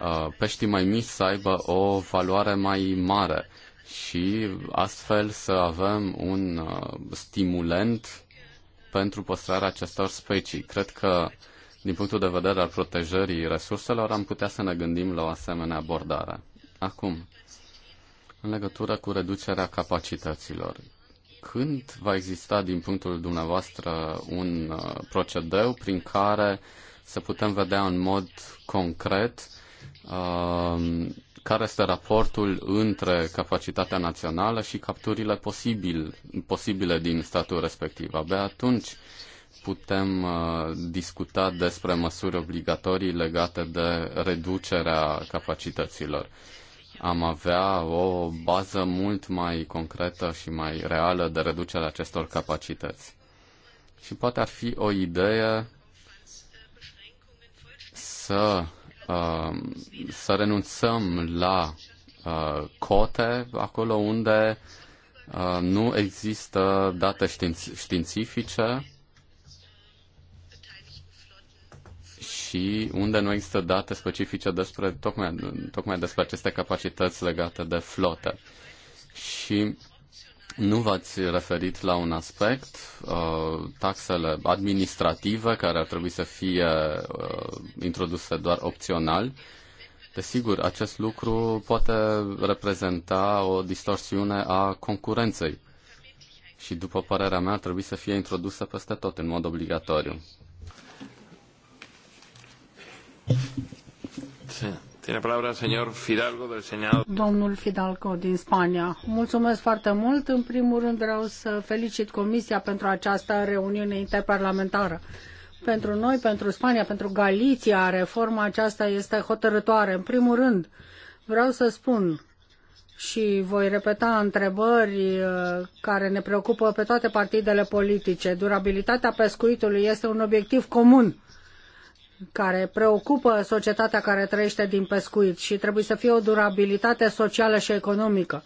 uh, peștii mai mici să aibă o valoare mai mare și astfel să avem un uh, stimulant pentru păstrarea acestor specii? Cred că din punctul de vedere al protejării resurselor, am putea să ne gândim la o asemenea abordare. Acum, în legătură cu reducerea capacităților când va exista din punctul dumneavoastră un uh, procedeu prin care să putem vedea în mod concret uh, care este raportul între capacitatea națională și capturile posibil, posibile din statul respectiv. Abia atunci putem uh, discuta despre măsuri obligatorii legate de reducerea capacităților. Uh, am avea o bază mult mai concretă și mai reală de reducerea acestor capacități. Și poate ar fi o idee să, uh, să renunțăm la uh, cote acolo unde uh, nu există date științifice și unde nu există date specifice despre, tocmai, tocmai despre aceste capacități legate de flotă. Și nu v-ați referit la un aspect, uh, taxele administrative care ar trebui să fie uh, introduse doar opțional. Desigur, acest lucru poate reprezenta o distorsiune a concurenței și, după părerea mea, ar trebui să fie introdusă peste tot, în mod obligatoriu. Tiene palabra señor Fidalgo del Senado. Domnul Fidalgo din Spania. Mulțumesc foarte mult. În primul rând vreau să felicit Comisia pentru această reuniune interparlamentară. Pentru noi, pentru Spania, pentru Galiția, reforma aceasta este hotărătoare. În primul rând, vreau să spun și voi repeta întrebări uh, care ne preocupă pe toate partidele politice. Durabilitatea pescuitului este un obiectiv comun care preocupă societatea care trăiește din pescuit și trebuie să fie o durabilitate socială și economică.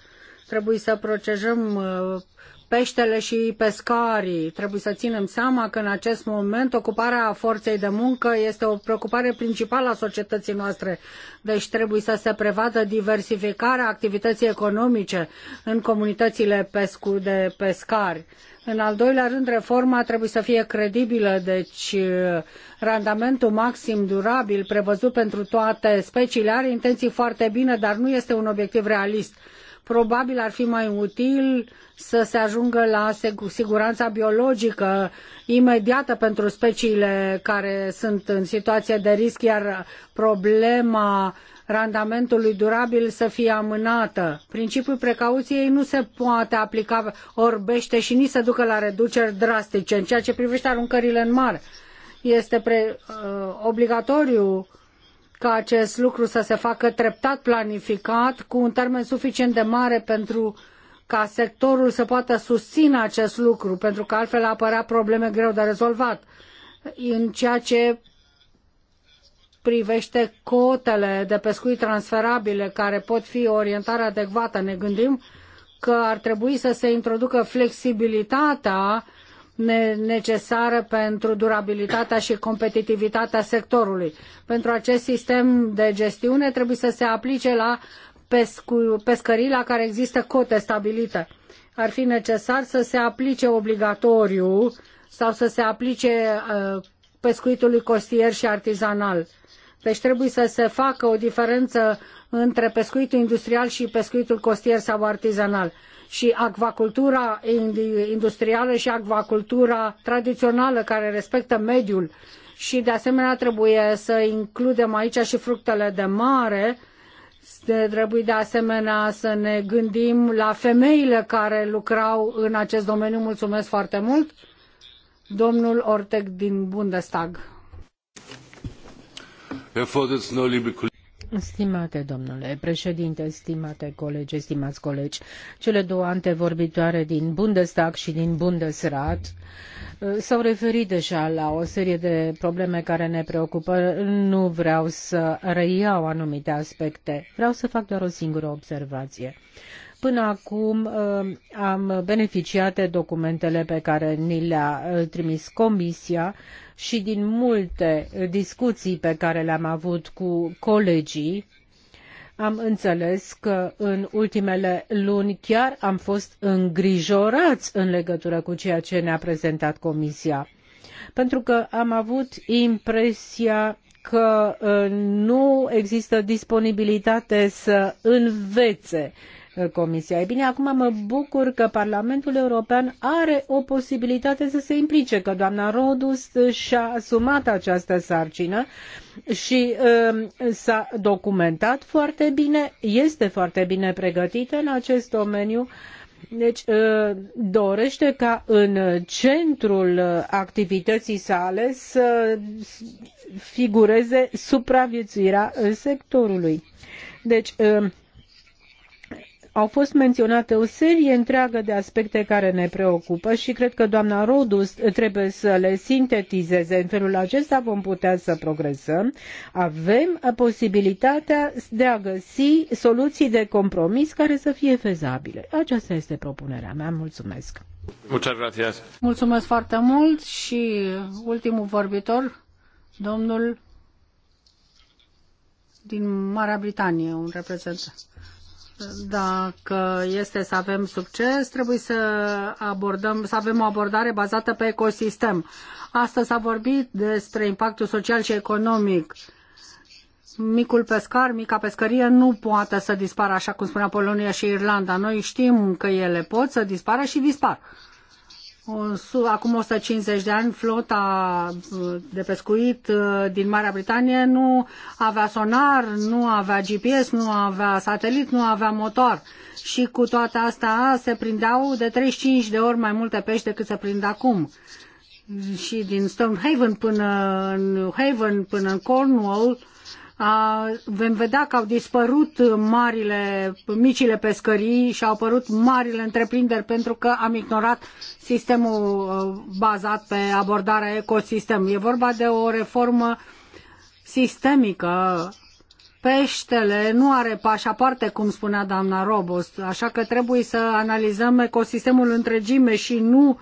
Trebuie să protejăm uh, peștele și pescarii. Trebuie să ținem seama că în acest moment ocuparea forței de muncă este o preocupare principală a societății noastre. Deci trebuie să se prevadă diversificarea activității economice în comunitățile pescu de pescari. În al doilea rând, reforma trebuie să fie credibilă, deci uh, randamentul maxim durabil prevăzut pentru toate speciile are intenții foarte bine, dar nu este un obiectiv realist probabil ar fi mai util să se ajungă la siguranța biologică imediată pentru speciile care sunt în situație de risc, iar problema randamentului durabil să fie amânată. Principiul precauției nu se poate aplica orbește și nici să ducă la reduceri drastice în ceea ce privește aruncările în mare. Este pre, uh, obligatoriu ca acest lucru să se facă treptat planificat, cu un termen suficient de mare pentru ca sectorul să poată susține acest lucru, pentru că altfel apărea probleme greu de rezolvat. În ceea ce privește cotele de pescuit transferabile care pot fi o orientare adecvată, ne gândim că ar trebui să se introducă flexibilitatea necesară pentru durabilitatea și competitivitatea sectorului. Pentru acest sistem de gestiune trebuie să se aplice la pescu- pescării la care există cote stabilite. Ar fi necesar să se aplice obligatoriu sau să se aplice uh, pescuitului costier și artizanal. Deci trebuie să se facă o diferență între pescuitul industrial și pescuitul costier sau artizanal și acvacultura industrială și acvacultura tradițională care respectă mediul și de asemenea trebuie să includem aici și fructele de mare, trebuie de asemenea să ne gândim la femeile care lucrau în acest domeniu. Mulțumesc foarte mult. Domnul Orteg din Bundestag. Herr Vorsitzender, liebe Stimate domnule președinte, stimate colegi, stimați colegi, cele două antevorbitoare din Bundestag și din Bundesrat uh, s-au referit deja la o serie de probleme care ne preocupă. Nu vreau să reiau anumite aspecte. Vreau să fac doar o singură observație. Până acum eh, am beneficiat de documentele pe care ni le-a eh, trimis Comisia și din multe eh, discuții pe care le-am avut cu colegii, am înțeles că în ultimele luni chiar am fost îngrijorați în legătură cu ceea ce ne-a prezentat Comisia. Pentru că am avut impresia că nu există disponibilitate să învețe uh, Comisia. E bine, acum mă bucur că Parlamentul European are o posibilitate să se implice, că doamna Rodus și-a asumat această sarcină și um, s-a documentat foarte bine, este foarte bine pregătită în acest domeniu. Deci uh, dorește ca în centrul activității sale să figureze supraviețuirea sectorului. Deci um, au fost menționate o serie întreagă de aspecte care ne preocupă și cred că doamna Rodus trebuie să le sintetizeze. În felul acesta vom putea să progresăm. Avem posibilitatea de a găsi soluții de compromis care să fie fezabile. Aceasta este propunerea mea. Mulțumesc. Mulțumesc, foarte mult și ultimul vorbitor, domnul din Marea Britanie, un reprezentant. Dacă este să avem succes, trebuie să abordăm, să avem o abordare bazată pe ecosistem. Astăzi s-a vorbit despre impactul social și economic. Micul pescar, mica pescărie nu poate să dispară, așa cum spunea Polonia și Irlanda. Noi știm că ele pot să dispară și dispar. Uh, Acum 150 de ani, flota uh, de pescuit uh, din Marea Britanie nu avea sonar, nu avea GPS, nu avea satelit, nu avea motor. Și cu toate astea se prindeau de 35 de ori mai multe pești decât se prind acum. Și din Stonehaven până în Haven, până în Cornwall, a, vom vedea că au dispărut marile, micile pescării și au apărut marile întreprinderi pentru că am ignorat sistemul uh, bazat pe abordarea ecosistem. E vorba de o reformă sistemică. Peștele nu are pașapoarte, cum spunea doamna Robos, așa că trebuie să analizăm ecosistemul întregime și nu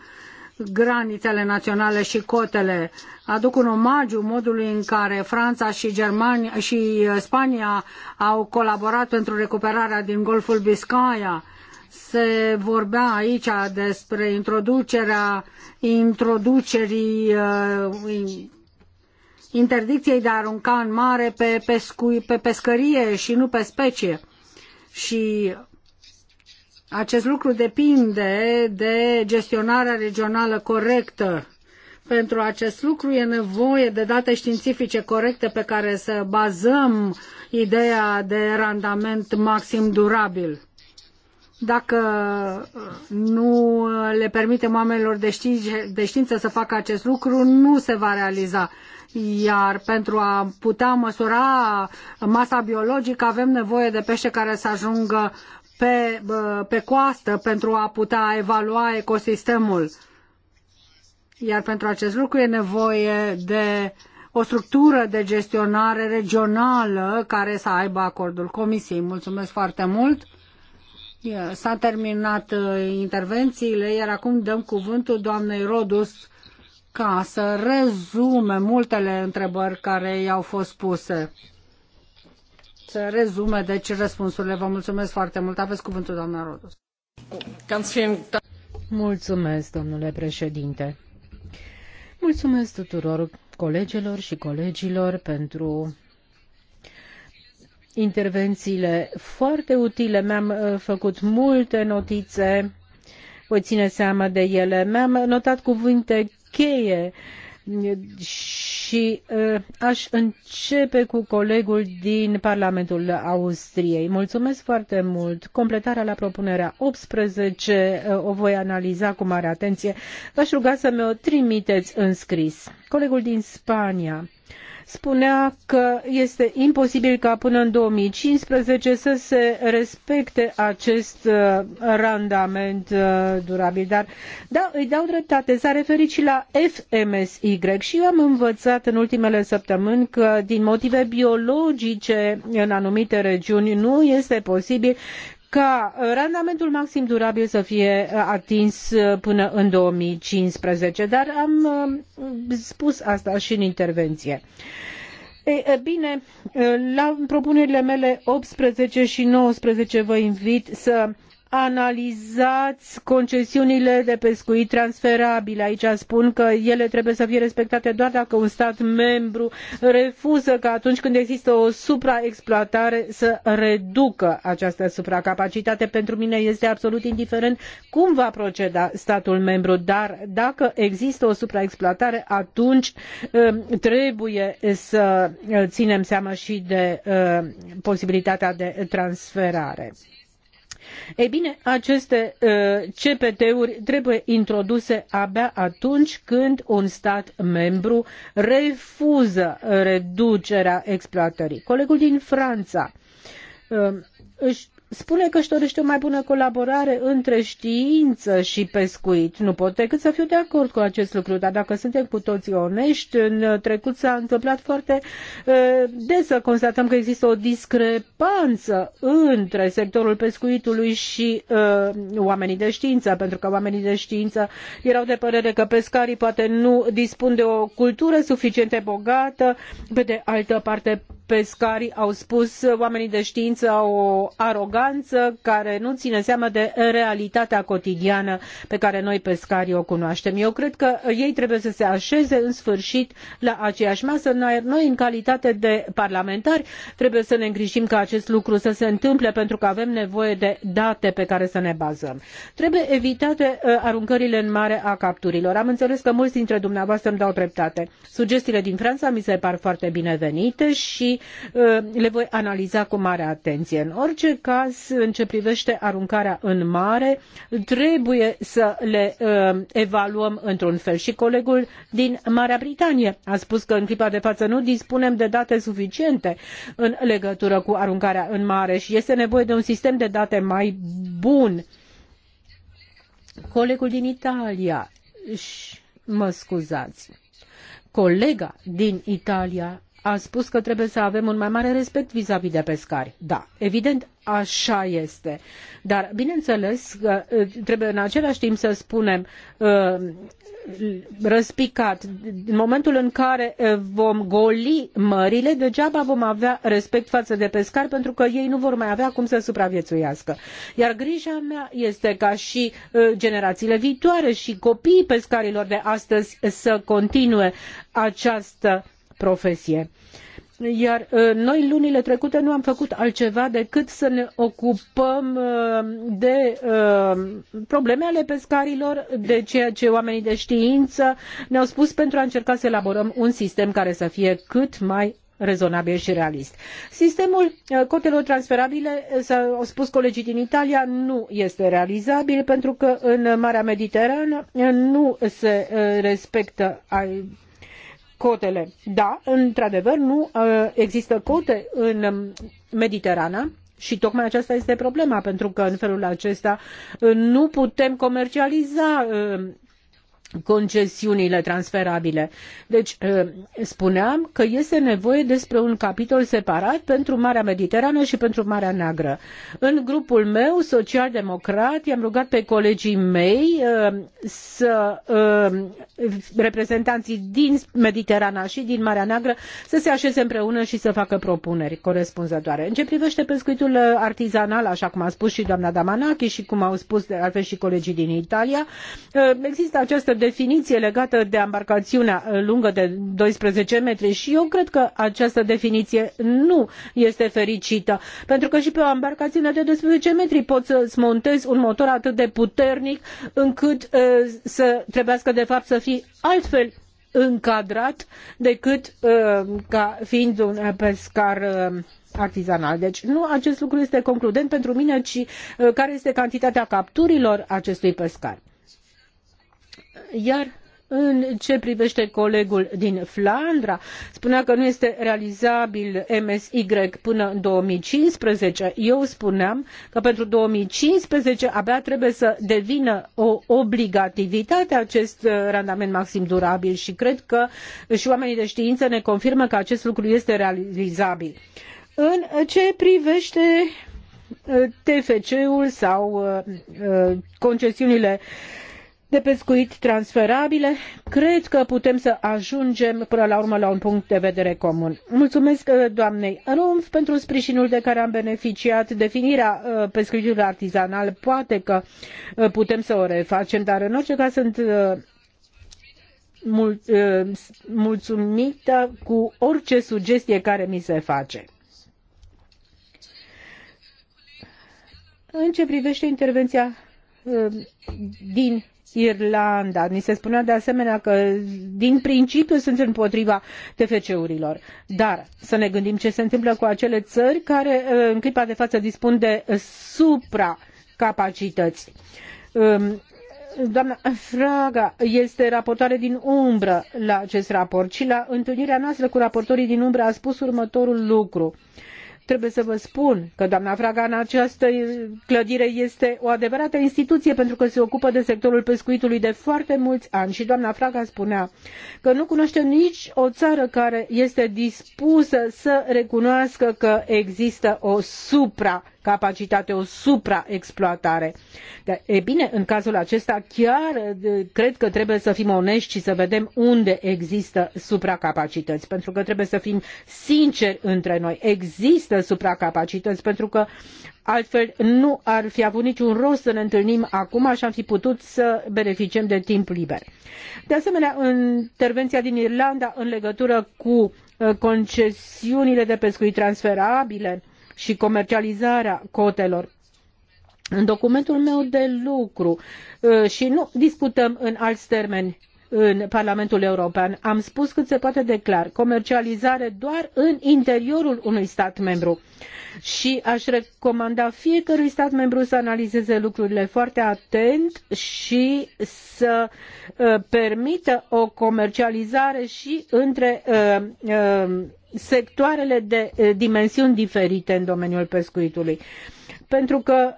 granițele naționale și cotele. Aduc un omagiu modului în care Franța și, Germania, și uh, Spania au colaborat pentru recuperarea din Golful Biscaya se vorbea aici despre introducerea introducerii uh, interdicției de a arunca în mare pe, pescu, pe pescărie și nu pe specie. Și acest lucru depinde de gestionarea regională corectă. Pentru acest lucru e nevoie de date științifice corecte pe care să bazăm ideea de randament maxim durabil. Dacă uh, nu le permitem oamenilor de, ști- de știință să facă acest lucru, nu se va realiza. Iar pentru a putea măsura masa biologică avem nevoie de pește care să ajungă pe, uh, pe coastă pentru a putea evalua ecosistemul. Iar pentru acest lucru e nevoie de o structură de gestionare regională care să aibă acordul Comisiei. Mulțumesc foarte mult! S-a terminat uh, intervențiile, iar acum dăm cuvântul doamnei Rodus ca să rezume multele întrebări care i-au fost puse. Să rezume, deci, răspunsurile. Vă mulțumesc foarte mult. Aveți cuvântul, doamna Rodus. Mulțumesc, domnule președinte. Mulțumesc tuturor colegelor și colegilor pentru intervențiile foarte utile. Mi-am uh, făcut multe notițe, voi ține seama de ele. Mi-am notat cuvinte cheie și uh, aș începe cu colegul din Parlamentul Austriei. Mulțumesc foarte mult. Completarea la propunerea 18 uh, o voi analiza cu mare atenție. V-aș ruga să mi-o trimiteți în scris. Colegul din Spania spunea că este imposibil ca până în 2015 să se respecte acest uh, randament uh, durabil. Dar da, îi dau dreptate, s-a referit și la FMSY și eu am învățat în ultimele săptămâni că din motive biologice în anumite regiuni nu este posibil ca uh, randamentul maxim durabil să fie uh, atins uh, până în 2015, dar am spus asta și în intervenție. Ei, bine, la propunerile mele 18 și 19 vă invit să analizați concesiunile de pescuit transferabile. Aici spun că ele trebuie să fie respectate doar dacă un stat membru refuză ca atunci când există o supraexploatare să reducă această supracapacitate. Pentru mine este absolut indiferent cum va proceda statul membru, dar dacă există o supraexploatare, atunci um, trebuie să uh, ținem seama și de uh, posibilitatea de transferare. Ei bine, aceste uh, CPT-uri trebuie introduse abia atunci când un stat membru refuză reducerea exploatării. Colegul din Franța uh, își spune că își dorește o mai bună colaborare între știință și pescuit. Nu pot decât să fiu de acord cu acest lucru, dar dacă suntem cu toții onești, în trecut s-a întâmplat foarte des să constatăm că există o discrepanță între sectorul pescuitului și uh, oamenii de știință, pentru că oamenii de știință erau de părere că pescarii poate nu dispun de o cultură suficient de bogată, pe de altă parte Pescari au spus oamenii de știință au o aroganță care nu ține seama de realitatea cotidiană pe care noi pescarii o cunoaștem. Eu cred că ei trebuie să se așeze în sfârșit la aceeași masă, iar noi în calitate de parlamentari trebuie să ne îngrijim ca acest lucru să se întâmple pentru că avem nevoie de date pe care să ne bazăm. Trebuie evitate uh, aruncările în mare a capturilor. Am înțeles că mulți dintre dumneavoastră îmi dau dreptate. Sugestiile din Franța mi se par foarte binevenite și Uh, le voi analiza cu mare atenție. În orice caz, în ce privește aruncarea în mare, trebuie să le uh, evaluăm într-un fel. Și colegul din Marea Britanie a spus că în clipa de față nu dispunem de date suficiente în legătură cu aruncarea în mare și este nevoie de un sistem de date mai bun. Colegul din Italia, mă scuzați, colega din Italia a spus că trebuie să avem un mai mare respect vis-a-vis -vis de pescari. Da, evident, așa este. Dar, bineînțeles, că trebuie în același timp să spunem răspicat, în momentul în care vom goli mările, degeaba vom avea respect față de pescari, pentru că ei nu vor mai avea cum să supraviețuiască. Iar grija mea este ca și generațiile viitoare și copiii pescarilor de astăzi să continue această profesie. Iar uh, noi lunile trecute nu am făcut altceva decât să ne ocupăm uh, de uh, probleme ale pescarilor, de ceea ce oamenii de știință ne-au spus pentru a încerca să elaborăm un sistem care să fie cât mai rezonabil și realist. Sistemul cotelor transferabile, s-au spus colegii din Italia, nu este realizabil pentru că în Marea Mediterană nu se respectă cotele. Da, într-adevăr, nu uh, există cote în um, Mediterana, și tocmai aceasta este problema, pentru că în felul acesta uh, nu putem comercializa uh, concesiunile transferabile. Deci, ă, spuneam că este nevoie despre un capitol separat pentru Marea Mediterană și pentru Marea Neagră. În grupul meu, social-democrat, i-am rugat pe colegii mei ă, să ă, reprezentanții din Mediterana și din Marea Neagră să se așeze împreună și să facă propuneri corespunzătoare. În ce privește pescuitul artizanal, așa cum a spus și doamna Damanachi și cum au spus de altfel și colegii din Italia, există această definiie legată de ambarcaiunea lungă de 12 metri și eu cred că această definiție nu este fericită, pentru că și pe o ambarcaiune de 12 metri poți să-ți montezi un motor atât de puternic încât să trebuiască de fapt să fii altfel încadrat decât ca fiind un pescar artizanal. Deci nu acest lucru este concludent pentru mine, ci care este cantitatea capturilor acestui pescar. Iar în ce privește colegul din Flandra, spunea că nu este realizabil MSY până în 2015. Eu spuneam că pentru 2015 abia trebuie să devină o obligativitate acest uh, randament maxim durabil și cred că și oamenii de știință ne confirmă că acest lucru este realizabil. În ce privește uh, TFC-ul sau uh, concesiunile de pescuit transferabile, cred că putem să ajungem până la urmă la un punct de vedere comun. Mulțumesc uh, doamnei Rumf pentru sprijinul de care am beneficiat. Definirea uh, pescuitului artizanal poate că uh, putem să o refacem, dar în orice caz sunt mulțumită cu orice sugestie care mi se face. În ce privește intervenția din Irlanda. Ni se spunea de asemenea că din principiu sunt împotriva TFC-urilor. Dar să ne gândim ce se întâmplă cu acele țări care uh, în clipa de față dispun de supracapacități. Um, doamna Fraga este raportoare din umbră la acest raport și la întâlnirea noastră cu raportorii din umbră a spus următorul lucru. Uh, Trebuie să vă spun că doamna Fraga în această clădire este o adevărată instituție pentru că se ocupă de sectorul pescuitului de foarte mulți ani și doamna Fraga spunea că nu cunoaște nici o țară care este dispusă să recunoască că există o supra capacitate, o supraexploatare. E bine, în cazul acesta chiar cred că trebuie să fim onești și să vedem unde există supracapacități, pentru că trebuie să fim sinceri între noi. Există supracapacități pentru că altfel nu ar fi avut niciun rost să ne întâlnim acum și am fi putut să beneficiem de timp liber. De asemenea, intervenția din Irlanda în legătură cu uh, concesiunile de pescuit transferabile și comercializarea cotelor. În documentul meu de lucru uh, și nu discutăm în alți termeni, în Parlamentul European. Am spus cât se poate de clar, comercializare doar în interiorul unui stat membru. Și aș recomanda fiecărui stat membru să analizeze lucrurile foarte atent și să uh, permită o comercializare și între uh, uh, sectoarele de dimensiuni diferite în domeniul pescuitului. Pentru că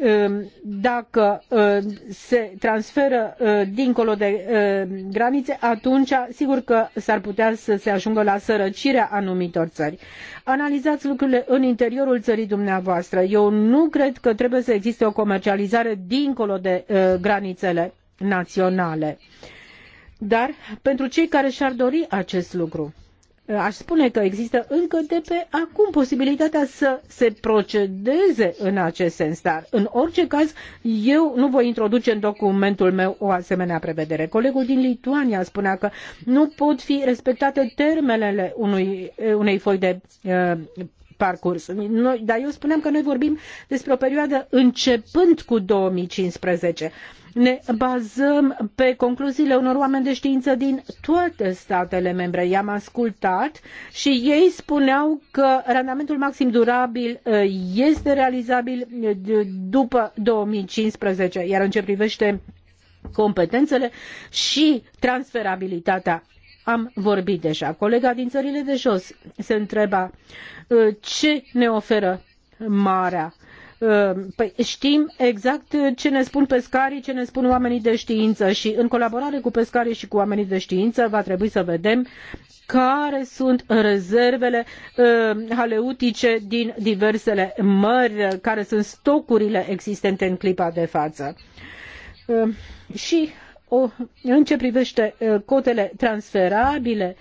Um, dacă um, se transferă uh, dincolo de um, granițe, atunci sigur că s-ar putea să se ajungă la sărăcirea anumitor țări. Analizați lucrurile în interiorul țării dumneavoastră. Eu nu cred că trebuie să existe o comercializare dincolo de uh, granițele naționale. Dar pentru cei care și-ar dori acest lucru, Eh, aș spune că există încă de pe acum posibilitatea să se procedeze în acest sens, dar în orice caz eu nu voi introduce în documentul meu o asemenea prevedere. Colegul din Lituania spunea că nu pot fi respectate termenele unui, eh, unei foi de uh, parcurs. Noi, dar eu spuneam că noi vorbim despre o perioadă începând cu 2015 ne bazăm pe concluziile unor oameni de știință din toate statele membre. I-am ascultat și ei spuneau că randamentul maxim durabil uh, este realizabil uh, după 2015, iar în ce privește competențele și transferabilitatea am vorbit deja. Colega din țările de jos se întreba uh, ce ne oferă marea Ă, păi știm exact ce ne spun pescarii, ce ne spun oamenii de știință și în colaborare cu pescarii și cu oamenii de știință va trebui să vedem care sunt rezervele ă, haleutice din diversele mări, care sunt stocurile existente în clipa de față. Ă, și o, în ce privește cotele transferabile,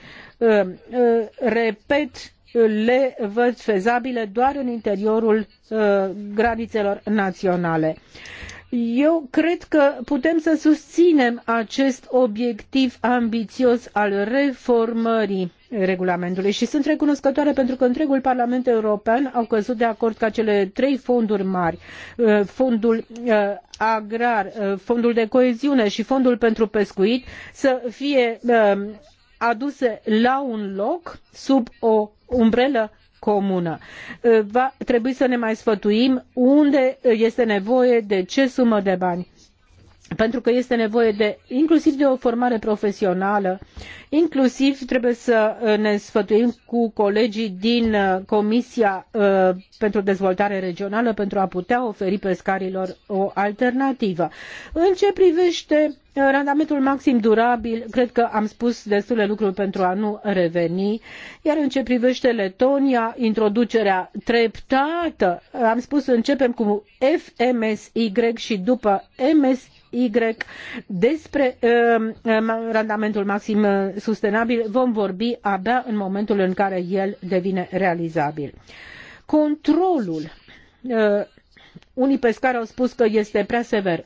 repet, le văd fezabile doar în interiorul uh, granițelor naționale. Eu cred că putem să susținem acest obiectiv ambițios al reformării regulamentului și sunt recunoscătoare pentru că întregul Parlament European au căzut de acord ca cele trei fonduri mari, uh, fondul uh, agrar, fondul de coeziune și fondul pentru pescuit, să fie aduse la un loc sub o umbrelă comună. Eh, va trebui să ne mai sfătuim unde eh, este nevoie de ce sumă de bani pentru că este nevoie de, inclusiv de o formare profesională, inclusiv trebuie să uh, ne sfătuim cu colegii din uh, Comisia uh, pentru Dezvoltare Regională pentru a putea oferi pescarilor o alternativă. În ce privește randamentul maxim durabil, cred că am spus destule lucruri pentru a nu reveni, iar în ce privește Letonia, introducerea treptată, am spus începem cu FMSY și după MSY Y despre um, um, randamentul maxim uh, sustenabil vom vorbi abia în momentul în care el devine realizabil. Controlul uh, unii pescari au spus că este prea sever.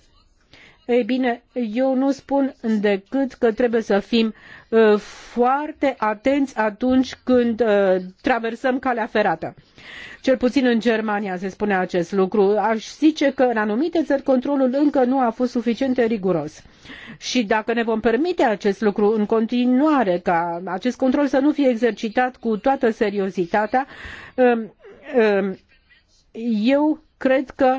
Ei bine, eu nu spun decât că trebuie să fim uh, foarte atenți atunci când uh, traversăm calea ferată. Cel puțin în Germania se spune acest lucru. Aș zice că în anumite țări controlul încă nu a fost suficient de riguros. Și dacă ne vom permite acest lucru în continuare, ca acest control să nu fie exercitat cu toată seriozitatea, uh, eu cred că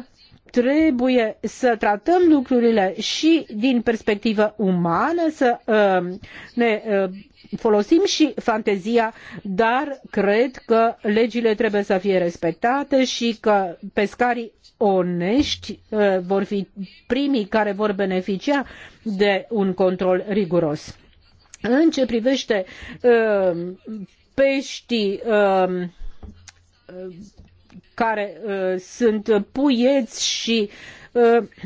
trebuie să tratăm lucrurile și din perspectivă umană, să uh, ne uh, folosim și fantezia, dar cred că legile trebuie să fie respectate și că pescarii onești uh, vor fi primii care vor beneficia de un control riguros. În ce privește peștii care uh, sunt puieți și uh,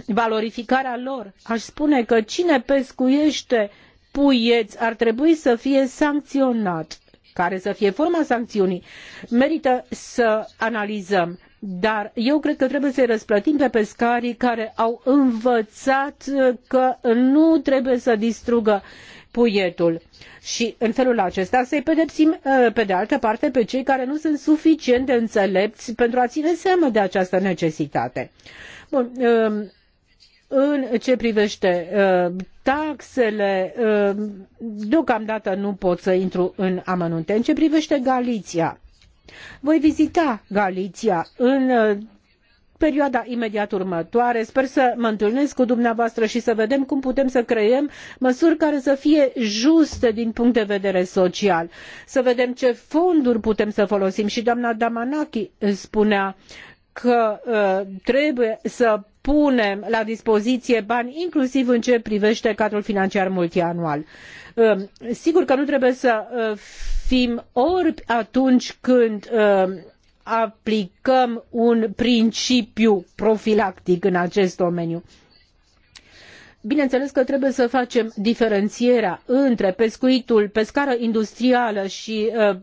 valorificarea lor. Aș spune că cine pescuiește puieți ar trebui să fie sancționat. Care să fie forma sancțiunii merită să analizăm. Dar eu cred că trebuie să-i răsplătim pe pescarii care au învățat că nu trebuie să distrugă puietul. Și în felul acesta să-i pedepsim, uh, pe de altă parte, pe cei care nu sunt suficient de înțelepți pentru a ține seama de această necesitate. Bun, um, în ce privește uh, taxele, um, deocamdată nu pot să intru în amănunte. În ce privește Galiția, voi vizita Galiția în uh, perioada imediat următoare. Sper să mă întâlnesc cu dumneavoastră și să vedem cum putem să creăm măsuri care să fie juste din punct de vedere social. Să vedem ce fonduri putem să folosim. Și doamna Damanaki spunea că uh, trebuie să punem la dispoziție bani inclusiv în ceea ce privește cadrul financiar multianual. Uh, sigur că nu trebuie să uh, fim orbi atunci când um, aplicăm un principiu profilactic în acest domeniu. Bineînțeles că trebuie să facem diferențierea între pescuitul pe scară industrială și uh,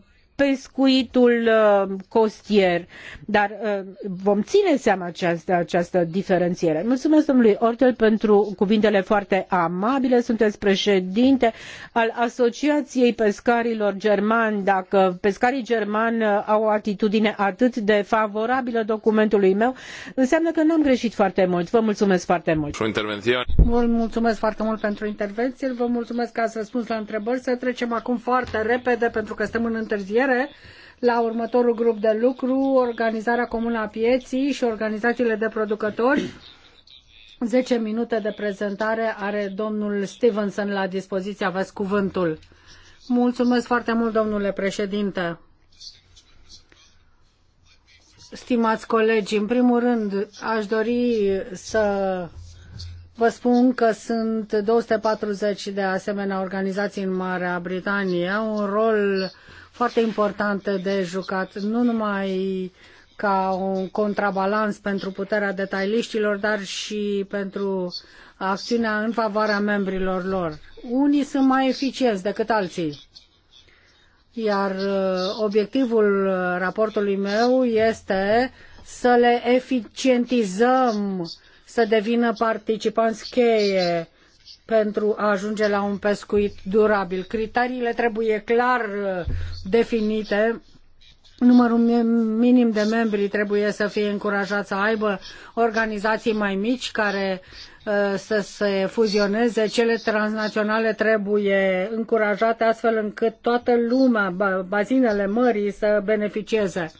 pescuitul uh, costier, dar uh, vom ține seama de această diferențiere. Mulțumesc domnului Ortel pentru cuvintele foarte amabile. Sunteți președinte al Asociației Pescarilor Germani. Dacă pescarii germani uh, au o atitudine atât de favorabilă documentului meu, înseamnă că n-am greșit foarte mult. Vă mulțumesc foarte mult. Vă mulțumesc foarte mult pentru intervenție. Vă mulțumesc că ați răspuns la întrebări. Să trecem acum foarte repede pentru că suntem în întârziere vedere la următorul grup de lucru, organizarea comună a pieții și organizațiile de producători. 10 minute de prezentare are domnul Stevenson la dispoziție, aveți cuvântul. Mulțumesc foarte mult, domnule președinte. Stimați colegi, în primul rând aș dori să vă spun că sunt 240 de asemenea organizații în Marea Britanie, un rol foarte importantă de jucat, nu numai ca un contrabalans pentru puterea detailiștilor, dar și pentru acțiunea în favoarea membrilor lor. Unii sunt mai eficienți decât alții. Iar uh, obiectivul raportului meu este să le eficientizăm, să devină participanți cheie pentru a ajunge la un pescuit durabil. Criteriile trebuie clar uh, definite. Numărul minim de membri trebuie să fie încurajat să aibă organizații mai mici care uh, să se fuzioneze, cele transnaționale trebuie încurajate astfel încât toată lumea, bazinele mării să beneficieze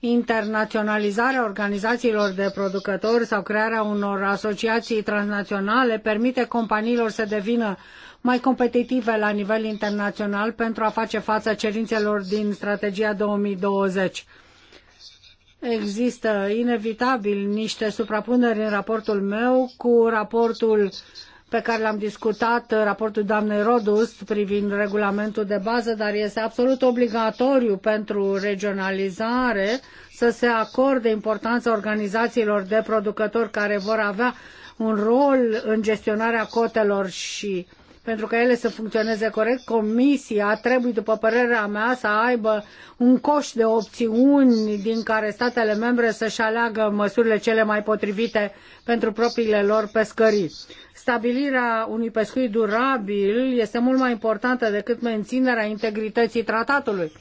internaționalizarea organizațiilor de producători sau crearea unor asociații transnaționale permite companiilor să devină mai competitive la nivel internațional pentru a face față cerințelor din strategia 2020. Există inevitabil niște suprapuneri în raportul meu cu raportul uh, pe care l-am discutat, uh, raportul doamnei Rodust privind regulamentul de bază, dar este absolut obligatoriu pentru regionalizare să se acorde importanța organizațiilor de producători care vor avea un rol în gestionarea cotelor și pentru că ele să funcționeze corect, comisia trebuie, după părerea mea, să aibă un coș de opțiuni din care statele membre să-și aleagă măsurile cele mai potrivite pentru propriile lor pescării stabilirea unui pescuit durabil este mult mai importantă decât menținerea integrității tratatului.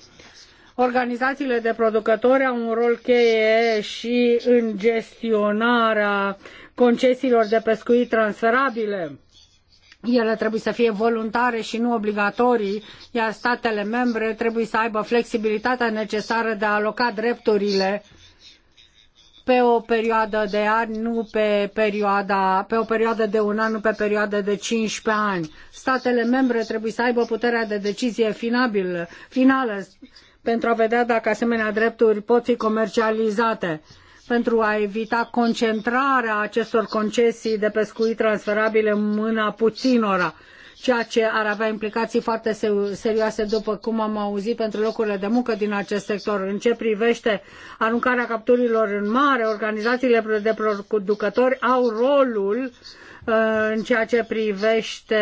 Organizațiile de producători au un rol cheie și în gestionarea concesiilor de pescuit transferabile. Ele trebuie să fie voluntare și nu obligatorii, iar statele membre trebuie să aibă flexibilitatea necesară de a aloca drepturile uh, pe o perioadă de ani, nu pe perioada, pe o perioadă de un an, nu pe perioadă de 15 ani. Statele membre trebuie să aibă puterea de decizie finabilă, finală pentru a vedea dacă asemenea drepturi pot fi comercializate pentru a evita concentrarea acestor concesii de pescuit transferabile în mâna puținora ceea ce ar avea implicații foarte serioase, după cum am auzit, pentru locurile de muncă din acest sector. În ce privește aruncarea capturilor în mare, organizațiile de producători au rolul uh, în ceea ce privește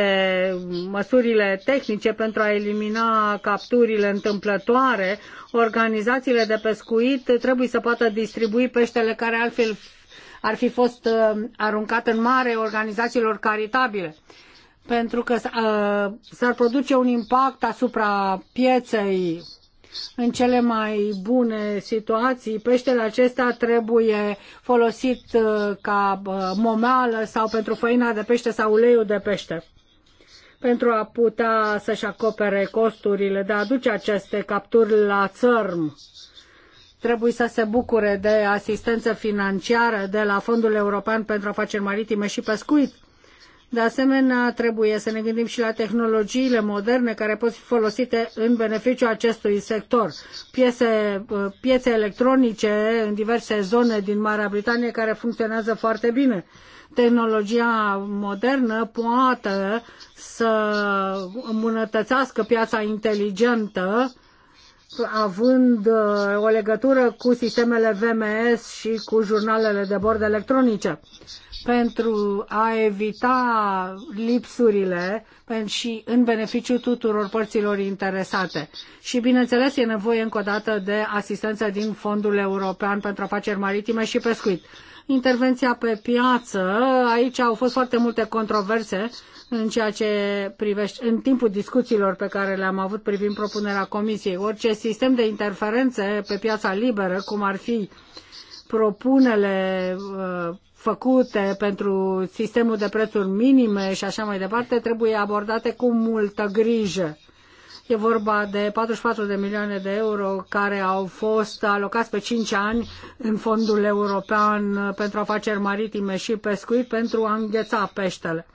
măsurile tehnice pentru a elimina capturile întâmplătoare, organizațiile de pescuit trebuie să poată distribui peștele care altfel ar fi fost uh, aruncat în mare organizațiilor caritabile pentru că uh, s-ar produce un impact asupra pieței. În cele mai bune situații, peștele acesta trebuie folosit uh, ca uh, momeală sau pentru făina de pește sau uleiul de pește pentru a putea să-și acopere costurile de a aduce aceste capturi la țărm. Trebuie să se bucure de asistență financiară de la Fondul European pentru Afaceri Maritime și Pescuit de asemenea, trebuie să ne gândim și la tehnologiile moderne care pot fi folosite în beneficiul acestui sector. Piese, uh, piețe electronice în diverse zone din Marea Britanie care funcționează foarte bine tehnologia modernă poate să îmbunătățească piața inteligentă având uh, o legătură cu sistemele VMS și cu jurnalele de bord electronice pentru a evita lipsurile și în beneficiu tuturor părților interesate. Și, bineînțeles, e nevoie încă o dată de asistență din Fondul European pentru Afaceri Maritime și Pescuit. Intervenția pe piață, aici au fost foarte multe controverse în ceea ce privește, în timpul discuțiilor pe care le-am avut privind propunerea Comisiei. Orice sistem de interferențe pe piața liberă, cum ar fi propunele uh, făcute pentru sistemul de prețuri minime și așa mai departe trebuie abordate cu multă grijă. E vorba de 44 de milioane de euro care au fost alocați pe 5 ani în Fondul European pentru Afaceri Maritime și Pescuit pentru a îngheța peștele.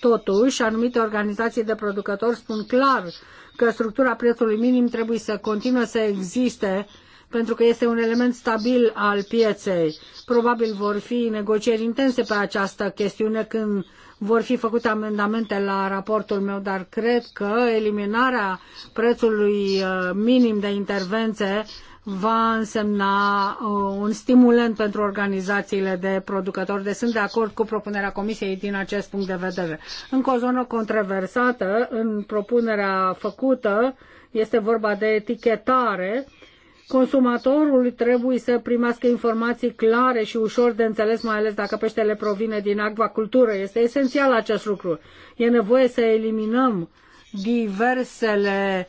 Totuși, anumite organizații de producători spun clar că structura prețului minim trebuie să continue să existe pentru că este un element stabil al pieței. Probabil vor fi negocieri intense pe această chestiune când vor fi făcute amendamente la raportul meu, dar cred că eliminarea prețului uh, minim de intervenție va însemna uh, un stimulent pentru organizațiile de producători. Deci sunt de acord cu propunerea Comisiei din acest punct de vedere. Încă o zonă controversată în propunerea făcută este vorba de etichetare Consumatorul trebuie să primească informații clare și ușor de înțeles, mai ales dacă peștele provine din acvacultură. Este esențial acest lucru. E nevoie să eliminăm diversele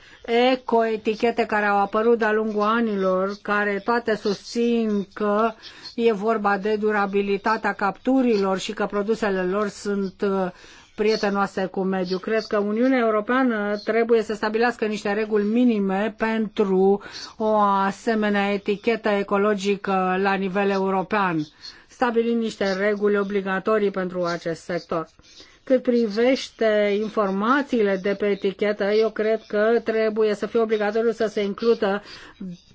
ecoetichete care au apărut de-a lungul anilor, care toate susțin că e vorba de durabilitatea capturilor și că produsele lor sunt uh, prietenoase cu mediul. Cred că Uniunea Europeană trebuie să stabilească niște reguli minime pentru o asemenea etichetă ecologică la nivel european, stabilind niște reguli obligatorii pentru acest sector. Cât privește informațiile de pe etichetă, eu cred că trebuie să fie obligatoriu să se includă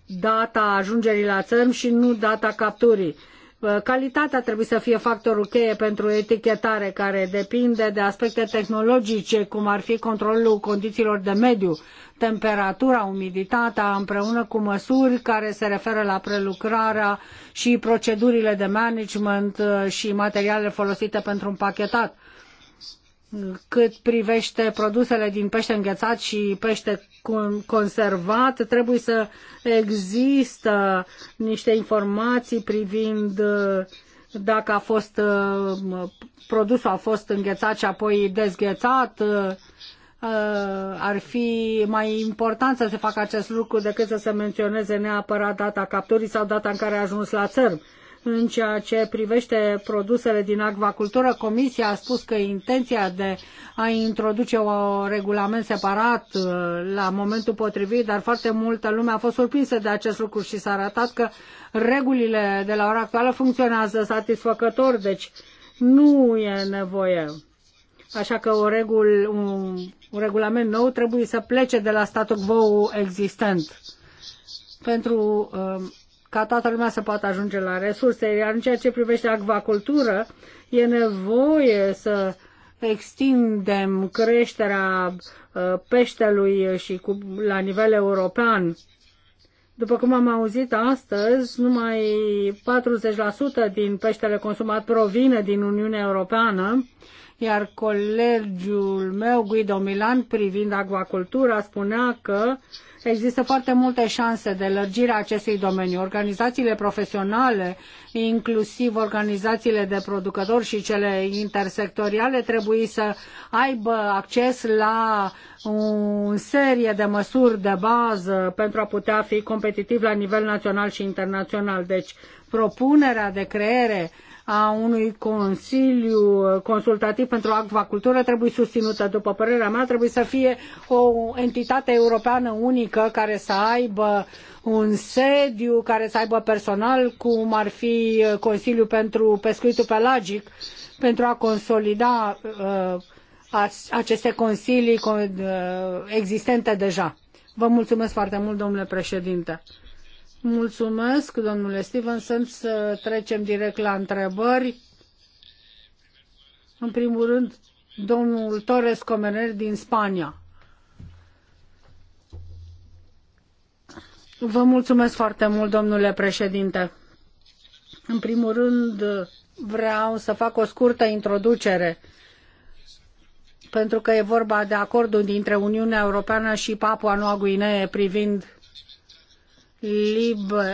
data ajungerii la țărm și nu data capturii Calitatea trebuie să fie factorul cheie pentru etichetare, care depinde de aspecte tehnologice, cum ar fi controlul condițiilor de mediu, temperatura, umiditatea, împreună cu măsuri care se referă la prelucrarea și procedurile de management uh, și materialele folosite pentru împachetat cât privește produsele din pește înghețat și pește conservat, trebuie să există niște informații privind uh, dacă a fost uh, produsul a fost înghețat și apoi dezghețat, uh, ar fi mai important să se facă acest lucru decât să se menționeze neapărat data capturii sau data în care a ajuns la țărm. În ceea ce privește produsele din acvacultură, Comisia a spus că intenția de a introduce un regulament separat uh, la momentul potrivit, dar foarte multă lume a fost surprinsă de acest lucru și s-a arătat că regulile de la ora actuală funcționează satisfăcător, deci nu e nevoie. Așa că o regul, un, un regulament nou trebuie să plece de la statul quo existent pentru uh, ca toată lumea să poată ajunge la resurse. Iar în ceea ce privește acvacultură, e nevoie să extindem creșterea uh, peștelui și cu, la nivel european. După cum am auzit astăzi, numai 40% din peștele consumat provine din Uniunea Europeană, iar colegiul meu, Guido Milan, privind acvacultura, spunea că Există foarte multe șanse de lărgire a acestui domeniu. Organizațiile profesionale, inclusiv organizațiile de producători și cele intersectoriale, trebuie să aibă acces la o serie de măsuri de bază pentru a putea fi competitiv la nivel național și internațional. Deci, propunerea de creere a unui Consiliu Consultativ pentru Acvacultură trebuie susținută. După părerea mea, trebuie să fie o entitate europeană unică care să aibă un sediu, care să aibă personal, cum ar fi Consiliul pentru Pescuitul Pelagic, pentru a consolida uh, aceste consilii uh, existente deja. Vă mulțumesc foarte mult, domnule președinte. Mulțumesc, domnule Stevenson, să trecem direct la întrebări. În primul rând, domnul Torres Comener din Spania. Vă mulțumesc foarte mult, domnule președinte. În primul rând, vreau să fac o scurtă introducere, pentru că e vorba de acordul dintre Uniunea Europeană și Papua Noua Guinee privind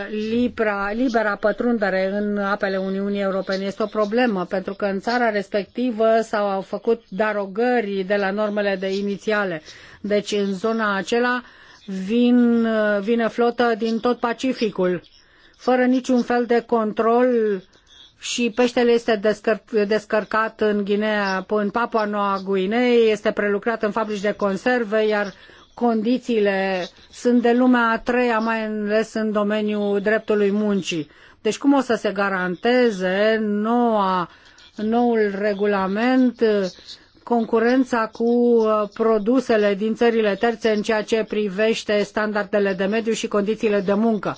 libera, libera pătrundere în apele Uniunii Europene este o problemă, pentru că în țara respectivă s-au făcut darogări de la normele de inițiale. Deci în zona acela vin, vine flotă din tot Pacificul, fără niciun fel de control și peștele este descăr- descărcat în Guinea, în Papua Noua guinei este prelucrat în fabrici de conserve, iar condițiile sunt de lumea a treia, mai ales în domeniul dreptului muncii. Deci cum o să se garanteze noua, noul regulament concurența cu uh, produsele din țările terțe în ceea ce privește standardele de mediu și condițiile de muncă?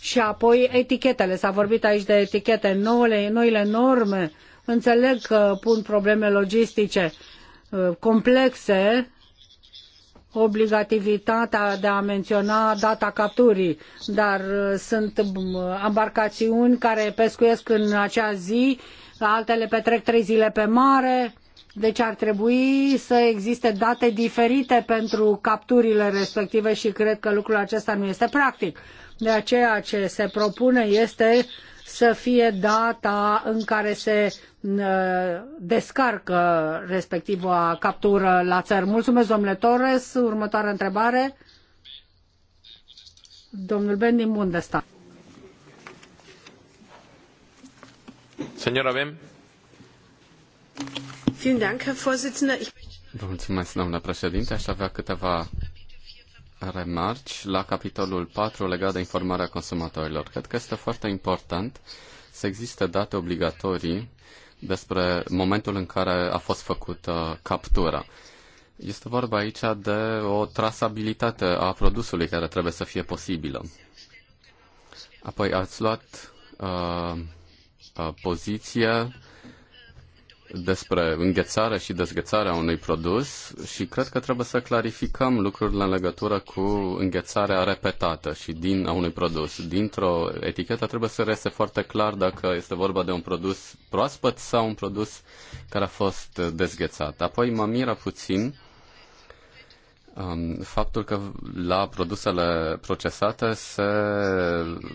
Și apoi etichetele, s-a vorbit aici de etichete, noile, noile norme, înțeleg că pun probleme logistice uh, complexe, obligativitatea de a menționa data capturii, dar uh, sunt uh, embarcațiuni care pescuiesc în acea zi, altele petrec trei zile pe mare, deci ar trebui să existe date diferite pentru capturile respective și cred că lucrul acesta nu este practic. De aceea ce se propune este să fie data în care se uh, descarcă respectiva captură la țări. Mulțumesc, domnule Torres. Următoarea întrebare. Domnul Ben din Bundestag. Senora Ben. Vă mulțumesc, doamna președinte. Aș avea câteva remarci la capitolul 4 legat de informarea consumatorilor. Cred că este foarte important să existe date obligatorii despre momentul în care a fost făcută captura. Este vorba aici de o trasabilitate a produsului care trebuie să fie posibilă. Apoi ați luat uh, uh poziție despre înghețarea și dezghețarea unui produs și cred că trebuie să clarificăm lucrurile în legătură cu înghețarea repetată și din a unui produs. Dintr-o etichetă trebuie să reste foarte clar dacă este vorba de un produs proaspăt sau un produs care a fost dezghețat. Apoi mă miră puțin um, faptul că la produsele procesate se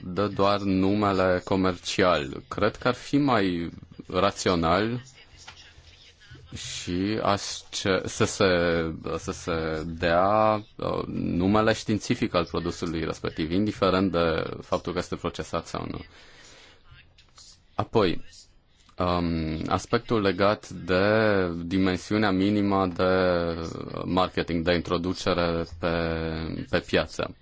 dă doar numele comercial. Cred că ar fi mai rațional și aș ce, să, se, să se dea uh, numele științific al produsului respectiv, indiferent de faptul că este procesat sau nu. Apoi, um, aspectul legat de dimensiunea minimă de marketing, de introducere pe, pe piață.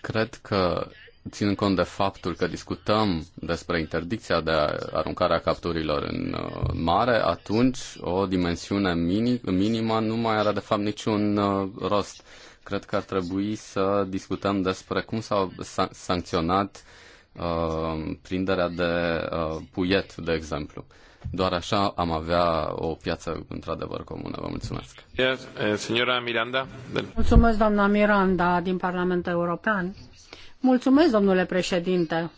Cred că ținând cont de faptul că discutăm despre interdicția de aruncarea capturilor în uh, mare, atunci o dimensiune mini, minimă nu mai are de fapt niciun uh, rost. Cred că ar trebui să discutăm despre cum s-au san sancționat uh, prinderea de uh, puiet, de exemplu. Doar așa am avea o piață într-adevăr comună. Vă mulțumesc. Yes, eh, Miranda. Mulțumesc, doamna Miranda, din Parlamentul European. Mulțumesc, domnule președinte.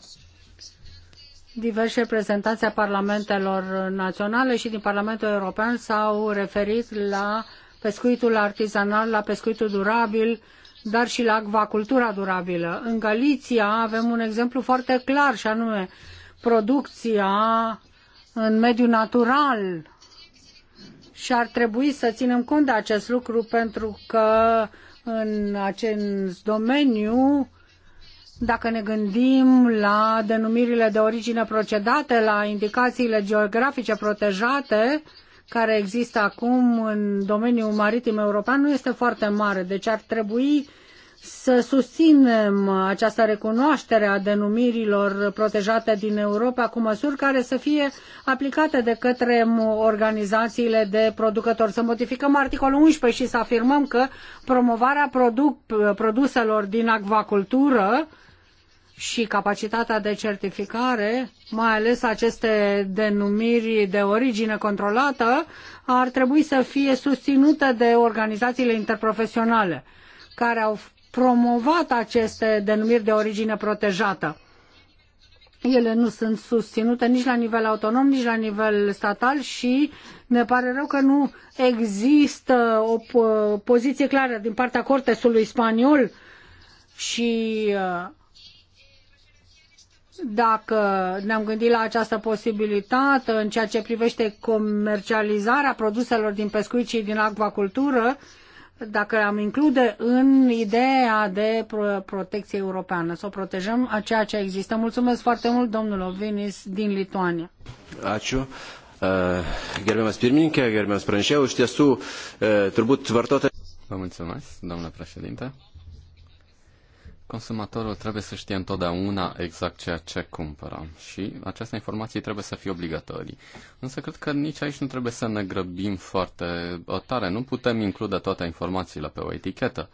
Diversi reprezentanți a parlamentelor naționale și din Parlamentul European s-au referit la pescuitul artizanal, la pescuitul durabil, dar și la acvacultura durabilă. În Galiția avem un exemplu foarte clar și anume producția în mediul natural și ar trebui să ținem cont de acest lucru pentru că în acest domeniu dacă ne gândim la denumirile de origine procedate, la indicațiile geografice protejate care există acum în domeniul maritim european, nu este foarte mare. Deci ar trebui să susținem această recunoaștere a denumirilor protejate din Europa cu măsuri care să fie aplicate de către organizațiile de producători. Să modificăm articolul 11 și să afirmăm că promovarea produselor din acvacultură și capacitatea de certificare, mai ales aceste denumiri de origine controlată, ar trebui să fie susținute de organizațiile interprofesionale care au promovat aceste denumiri de origine protejată. Ele nu sunt susținute nici la nivel autonom, nici la nivel statal și ne pare rău că nu există o poziție clară din partea Cortesului spaniol și uh, dacă ne-am gândit la această posibilitate în ceea ce privește comercializarea produselor din pescuit și din acvacultură, dacă am include în ideea de protecție europeană, să o protejăm a ceea ce există. Mulțumesc foarte mult, domnul Ovinis din Lituania. Ačiū. Gerbiamas pirmininkė, gerbiamas pranešėjau, iš tiesų turbūt vartotojai. Vă domnule președinte. Consumatorul trebuie să știe întotdeauna exact ceea ce cumpără și aceste informații trebuie să fie obligatorii. Însă cred că nici aici nu trebuie să ne grăbim foarte uh, tare. Nu putem include toate informațiile pe o etichetă.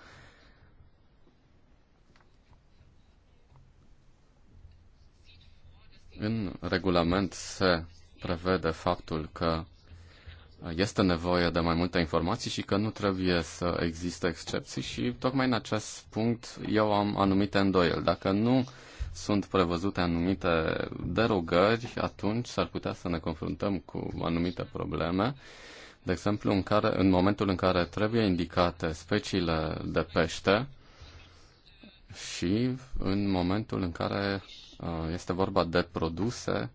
În regulament se prevede faptul că este nevoie de mai multe informații și că nu trebuie să existe excepții și tocmai în acest punct eu am anumite îndoieli. Dacă nu sunt prevăzute anumite derogări, atunci s-ar putea să ne confruntăm cu anumite probleme. De exemplu, în, care, în momentul în care trebuie indicate speciile de pește și în momentul în care uh, este vorba de produse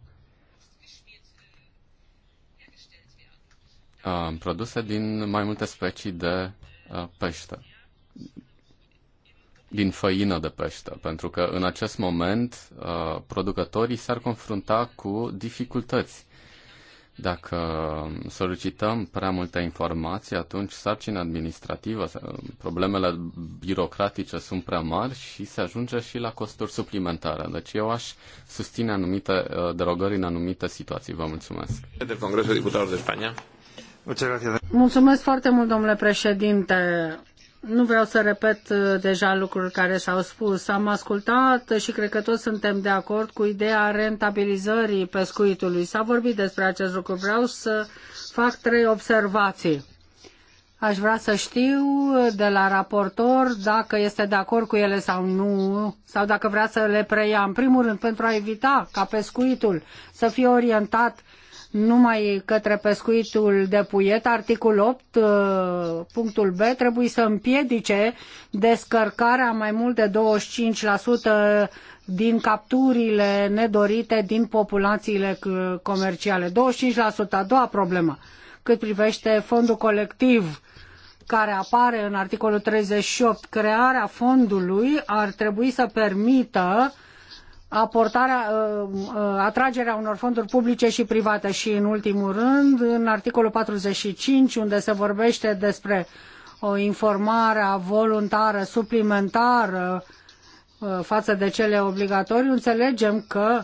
Uh, produse din mai multe specii de uh, pește, din făină de pește, pentru că în acest moment uh, producătorii s-ar confrunta cu dificultăți. Dacă solicităm prea multe informații, atunci sarcina administrativă, problemele birocratice sunt prea mari și se ajunge și la costuri suplimentare. Deci eu aș susține anumite derogări în anumite situații. Vă mulțumesc. De Congresul Diputaților de Spania. Mulțumesc foarte mult, domnule președinte. Nu vreau să repet uh, deja lucruri care s-au spus. Am ascultat și cred că toți suntem de acord cu ideea rentabilizării pescuitului. S-a vorbit despre acest lucru. Vreau să fac trei observații. Aș vrea să știu de la raportor dacă este de acord cu ele sau nu, sau dacă vrea să le preia. În primul rând, pentru a evita ca pescuitul să fie orientat numai către pescuitul de puiet, articol 8, uh, punctul B, trebuie să împiedice descărcarea mai mult de 25% din capturile nedorite din populațiile comerciale. 25% a doua problemă, cât privește fondul colectiv care apare în articolul 38, crearea fondului ar trebui să permită aportarea, uh, uh, atragerea unor fonduri publice și private și, în ultimul rând, în articolul 45, unde se vorbește despre o informare voluntară, suplimentară uh, față de cele obligatorii, înțelegem că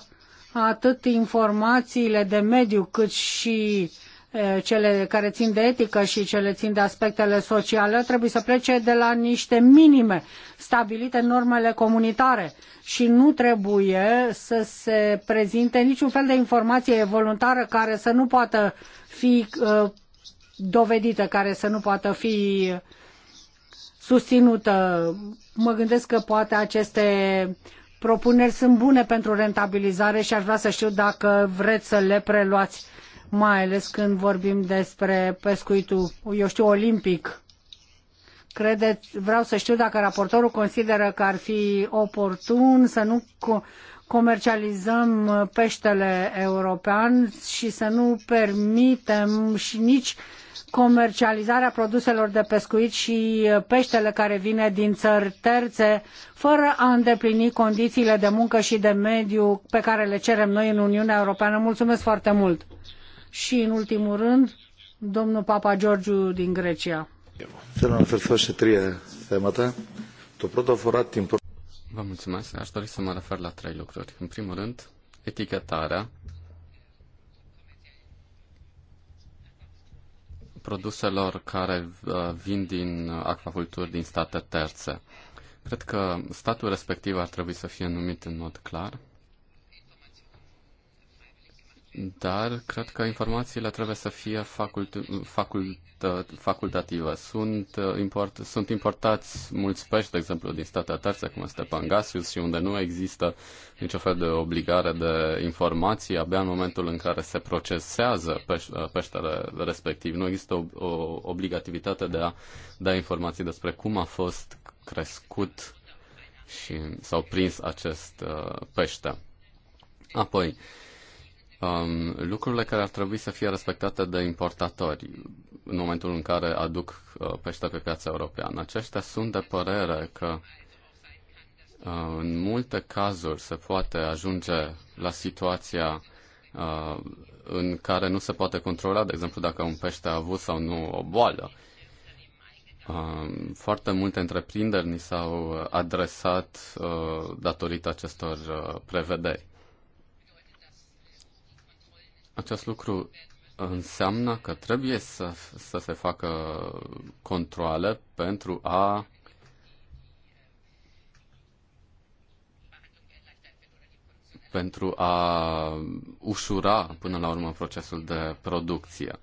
atât informațiile de mediu cât și uh, Eh, cele care țin de etică și cele țin de aspectele sociale, trebuie să plece de la niște minime stabilite în normele comunitare și nu trebuie să se prezinte niciun fel de informație voluntară care să nu poată fi eh, dovedită, care să nu poată fi susținută. Mă gândesc că poate aceste propuneri sunt bune pentru rentabilizare și aș vrea să știu dacă vreți să le preluați mai ales când vorbim despre pescuitul, eu știu, olimpic. Credeți, vreau să știu dacă raportorul consideră că ar fi oportun să nu comercializăm peștele european și să nu permitem și nici comercializarea produselor de pescuit și peștele care vine din țări terțe, fără a îndeplini condițiile de muncă și de mediu pe care le cerem noi în Uniunea Europeană. Mulțumesc foarte mult! și, în ultimul rând, domnul Papa Georgiu din Grecia. Vă mulțumesc. Aș dori să mă refer la trei lucruri. În primul rând, etichetarea produselor care uh, vin din acvaculturi din state terțe. Cred că statul respectiv ar trebui să fie numit în mod clar dar cred că informațiile trebuie să fie facult, facult, facultative. Sunt, uh, import, sunt importați mulți pești, de exemplu, din state terțe, cum este Pangasius, și unde nu există nicio fel de obligare de informații. Abia în momentul în care se procesează peș, uh, peștele respectiv, nu există o, o obligativitate de a da informații despre cum a fost crescut și s-au prins acest uh, pește. Apoi, uh, um, lucrurile care ar trebui să fie respectate de importatori în momentul în care aduc uh, pește pe piața europeană. Aceștia sunt de părere că uh, în multe cazuri se poate ajunge la situația uh, în care nu se poate controla, de exemplu, dacă un pește a avut sau nu o boală. Um, foarte multe întreprinderi ni s-au adresat uh, datorită acestor uh, prevederi. Acest lucru înseamnă că trebuie să, să se facă controle pentru a pentru a ușura până la urmă procesul de producție.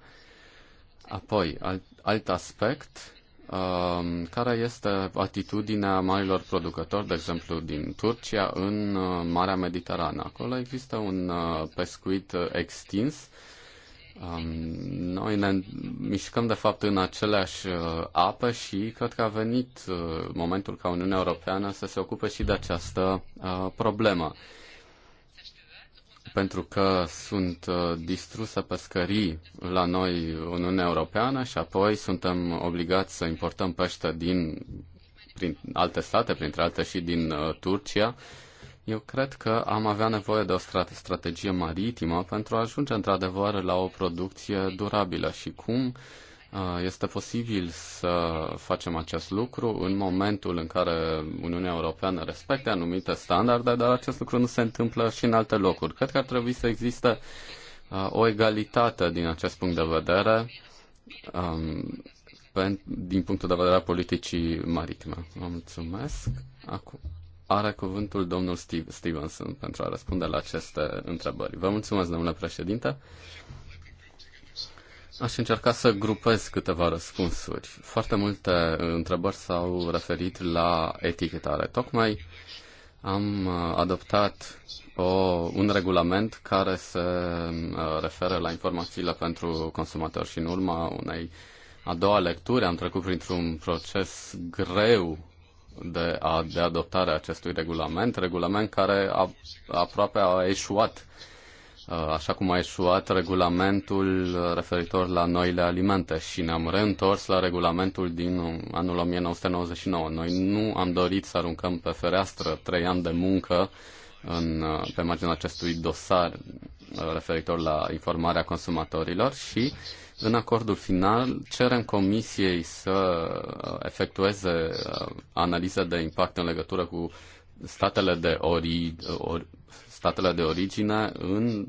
Apoi, alt, alt aspect Um, care este atitudinea marilor producători, de exemplu din Turcia, în uh, Marea Mediterană. Acolo există un uh, pescuit uh, extins. Um, noi ne mișcăm, de fapt, în aceleași apă și cred că a venit momentul ca Uniunea Europeană să se ocupe și de această problemă pentru că sunt uh, distruse pescării la noi în Uniunea Europeană și apoi suntem obligați să importăm pește din prin alte state, printre alte și din uh, Turcia. Eu cred că am avea nevoie de o strategie maritimă pentru a ajunge într-adevăr la o producție durabilă și cum uh, Uh, este posibil să facem acest lucru în momentul în care Uniunea Europeană respecte anumite standarde, dar acest lucru nu se întâmplă și în alte locuri. Cred că ar trebui să existe uh, o egalitate din acest punct de vedere um, din punctul de vedere al politicii maritime. Vă mulțumesc. Acum are cuvântul domnul Steve Stevenson pentru a răspunde la aceste întrebări. Vă mulțumesc, domnule președinte. Aș încerca să grupez câteva răspunsuri. Foarte multe întrebări s-au referit la etichetare. Tocmai am adoptat o, un regulament care se uh, referă la informațiile pentru consumatori și în urma unei a doua lecturi am trecut printr-un proces greu de, a, de adoptare a acestui regulament, regulament care a, aproape a eșuat uh, Uh, așa cum a ieșuat regulamentul referitor la noile alimente și ne-am reîntors la regulamentul din anul 1999. Noi nu am dorit să aruncăm pe fereastră trei ani de muncă în, uh, pe marginea acestui dosar uh, referitor la informarea consumatorilor și în acordul final cerem comisiei să efectueze analize de impact în legătură cu statele de ori, ori statele de origine în,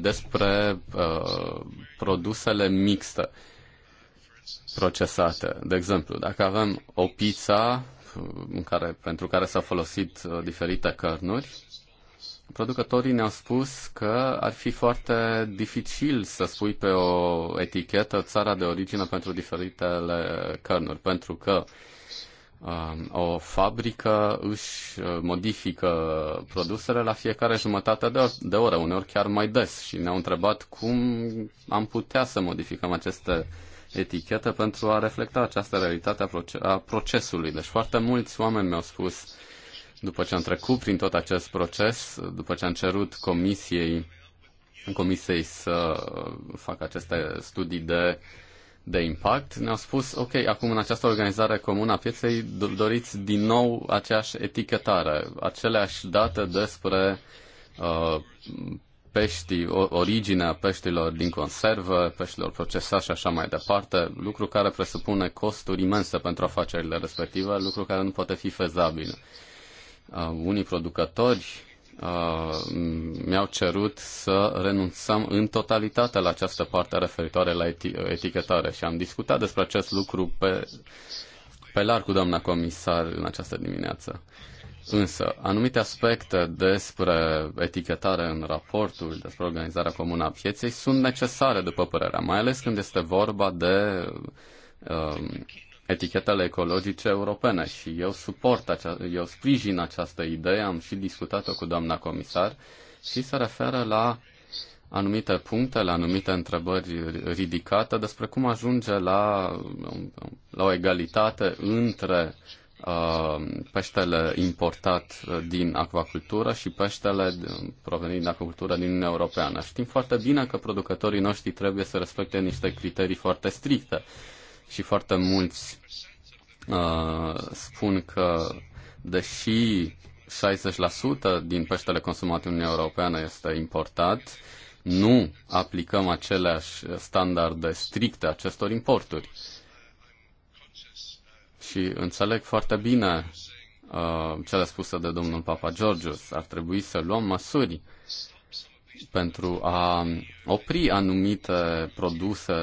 despre uh, produsele mixte procesate. De exemplu, dacă avem o pizza uh, în care, pentru care s-au folosit uh, diferite cărnuri, producătorii ne-au spus că ar fi foarte dificil să spui pe o etichetă țara de origine pentru diferitele cărnuri, pentru că uh, Um, o fabrică își uh, modifică produsele la fiecare jumătate de, de oră, uneori chiar mai des. Și ne-au întrebat cum am putea să modificăm aceste etichete pentru a reflecta această realitate a, a procesului. Deci foarte mulți oameni mi-au spus, după ce am trecut prin tot acest proces, după ce am cerut comisiei, comisiei să facă aceste studii de uh, de impact, ne-au spus, ok, acum în această organizare comună a pieței doriți din nou aceeași etichetare, aceleași date despre uh, peștii, originea peștilor din conservă, peștilor procesați și așa mai departe, lucru care presupune costuri imense pentru afacerile respective, lucru care nu poate fi fezabil. Uh, unii producători Uh, mi-au cerut să renunțăm în totalitate la această parte referitoare la eti- etichetare și am discutat despre acest lucru pe, pe larg cu doamna comisar în această dimineață. Însă, anumite aspecte despre etichetare în raportul despre organizarea comună a pieței sunt necesare, după părerea, mai ales când este vorba de uh, etichetele ecologice europene și eu suport, acea, eu sprijin această idee, am și discutat-o cu doamna comisar și se referă la anumite puncte, la anumite întrebări ridicate despre cum ajunge la, la o egalitate între uh, peștele importat din acvacultură și peștele provenit din acvacultură din Uniunea Europeană. Știm foarte bine că producătorii noștri trebuie să respecte niște criterii foarte stricte și foarte mulți uh, spun că deși 60% din peștele consumat în Uniunea Europeană este importat, nu aplicăm aceleași standarde stricte acestor importuri. Și înțeleg foarte bine uh, cele spuse de domnul Papa Georgius. Ar trebui să luăm măsuri uh, pentru a opri anumite produse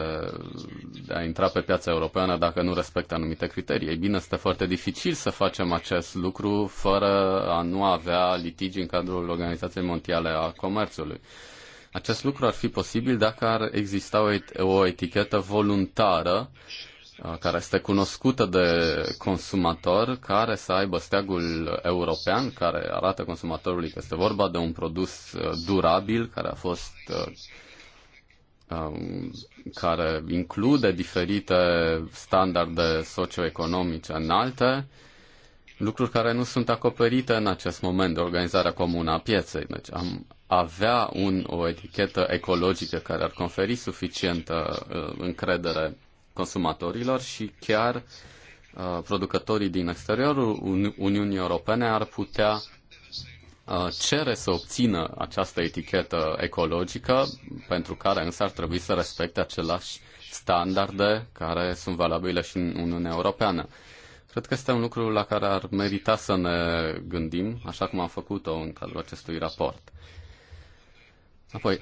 de a intra pe piața europeană dacă nu respectă anumite criterii. Ei bine, este foarte dificil să facem acest lucru fără a nu avea litigi în cadrul Organizației Mondiale a Comerțului. Acest lucru ar fi posibil dacă ar exista o, et- o etichetă voluntară care este cunoscută de consumator, care să aibă steagul european, care arată consumatorului că este vorba de un produs durabil, care a fost care include diferite standarde socioeconomice înalte, lucruri care nu sunt acoperite în acest moment de organizarea comună a pieței. Deci am avea un, o etichetă ecologică care ar conferi suficientă încredere consumatorilor și chiar uh, producătorii din exteriorul Uniunii Europene ar putea uh, cere să obțină această etichetă ecologică, pentru care însă ar trebui să respecte același standarde care sunt valabile și în Uniunea Europeană. Cred că este un lucru la care ar merita să ne gândim, așa cum am făcut-o în cadrul acestui raport. Apoi,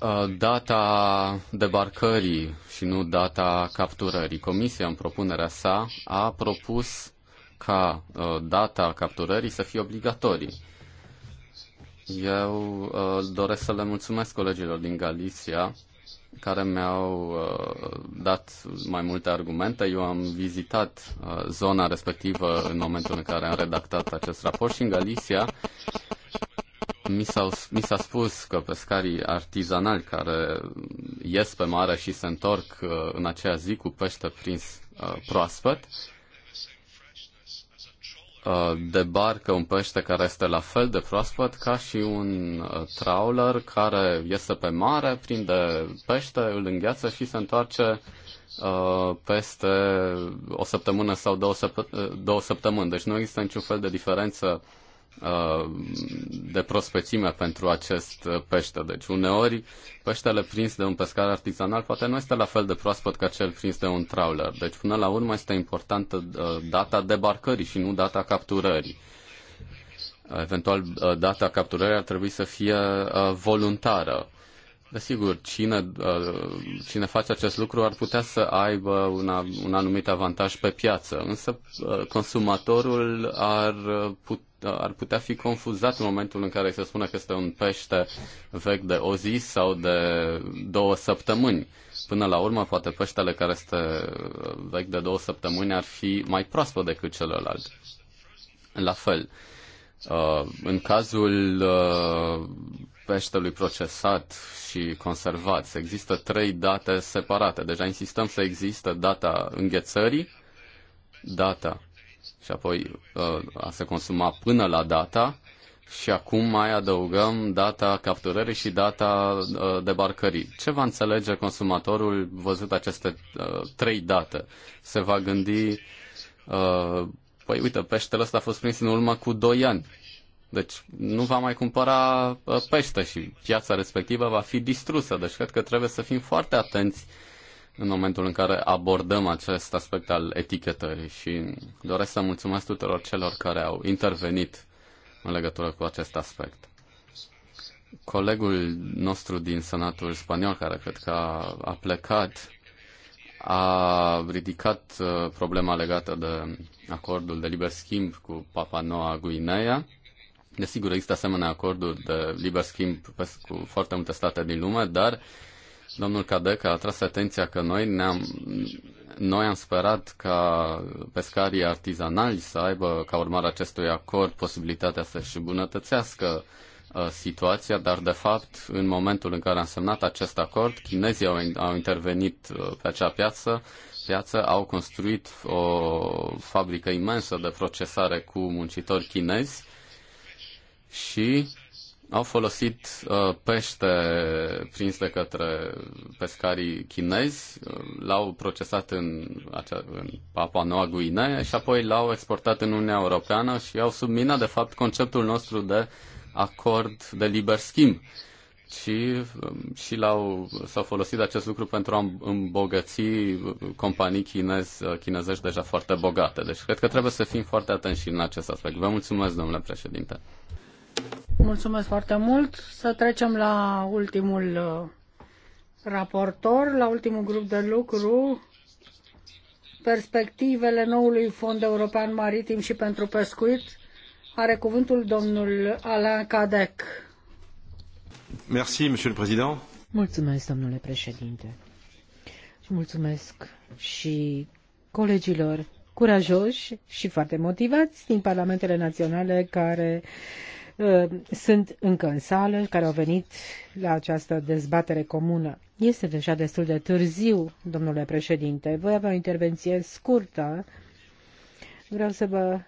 Uh, data debarcării și nu data capturării. Comisia, în propunerea sa, a propus ca uh, data capturării să fie obligatorie. Eu uh, doresc să le mulțumesc colegilor din Galicia care mi-au dat mai multe argumente. Eu am vizitat zona respectivă în momentul în care am redactat acest raport și în Galicia mi, s-au, mi s-a spus că pescarii artizanali care ies pe mare și se întorc uh, în aceea zi cu pește prins uh, proaspăt, uh, debarcă un pește care este la fel de proaspăt ca și un trawler care iese pe mare, prinde pește, îl îngheață și se întoarce peste o săptămână sau două, săpt- două săptămâni. Deci nu există niciun fel de diferență Uh, de prospețime pentru acest pește. Deci uneori peștele prins de un pescar artizanal poate nu este la fel de proaspăt ca cel prins de un trawler. Deci până la urmă este importantă uh, data debarcării și nu data capturării. Eventual uh, data capturării ar trebui să fie voluntară. Desigur, cine, cine face acest lucru ar putea să aibă una, un anumit avantaj pe piață, însă consumatorul ar putea ar putea fi confuzat în momentul în care se spune că este un pește vechi de o zi sau de două săptămâni. Până la urmă, poate peștele care este vechi de două săptămâni ar fi mai proaspăt decât celălalt. La fel, uh, în cazul uh, peștelui procesat și conservat, există trei date separate. Deja insistăm să există data înghețării, data și apoi uh, a se consuma până la data și acum mai adăugăm data capturării și data uh, debarcării. Ce va înțelege consumatorul văzut aceste uh, trei date? Se va gândi, păi uite, peștele ăsta a fost prins în urmă cu doi ani. Deci nu va mai cumpăra pește și piața respectivă va fi distrusă. Deci cred că trebuie să fim foarte atenți uh, în momentul în care abordăm acest aspect al etichetării și doresc să mulțumesc tuturor celor care au intervenit în legătură cu acest aspect. Colegul nostru din Senatul Spaniol, care cred că a, a plecat, a ridicat uh, problema legată de acordul de liber schimb cu Papa Noua Guinea. Desigur, există asemenea acorduri de liber schimb cu foarte multe state din lume, dar uh, Domnul Cadec a atras atenția că noi ne-am noi am sperat ca pescarii artizanali să aibă, ca urmare acestui acord, posibilitatea să-și îmbunătățească uh, situația, dar de fapt, în momentul în care am semnat acest acord, chinezii au, au intervenit uh, pe acea piață, piață, au construit o fabrică imensă de procesare cu muncitori chinezi și au folosit uh, pește prins de către pescarii chinezi, uh, l-au procesat în, acea, în Papua Noua Guinee și apoi l-au exportat în Uniunea Europeană și au subminat, de fapt, conceptul nostru de acord de liber schimb. Și, um, și l-au, s-au folosit acest lucru pentru a îmbogăți uh, companii chinez, uh, chinezești deja foarte bogate. Deci cred că trebuie să fim foarte atenți și în acest aspect. Vă mulțumesc, domnule președinte. Mulțumesc foarte mult. Să trecem la ultimul uh, raportor, la ultimul grup de lucru, perspectivele noului Fond European Maritim și pentru Pescuit. Are cuvântul domnul Alain Cadec. Merci, monsieur le président. Mulțumesc, domnule președinte. Mulțumesc și colegilor curajoși și foarte motivați din parlamentele naționale care uh, Uh, sunt încă în sală, care au venit la această dezbatere comună. Este deja destul de târziu, domnule președinte. Voi avea o intervenție scurtă. Vreau să vă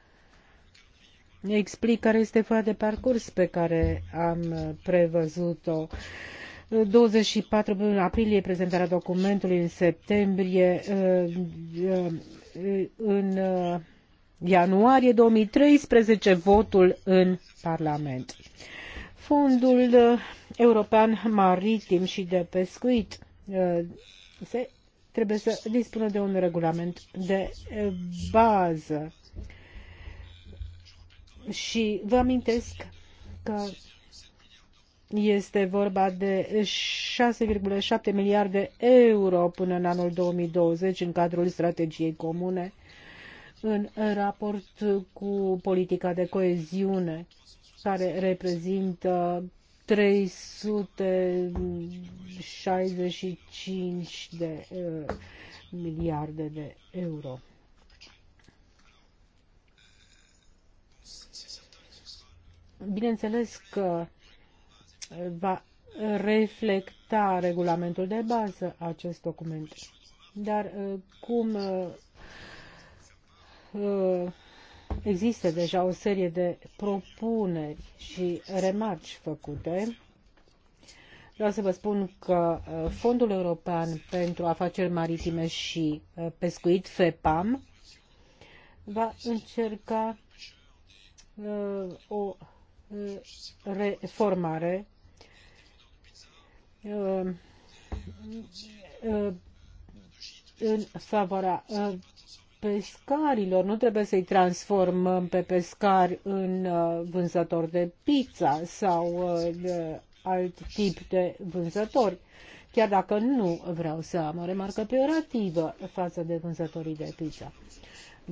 explic care este foaia de parcurs pe care am prevăzut-o. 24 aprilie prezentarea documentului, în septembrie uh, uh, în ianuarie 2013 votul în Parlament. Fondul uh, European Maritim și de Pescuit uh, se trebuie să dispună de un regulament de uh, bază. Și vă amintesc că este vorba de 6,7 miliarde euro până în anul 2020 în cadrul strategiei comune în raport cu politica de coeziune, care reprezintă 365 de uh, miliarde de euro. Bineînțeles că va reflecta regulamentul de bază acest document. Dar uh, cum uh, Uh, există deja o serie de propuneri și remarci făcute. Vreau să vă spun că uh, Fondul European pentru Afaceri Maritime și uh, Pescuit, FEPAM, va încerca o reformare în favoarea pescarilor. Nu trebuie să-i transformăm pe pescari în uh, vânzători de pizza sau uh, de alt tip de vânzători. Chiar dacă nu vreau să am o remarcă peorativă față de vânzătorii de pizza.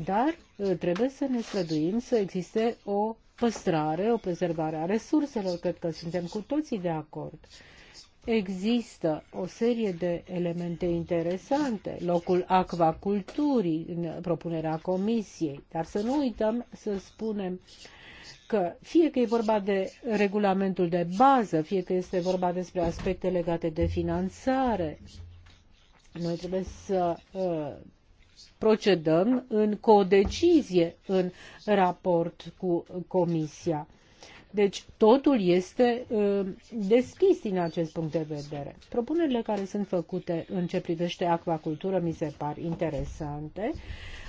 Dar uh, trebuie să ne străduim să existe o păstrare, o prezervare a resurselor. Cred că suntem cu toții de acord. Există o serie de elemente interesante, locul acvaculturii în propunerea comisiei, dar să nu uităm să spunem că fie că e vorba de regulamentul de bază, fie că este vorba despre aspecte legate de finanțare, noi trebuie să uh, procedăm în codecizie în raport cu Comisia. Deci totul este ă, deschis din acest punct de vedere. Propunerile care sunt făcute în ce privește acvacultură mi se par interesante.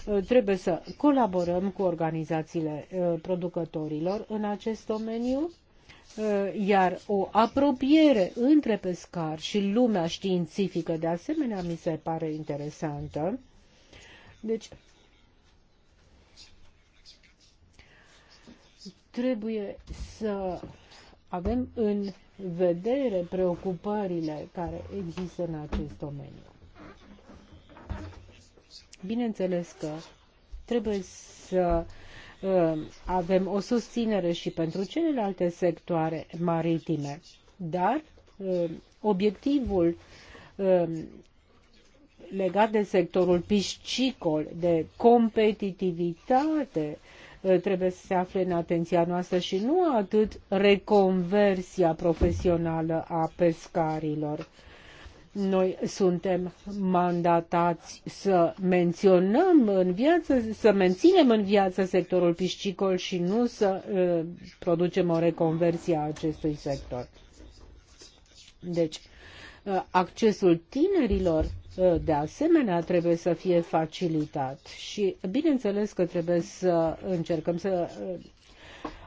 Ă, trebuie să colaborăm cu organizațiile ă, producătorilor în acest domeniu iar o apropiere între pescar și lumea științifică de asemenea mi se pare interesantă. Deci Trebuie să avem în vedere preocupările care există în acest domeniu. Bineînțeles că trebuie să uh, avem o susținere și pentru celelalte sectoare maritime, dar uh, obiectivul uh, legat de sectorul piscicol, de competitivitate Eh, trebuie să se afle în atenția noastră și nu atât reconversia profesională a pescarilor. Noi suntem mandatați să menționăm în viață, să menținem în viață sectorul piscicol și nu să uh, producem o reconversie a acestui sector. Deci, eh, accesul tinerilor de asemenea trebuie să fie facilitat și bineînțeles că trebuie să încercăm să uh,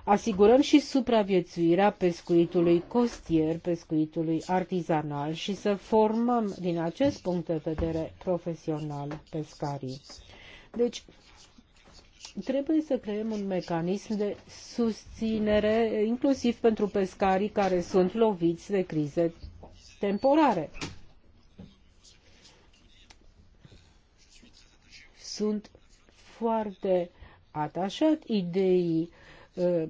asigurăm și supraviețuirea pescuitului costier, pescuitului artizanal și să formăm din acest punct de vedere profesional pescarii. Deci, trebuie să creăm un mecanism de susținere, inclusiv pentru pescarii care sunt loviți de crize temporare. sunt foarte atașat ideii uh,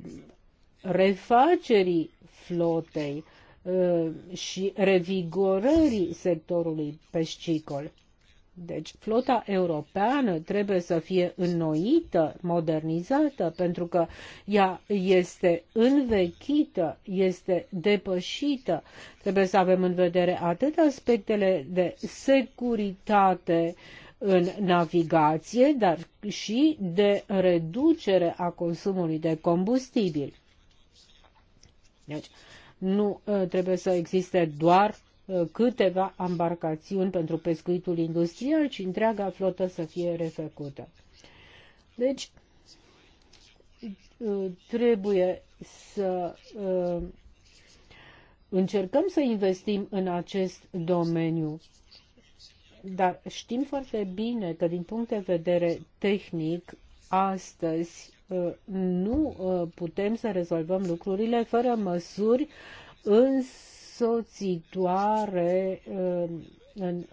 refacerii flotei uh, și revigorării sectorului pescicol. Deci flota europeană trebuie să fie înnoită, modernizată, pentru că ea este învechită, este depășită. Trebuie să avem în vedere atât aspectele de securitate, în navigație, dar și de reducere a consumului de combustibil. Deci, nu ă, trebuie să existe doar ă, câteva embarcațiuni pentru pescuitul industrial, ci întreaga flotă să fie refăcută. Deci, ă, trebuie să încercăm să investim în acest domeniu dar știm foarte bine că din punct de vedere tehnic, astăzi uh, nu uh, putem să rezolvăm lucrurile fără măsuri însoțitoare uh, în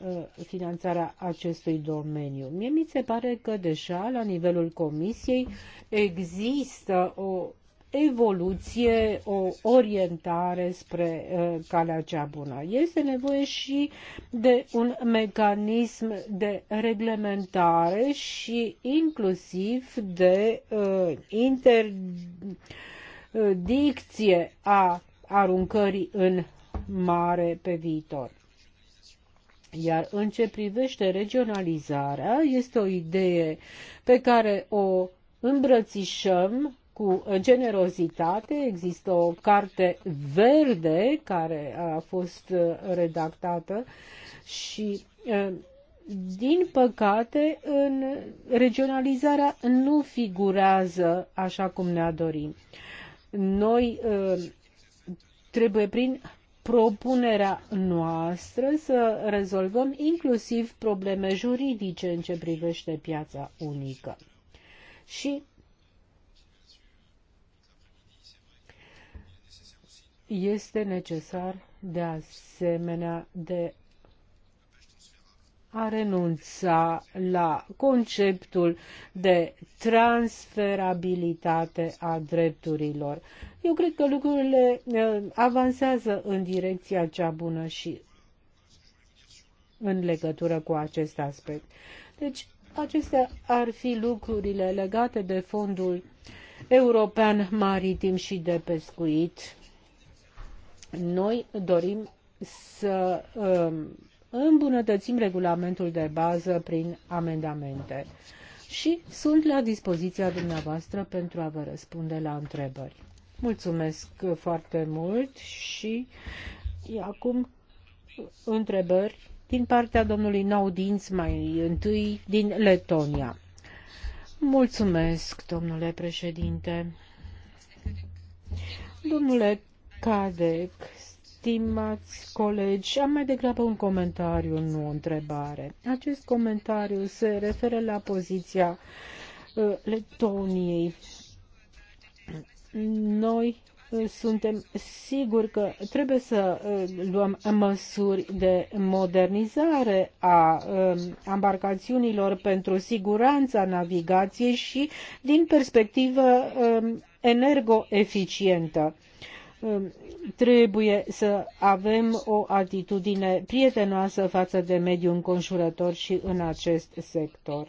finanțarea acestui domeniu. Mie mi se pare că deja la nivelul Comisiei există o evoluție, o orientare spre uh, calea cea bună. Este nevoie și de un mecanism de reglementare și inclusiv de uh, interdicție a aruncării în mare pe viitor. Iar în ce privește regionalizarea, este o idee pe care o îmbrățișăm cu generozitate. Există o carte verde care a fost uh, redactată și uh, din păcate, în regionalizarea nu figurează așa cum ne-a dorit. Noi uh, trebuie prin propunerea noastră să rezolvăm inclusiv probleme juridice în ce privește piața unică. Și Este necesar de asemenea de a renunța la conceptul de transferabilitate a drepturilor. Eu cred că lucrurile eh, avansează în direcția cea bună și în legătură cu acest aspect. Deci, acestea ar fi lucrurile legate de fondul european maritim și de pescuit noi dorim să um, îmbunătățim regulamentul de bază prin amendamente și sunt la dispoziția dumneavoastră pentru a vă răspunde la întrebări. Mulțumesc foarte mult și acum întrebări din partea domnului Naudinț, mai întâi din Letonia. Mulțumesc, domnule președinte. Domnule Cadec, stimați colegi, am mai degrabă un comentariu, nu o întrebare. Acest comentariu se referă la poziția uh, Letoniei. Noi uh, suntem siguri că trebuie să uh, luăm măsuri de modernizare a um, embarcațiunilor pentru siguranța navigației și din perspectivă um, energoeficientă. Ehm, trebuie să avem o atitudine prietenoasă față de mediul înconjurător și în acest sector.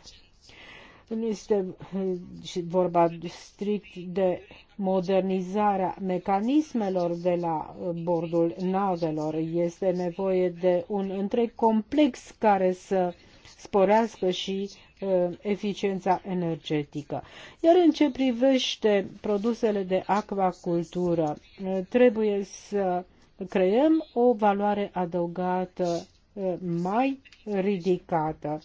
Nu este ehm, vorba strict de modernizarea mecanismelor de la ehm, bordul navelor. Este nevoie de un întreg complex care să sporească și Uh, eficiența energetică. Iar în ce privește produsele de acvacultură, uh, trebuie să creăm o valoare adăugată uh, mai ridicată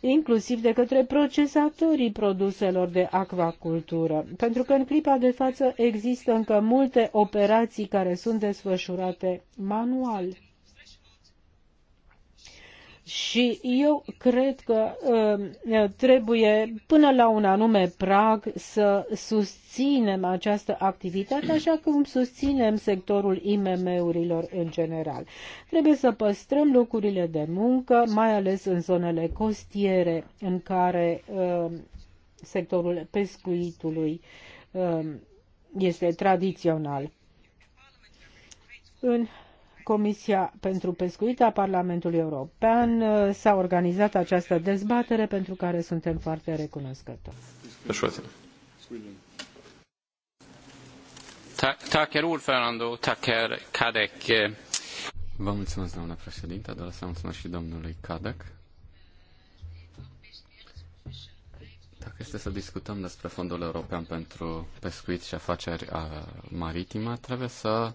inclusiv de către procesatorii produselor de acvacultură, pentru că în clipa de față există încă multe operații care sunt desfășurate manual. Și eu cred că um, trebuie până la un anume prag să susținem această activitate așa cum susținem sectorul IMM-urilor în general. Trebuie să păstrăm locurile de muncă, mai ales în zonele costiere în care um, sectorul pescuitului um, este tradițional. În Comisia pentru Pescuit a Parlamentului European uh, s-a organizat această dezbatere pentru care suntem foarte recunoscători. Vă mulțumesc, doamna președinte, dar să mulțumesc și domnului Cadec. Dacă este să discutăm despre Fondul European pentru Pescuit și Afaceri uh, Maritime, trebuie să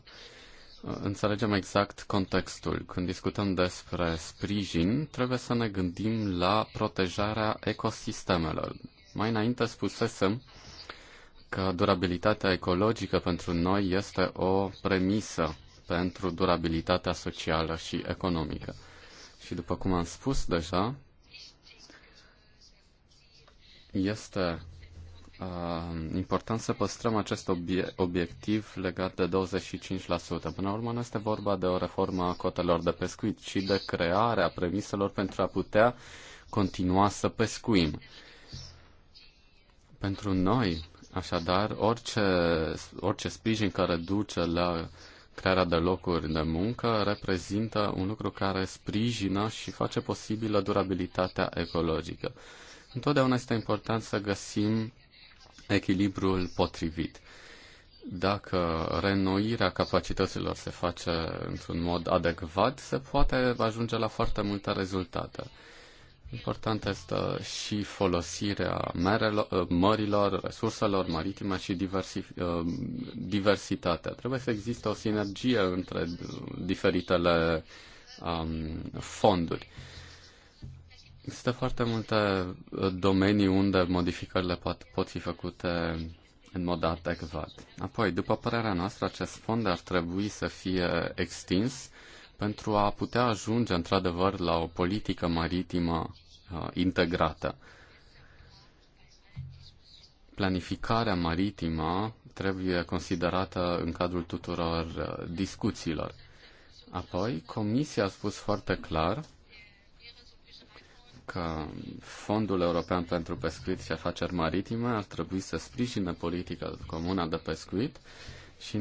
înțelegem exact contextul. Când discutăm despre sprijin, trebuie să ne gândim la protejarea ecosistemelor. Mai înainte spusesem că durabilitatea ecologică pentru noi este o premisă pentru durabilitatea socială și economică. Și după cum am spus deja, este Uh, important să păstrăm acest obie- obiectiv legat de 25%. Până la urmă nu este vorba de o reformă a cotelor de pescuit, ci de crearea premiselor pentru a putea continua să pescuim. Pentru noi, așadar, orice, orice sprijin care duce la crearea de locuri de muncă reprezintă un lucru care sprijină și face posibilă durabilitatea ecologică. Întotdeauna este important să găsim echilibrul potrivit. Dacă renoirea capacităților se face într-un mod adecvat, se poate ajunge la foarte multe rezultate. Important este și folosirea merelor, ă, mărilor, resurselor maritime și diversi, ă, diversitatea. Trebuie să existe o sinergie între diferitele um, fonduri. Există foarte multe uh, domenii unde modificările pot, pot fi făcute în mod adecvat. Apoi, după părerea noastră, acest fond ar trebui să fie extins pentru a putea ajunge într-adevăr la o politică maritimă uh, integrată. Planificarea maritimă trebuie considerată în cadrul tuturor uh, discuțiilor. Apoi, Comisia a spus foarte clar că Fondul European pentru Pescuit și Afaceri Maritime ar trebui să sprijine politica comună de pescuit și,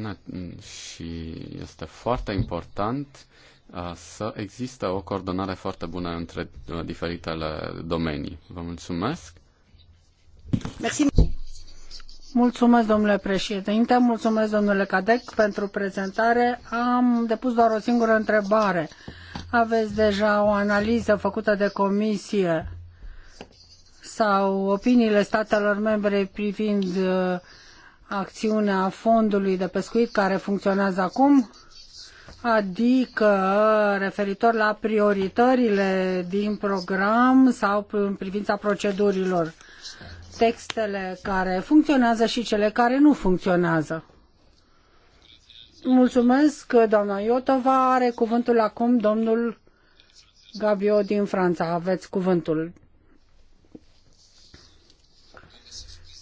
și este foarte important uh, să există o coordonare foarte bună între uh, diferitele domenii. Vă mulțumesc! Merci. Mulțumesc, domnule președinte, mulțumesc, domnule Cadec, pentru prezentare. Am depus doar o singură întrebare. Aveți deja o analiză făcută de comisie sau opiniile statelor membre privind uh, acțiunea fondului de pescuit care funcționează acum, adică referitor la prioritările din program sau în privința procedurilor textele care funcționează și cele care nu funcționează. Mulțumesc, doamna Iotova. Are cuvântul acum domnul Gabio din Franța. Aveți cuvântul.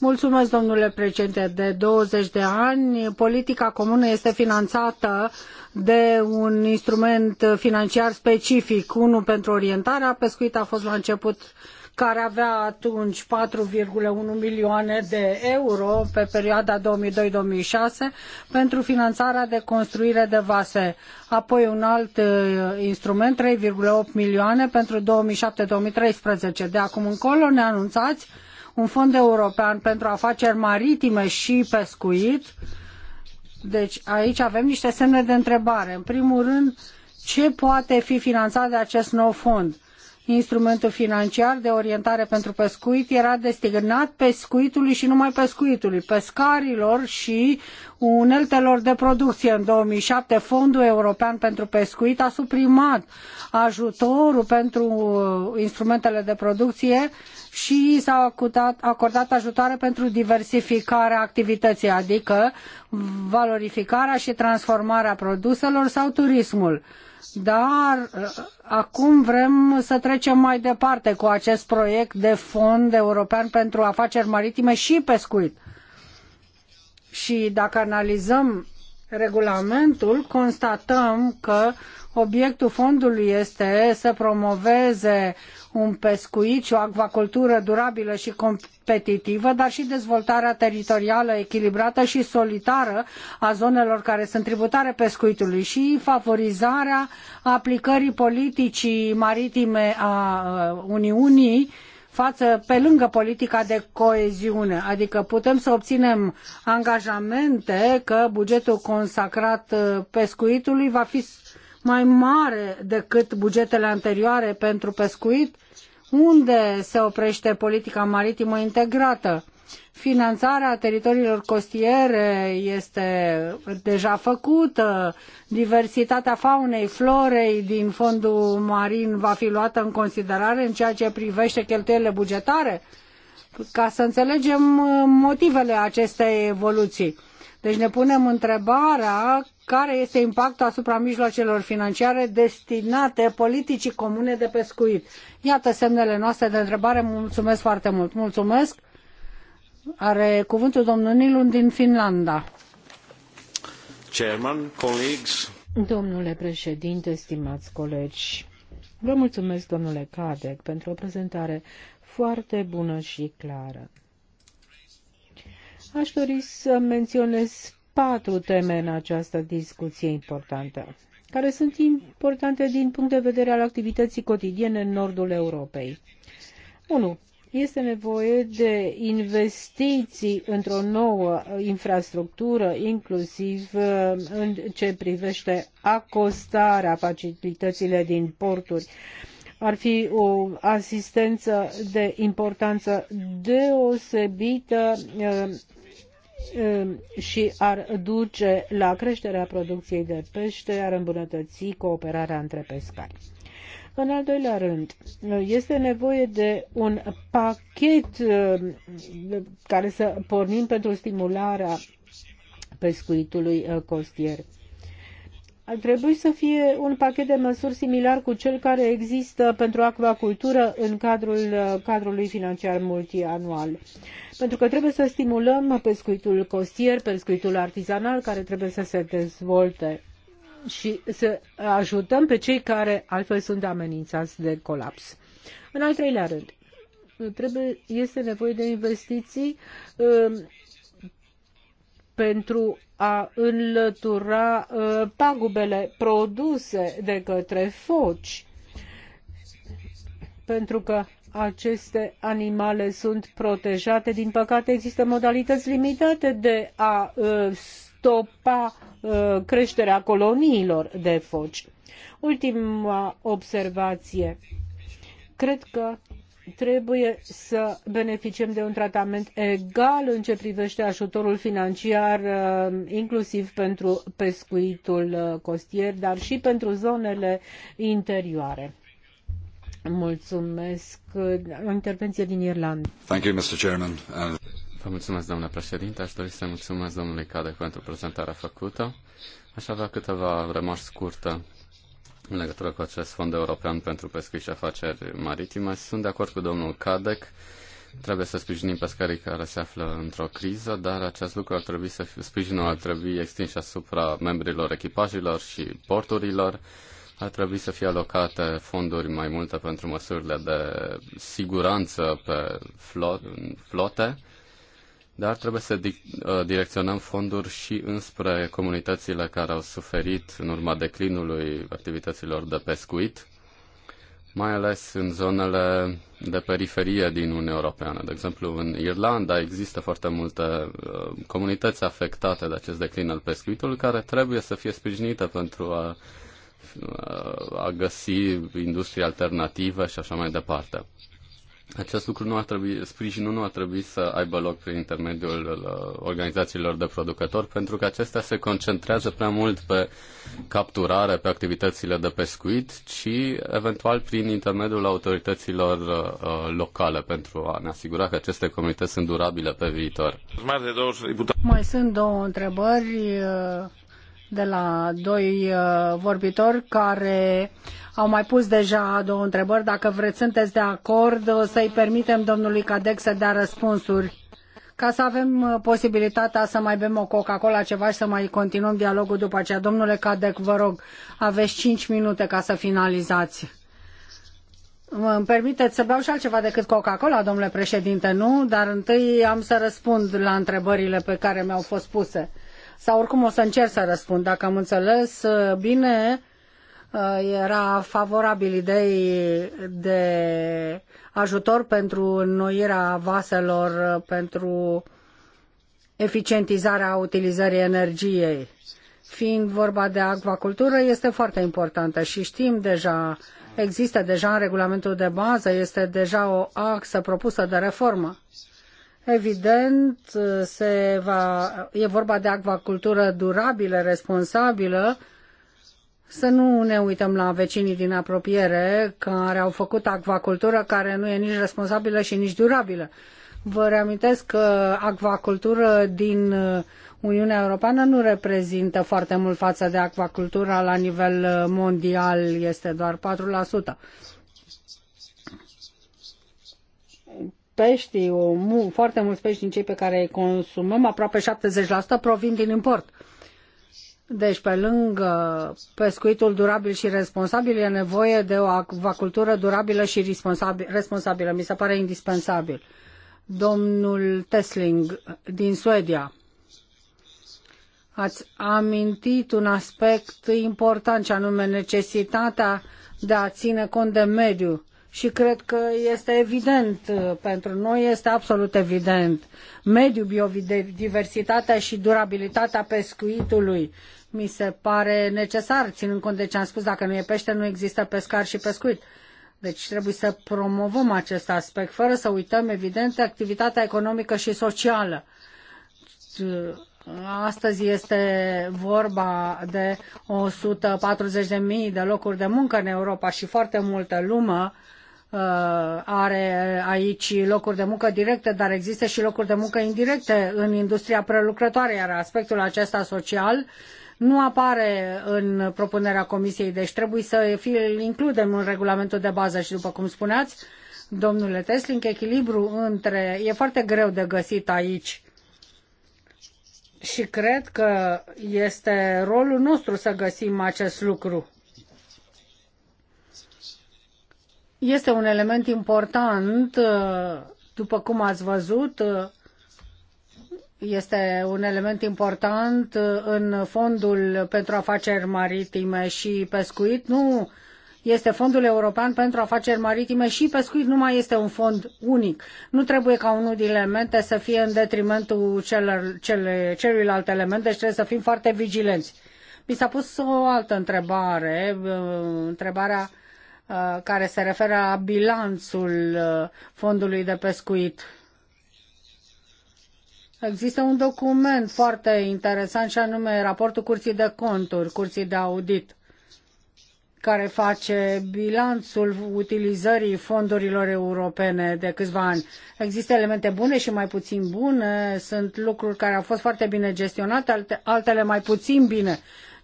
Mulțumesc, domnule președinte. De 20 de ani, politica comună este finanțată de un instrument financiar specific, unul pentru orientarea. Pescuit a fost la început care avea atunci 4,1 milioane de euro pe perioada 2002-2006 pentru finanțarea de construire de vase. Apoi un alt uh, instrument, 3,8 milioane pentru 2007-2013. De acum încolo ne anunțați un fond european pentru afaceri maritime și pescuit. Deci aici avem niște semne de întrebare. În primul rând, ce poate fi finanțat de acest nou fond? instrumentul financiar de orientare pentru pescuit era destinat pescuitului și numai pescuitului, pescarilor și uneltelor de producție. În 2007, Fondul European pentru Pescuit a suprimat ajutorul pentru uh, instrumentele de producție și s-au acordat, acordat ajutoare pentru diversificarea activității, adică valorificarea și transformarea produselor sau turismul dar uh, acum vrem să trecem mai departe cu acest proiect de fond european pentru afaceri maritime și pescuit. Și dacă analizăm regulamentul, constatăm că obiectul fondului este să promoveze un pescuit și o acvacultură durabilă și competitivă, dar și dezvoltarea teritorială echilibrată și solitară a zonelor care sunt tributare pescuitului și favorizarea aplicării politicii maritime a Uniunii față pe lângă politica de coeziune, adică putem să obținem angajamente că bugetul consacrat uh, pescuitului va fi mai mare decât bugetele anterioare pentru pescuit, unde se oprește politica maritimă integrată. Finanțarea teritoriilor costiere este deja făcută, diversitatea faunei, florei din fondul marin va fi luată în considerare în ceea ce privește cheltuielile bugetare, ca să înțelegem motivele acestei evoluții. Deci ne punem întrebarea care este impactul asupra mijloacelor financiare destinate politicii comune de pescuit. Iată semnele noastre de întrebare. Mulțumesc foarte mult. Mulțumesc. Are cuvântul domnul Nilun din Finlanda. Chairman, colleagues. Domnule președinte, stimați colegi, vă mulțumesc, domnule Cadec, pentru o prezentare foarte bună și clară. Aș dori să menționez patru teme în această discuție importantă, care sunt importante din punct de vedere al activității cotidiene în nordul Europei. 1. Este nevoie de investiții într-o nouă infrastructură, inclusiv uh, în ce privește acostarea facilitățile din porturi ar fi o asistență de importanță deosebită uh, Ehm, și ar duce la creșterea producției de pește, ar îmbunătăți cooperarea între pescari. În al doilea rând, este nevoie de un pachet ehm, care să pornim pentru stimularea pescuitului eh, costier. Ar trebui să fie un pachet de măsuri similar cu cel care există pentru acvacultură în cadrul uh, cadrului financiar multianual. Pentru că trebuie să stimulăm pescuitul costier, pescuitul artizanal care trebuie să se dezvolte și să ajutăm pe cei care altfel sunt amenințați de colaps. În al treilea rând, trebuie, este nevoie de investiții uh, pentru a înlătura ă, pagubele produse de către foci, pentru că aceste animale sunt protejate. Din păcate, există modalități limitate de a ă, stopa ă, creșterea coloniilor de foci. Ultima observație. Cred că trebuie să beneficiem de un tratament egal în ce privește ajutorul financiar, uh, inclusiv pentru pescuitul uh, costier, dar și pentru zonele interioare. Mulțumesc. Uh, o intervenție din Irlanda. Thank you, Mr. Chairman. Vă mulțumesc, doamnă președinte. Aș dori să mulțumesc domnului Cade pentru prezentarea făcută. Aș avea câteva remarci scurte în legătură cu acest fond european pentru pescuit și afaceri maritime. Sunt de acord cu domnul Cadec. Trebuie să sprijinim pescarii care se află într-o criză, dar acest lucru ar trebui să fie, sprijinul ar trebui extins asupra membrilor echipajelor și porturilor. Ar trebui să fie alocate fonduri mai multe pentru măsurile de siguranță pe flot, flote dar trebuie să uh, direcționăm fonduri și înspre comunitățile care au suferit în urma declinului activităților de pescuit, mai ales în zonele de periferie din Uniunea Europeană. De exemplu, în Irlanda există foarte multe uh, comunități afectate de acest declin al pescuitului care trebuie să fie sprijinite pentru a, uh, a găsi industrie alternativă și așa mai departe acest lucru nu ar trebui, sprijinul nu ar trebui să aibă loc prin intermediul uh, organizațiilor de producători, pentru că acestea se concentrează prea mult pe capturare, pe activitățile de pescuit, și eventual prin intermediul autorităților uh, uh, locale, pentru a ne asigura că aceste comunități sunt durabile pe viitor. Mai sunt două întrebări de la doi uh, vorbitori care au mai pus deja două întrebări. Dacă vreți, sunteți de acord să-i permitem domnului Cadec să dea răspunsuri ca să avem uh, posibilitatea să mai bem o Coca-Cola, ceva și să mai continuăm dialogul după aceea. Domnule Cadec, vă rog, aveți cinci minute ca să finalizați. Îmi permiteți să beau și altceva decât Coca-Cola, domnule președinte, nu? Dar întâi am să răspund la întrebările pe care mi-au fost puse sau oricum o să încerc să răspund. Dacă am înțeles uh, bine, uh, era favorabil ideii de ajutor pentru înnoirea vaselor, uh, pentru eficientizarea utilizării energiei. Fiind vorba de acvacultură, este foarte importantă și știm deja, există deja în regulamentul de bază, este deja o axă propusă de reformă Evident, se va, e vorba de acvacultură durabilă, responsabilă, să nu ne uităm la vecinii din apropiere care au făcut acvacultură care nu e nici responsabilă și nici durabilă. Vă reamintesc că acvacultură din Uniunea Europeană nu reprezintă foarte mult față de acvacultura la nivel mondial, este doar pești, o, foarte mulți pești din cei pe care îi consumăm, aproape 70% provin din import. Deci, pe lângă pescuitul durabil și responsabil, e nevoie de o acvacultură durabilă și responsabilă. Mi se pare indispensabil. Domnul Tesling din Suedia, ați amintit un aspect important, și anume necesitatea de a ține cont de mediu și cred că este evident uh, pentru noi, este absolut evident. Mediul, biodiversitatea și durabilitatea pescuitului mi se pare necesar, ținând cont de ce am spus, dacă nu e pește, nu există pescar și pescuit. Deci trebuie să promovăm acest aspect, fără să uităm, evident, activitatea economică și socială. Uh, astăzi este vorba de 140.000 de locuri de muncă în Europa și foarte multă lume Uh, are aici locuri de muncă directe, dar există și locuri de muncă indirecte în industria prelucrătoare, iar aspectul acesta social nu apare în propunerea comisiei, deci trebuie să îl includem în regulamentul de bază și după cum spuneați, domnule Tesling, echilibru între... e foarte greu de găsit aici și cred că este rolul nostru să găsim acest lucru Este un element important, uh, după cum ați văzut, uh, este un element important uh, în fondul pentru afaceri maritime și pescuit. Nu este fondul european pentru afaceri maritime și pescuit nu mai este un fond unic. Nu trebuie ca unul din elemente să fie în detrimentul celor, cele, celuilalt element, deci trebuie să fim foarte vigilenți. Mi s-a pus o altă întrebare, întrebarea Uh, care se referă la bilanțul uh, fondului de pescuit. Există un document foarte interesant și anume raportul Curții de Conturi, Curții de Audit, care face bilanțul utilizării fondurilor europene de câțiva ani. Există elemente bune și mai puțin bune, sunt lucruri care au fost foarte bine gestionate, altele mai puțin bine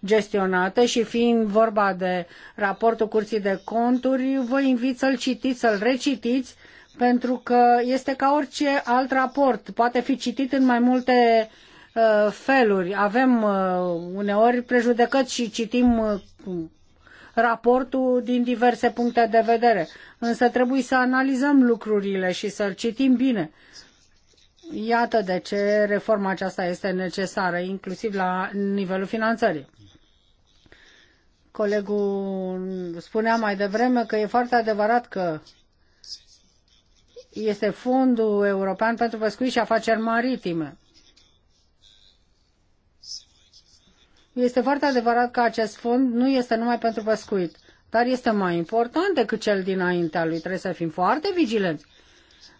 gestionate și fiind vorba de raportul Curții de Conturi, vă invit să-l citiți, să-l recitiți, pentru că este ca orice alt raport, poate fi citit în mai multe uh, feluri. Avem uh, uneori prejudecăți și citim uh, raportul din diverse puncte de vedere, însă trebuie să analizăm lucrurile și să-l citim bine. Iată de ce reforma aceasta este necesară, inclusiv la nivelul finanțării. Colegul spunea mai devreme că e foarte adevărat că este Fondul European pentru Pescuit și Afaceri Maritime. Este foarte adevărat că acest fond nu este numai pentru pescuit, dar este mai important decât cel dinaintea lui. Trebuie să fim foarte vigilenți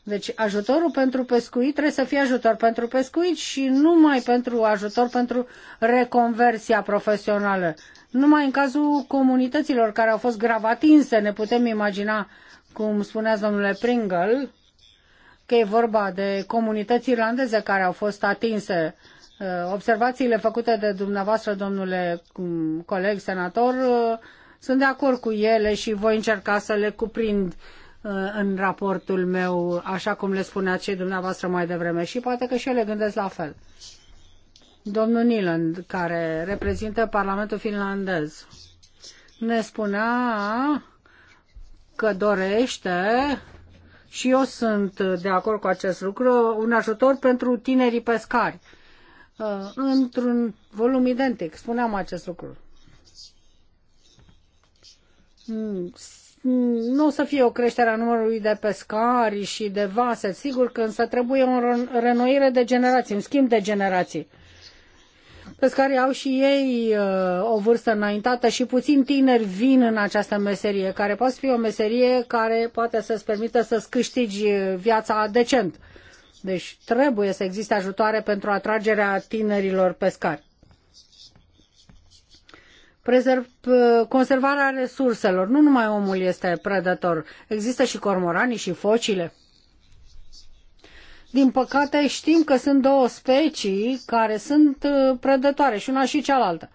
deci ajutorul pentru pescuit trebuie să fie ajutor pentru pescuit și numai pentru ajutor pentru reconversia profesională. Numai în cazul comunităților care au fost grav atinse, ne putem imagina, cum spunea domnule Pringle, că e vorba de comunități irlandeze care au fost atinse. Uh, observațiile făcute de dumneavoastră, domnule um, coleg senator, uh, sunt de acord cu ele și voi încerca să le cuprind Uh, în raportul meu, așa cum le spuneați și dumneavoastră mai devreme și poate că și ele gândesc la fel. Domnul Niland, care reprezintă Parlamentul finlandez, ne spunea că dorește și eu sunt de acord cu acest lucru, un ajutor pentru tinerii pescari. Uh, într-un volum identic, spuneam acest lucru hmm, nu o să fie o creștere a numărului de pescari și de vase, sigur că însă trebuie o renoire de generații, un schimb de generații. Pescarii au și ei uh, o vârstă înaintată și puțin tineri vin în această meserie, care poate fi o meserie care poate să-ți permită să-ți câștigi uh, viața decent. Deci trebuie să existe ajutoare pentru atragerea tinerilor pescari prezerv, conservarea resurselor. Nu numai omul este prădător, există și cormoranii și focile. Din păcate știm că sunt două specii care sunt uh, prădătoare și una și cealaltă.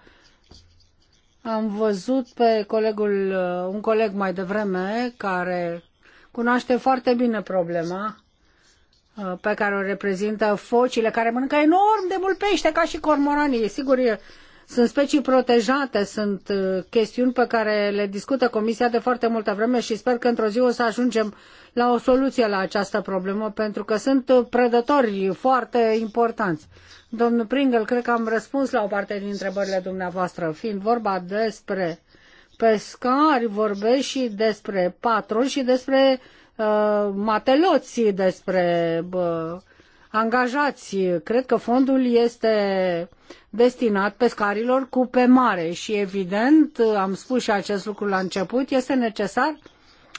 Am văzut pe colegul, uh, un coleg mai devreme care cunoaște foarte bine problema uh, pe care o reprezintă focile, care mănâncă enorm de mult pește, ca și cormoranii. Sigur, sunt specii protejate, sunt uh, chestiuni pe care le discută Comisia de foarte multă vreme și sper că într-o zi o să ajungem la o soluție la această problemă, pentru că sunt uh, prădători foarte importanți. Domnul Pringle, cred că am răspuns la o parte din întrebările dumneavoastră, fiind vorba despre pescari, vorbesc și despre patroni și despre uh, mateloți, despre... Uh, angajați. Cred că fondul este destinat pescarilor cu pe mare și evident, am spus și acest lucru la început, este necesar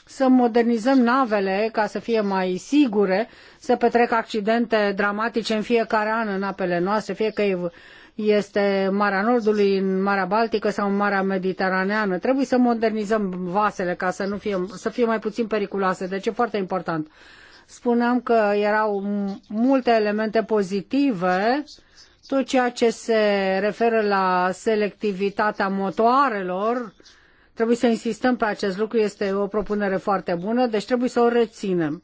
să modernizăm navele ca să fie mai sigure, să petrec accidente dramatice în fiecare an în apele noastre, fie că este Marea Nordului, în Marea Baltică sau în Marea Mediteraneană. Trebuie să modernizăm vasele ca să, nu fie, să fie mai puțin periculoase, deci e foarte important. Spuneam că erau multe elemente pozitive, tot ceea ce se referă la selectivitatea motoarelor, trebuie să insistăm pe acest lucru, este o propunere foarte bună, deci trebuie să o reținem.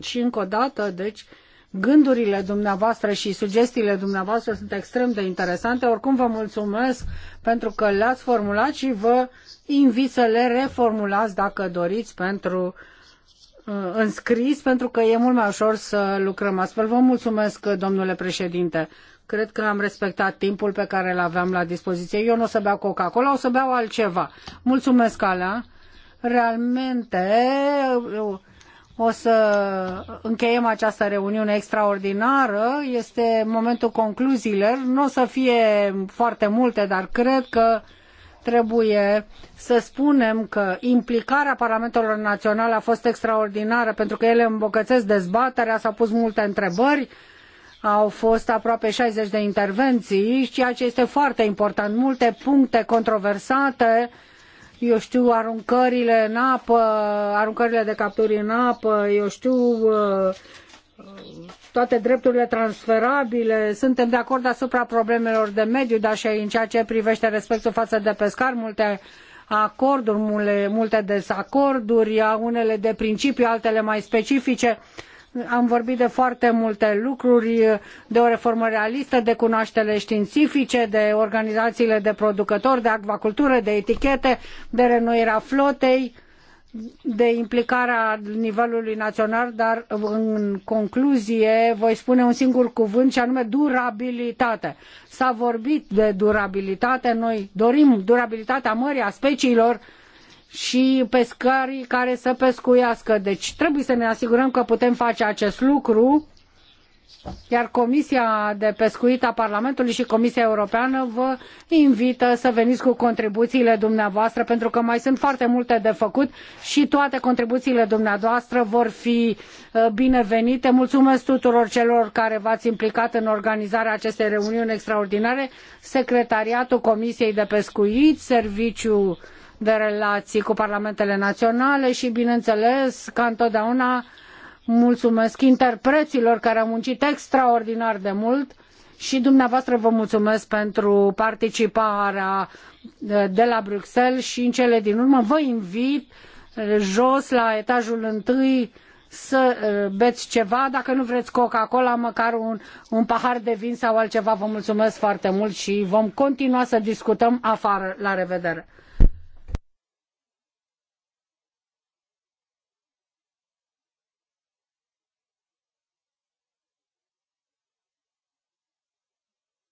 Și încă o dată, deci, gândurile dumneavoastră și sugestiile dumneavoastră sunt extrem de interesante. Oricum vă mulțumesc pentru că le-ați formulat și vă invit să le reformulați dacă doriți pentru Uh, în scris pentru că e mult mai ușor să lucrăm astfel. Vă mulțumesc, domnule președinte. Cred că am respectat timpul pe care îl aveam la dispoziție. Eu nu o să beau Coca-Cola, o să beau altceva. Mulțumesc, Ala. Realmente uh, o să încheiem această reuniune extraordinară. Este momentul concluziilor. Nu o să fie foarte multe, dar cred că trebuie să spunem că implicarea parlamentelor naționale a fost extraordinară pentru că ele îmbogățesc dezbaterea, s-au pus multe întrebări, au fost aproape 60 de intervenții, ceea ce este foarte important, multe puncte controversate, eu știu, aruncările în apă, aruncările de capturi în apă, eu știu, uh, toate drepturile transferabile, suntem de acord asupra problemelor de mediu, dar și în ceea ce privește respectul față de pescar, multe acorduri, multe, multe dezacorduri, unele de principiu, altele mai specifice. Am vorbit de foarte multe lucruri, de o reformă realistă, de cunoaștere științifice, de organizațiile de producători, de acvacultură, de etichete, de renoirea flotei de implicarea nivelului național, dar în concluzie voi spune un singur cuvânt și anume durabilitate. S-a vorbit de durabilitate, noi dorim durabilitatea mării, a speciilor și pescarii care să pescuiască. Deci trebuie să ne asigurăm că putem face acest lucru iar Comisia de Pescuit a Parlamentului și Comisia Europeană vă invită să veniți cu contribuțiile dumneavoastră, pentru că mai sunt foarte multe de făcut și toate contribuțiile dumneavoastră vor fi uh, binevenite. Mulțumesc tuturor celor care v-ați implicat în organizarea acestei reuniuni extraordinare, Secretariatul Comisiei de Pescuit, Serviciul de Relații cu Parlamentele Naționale și, bineînțeles, ca întotdeauna, mulțumesc interpreților care au muncit extraordinar de mult și dumneavoastră vă mulțumesc pentru participarea eh, de la Bruxelles și în cele din urmă vă invit eh, jos la etajul întâi să eh, beți ceva, dacă nu vreți Coca-Cola, măcar un, un pahar de vin sau altceva. Vă mulțumesc foarte mult și vom continua să discutăm afară. La revedere!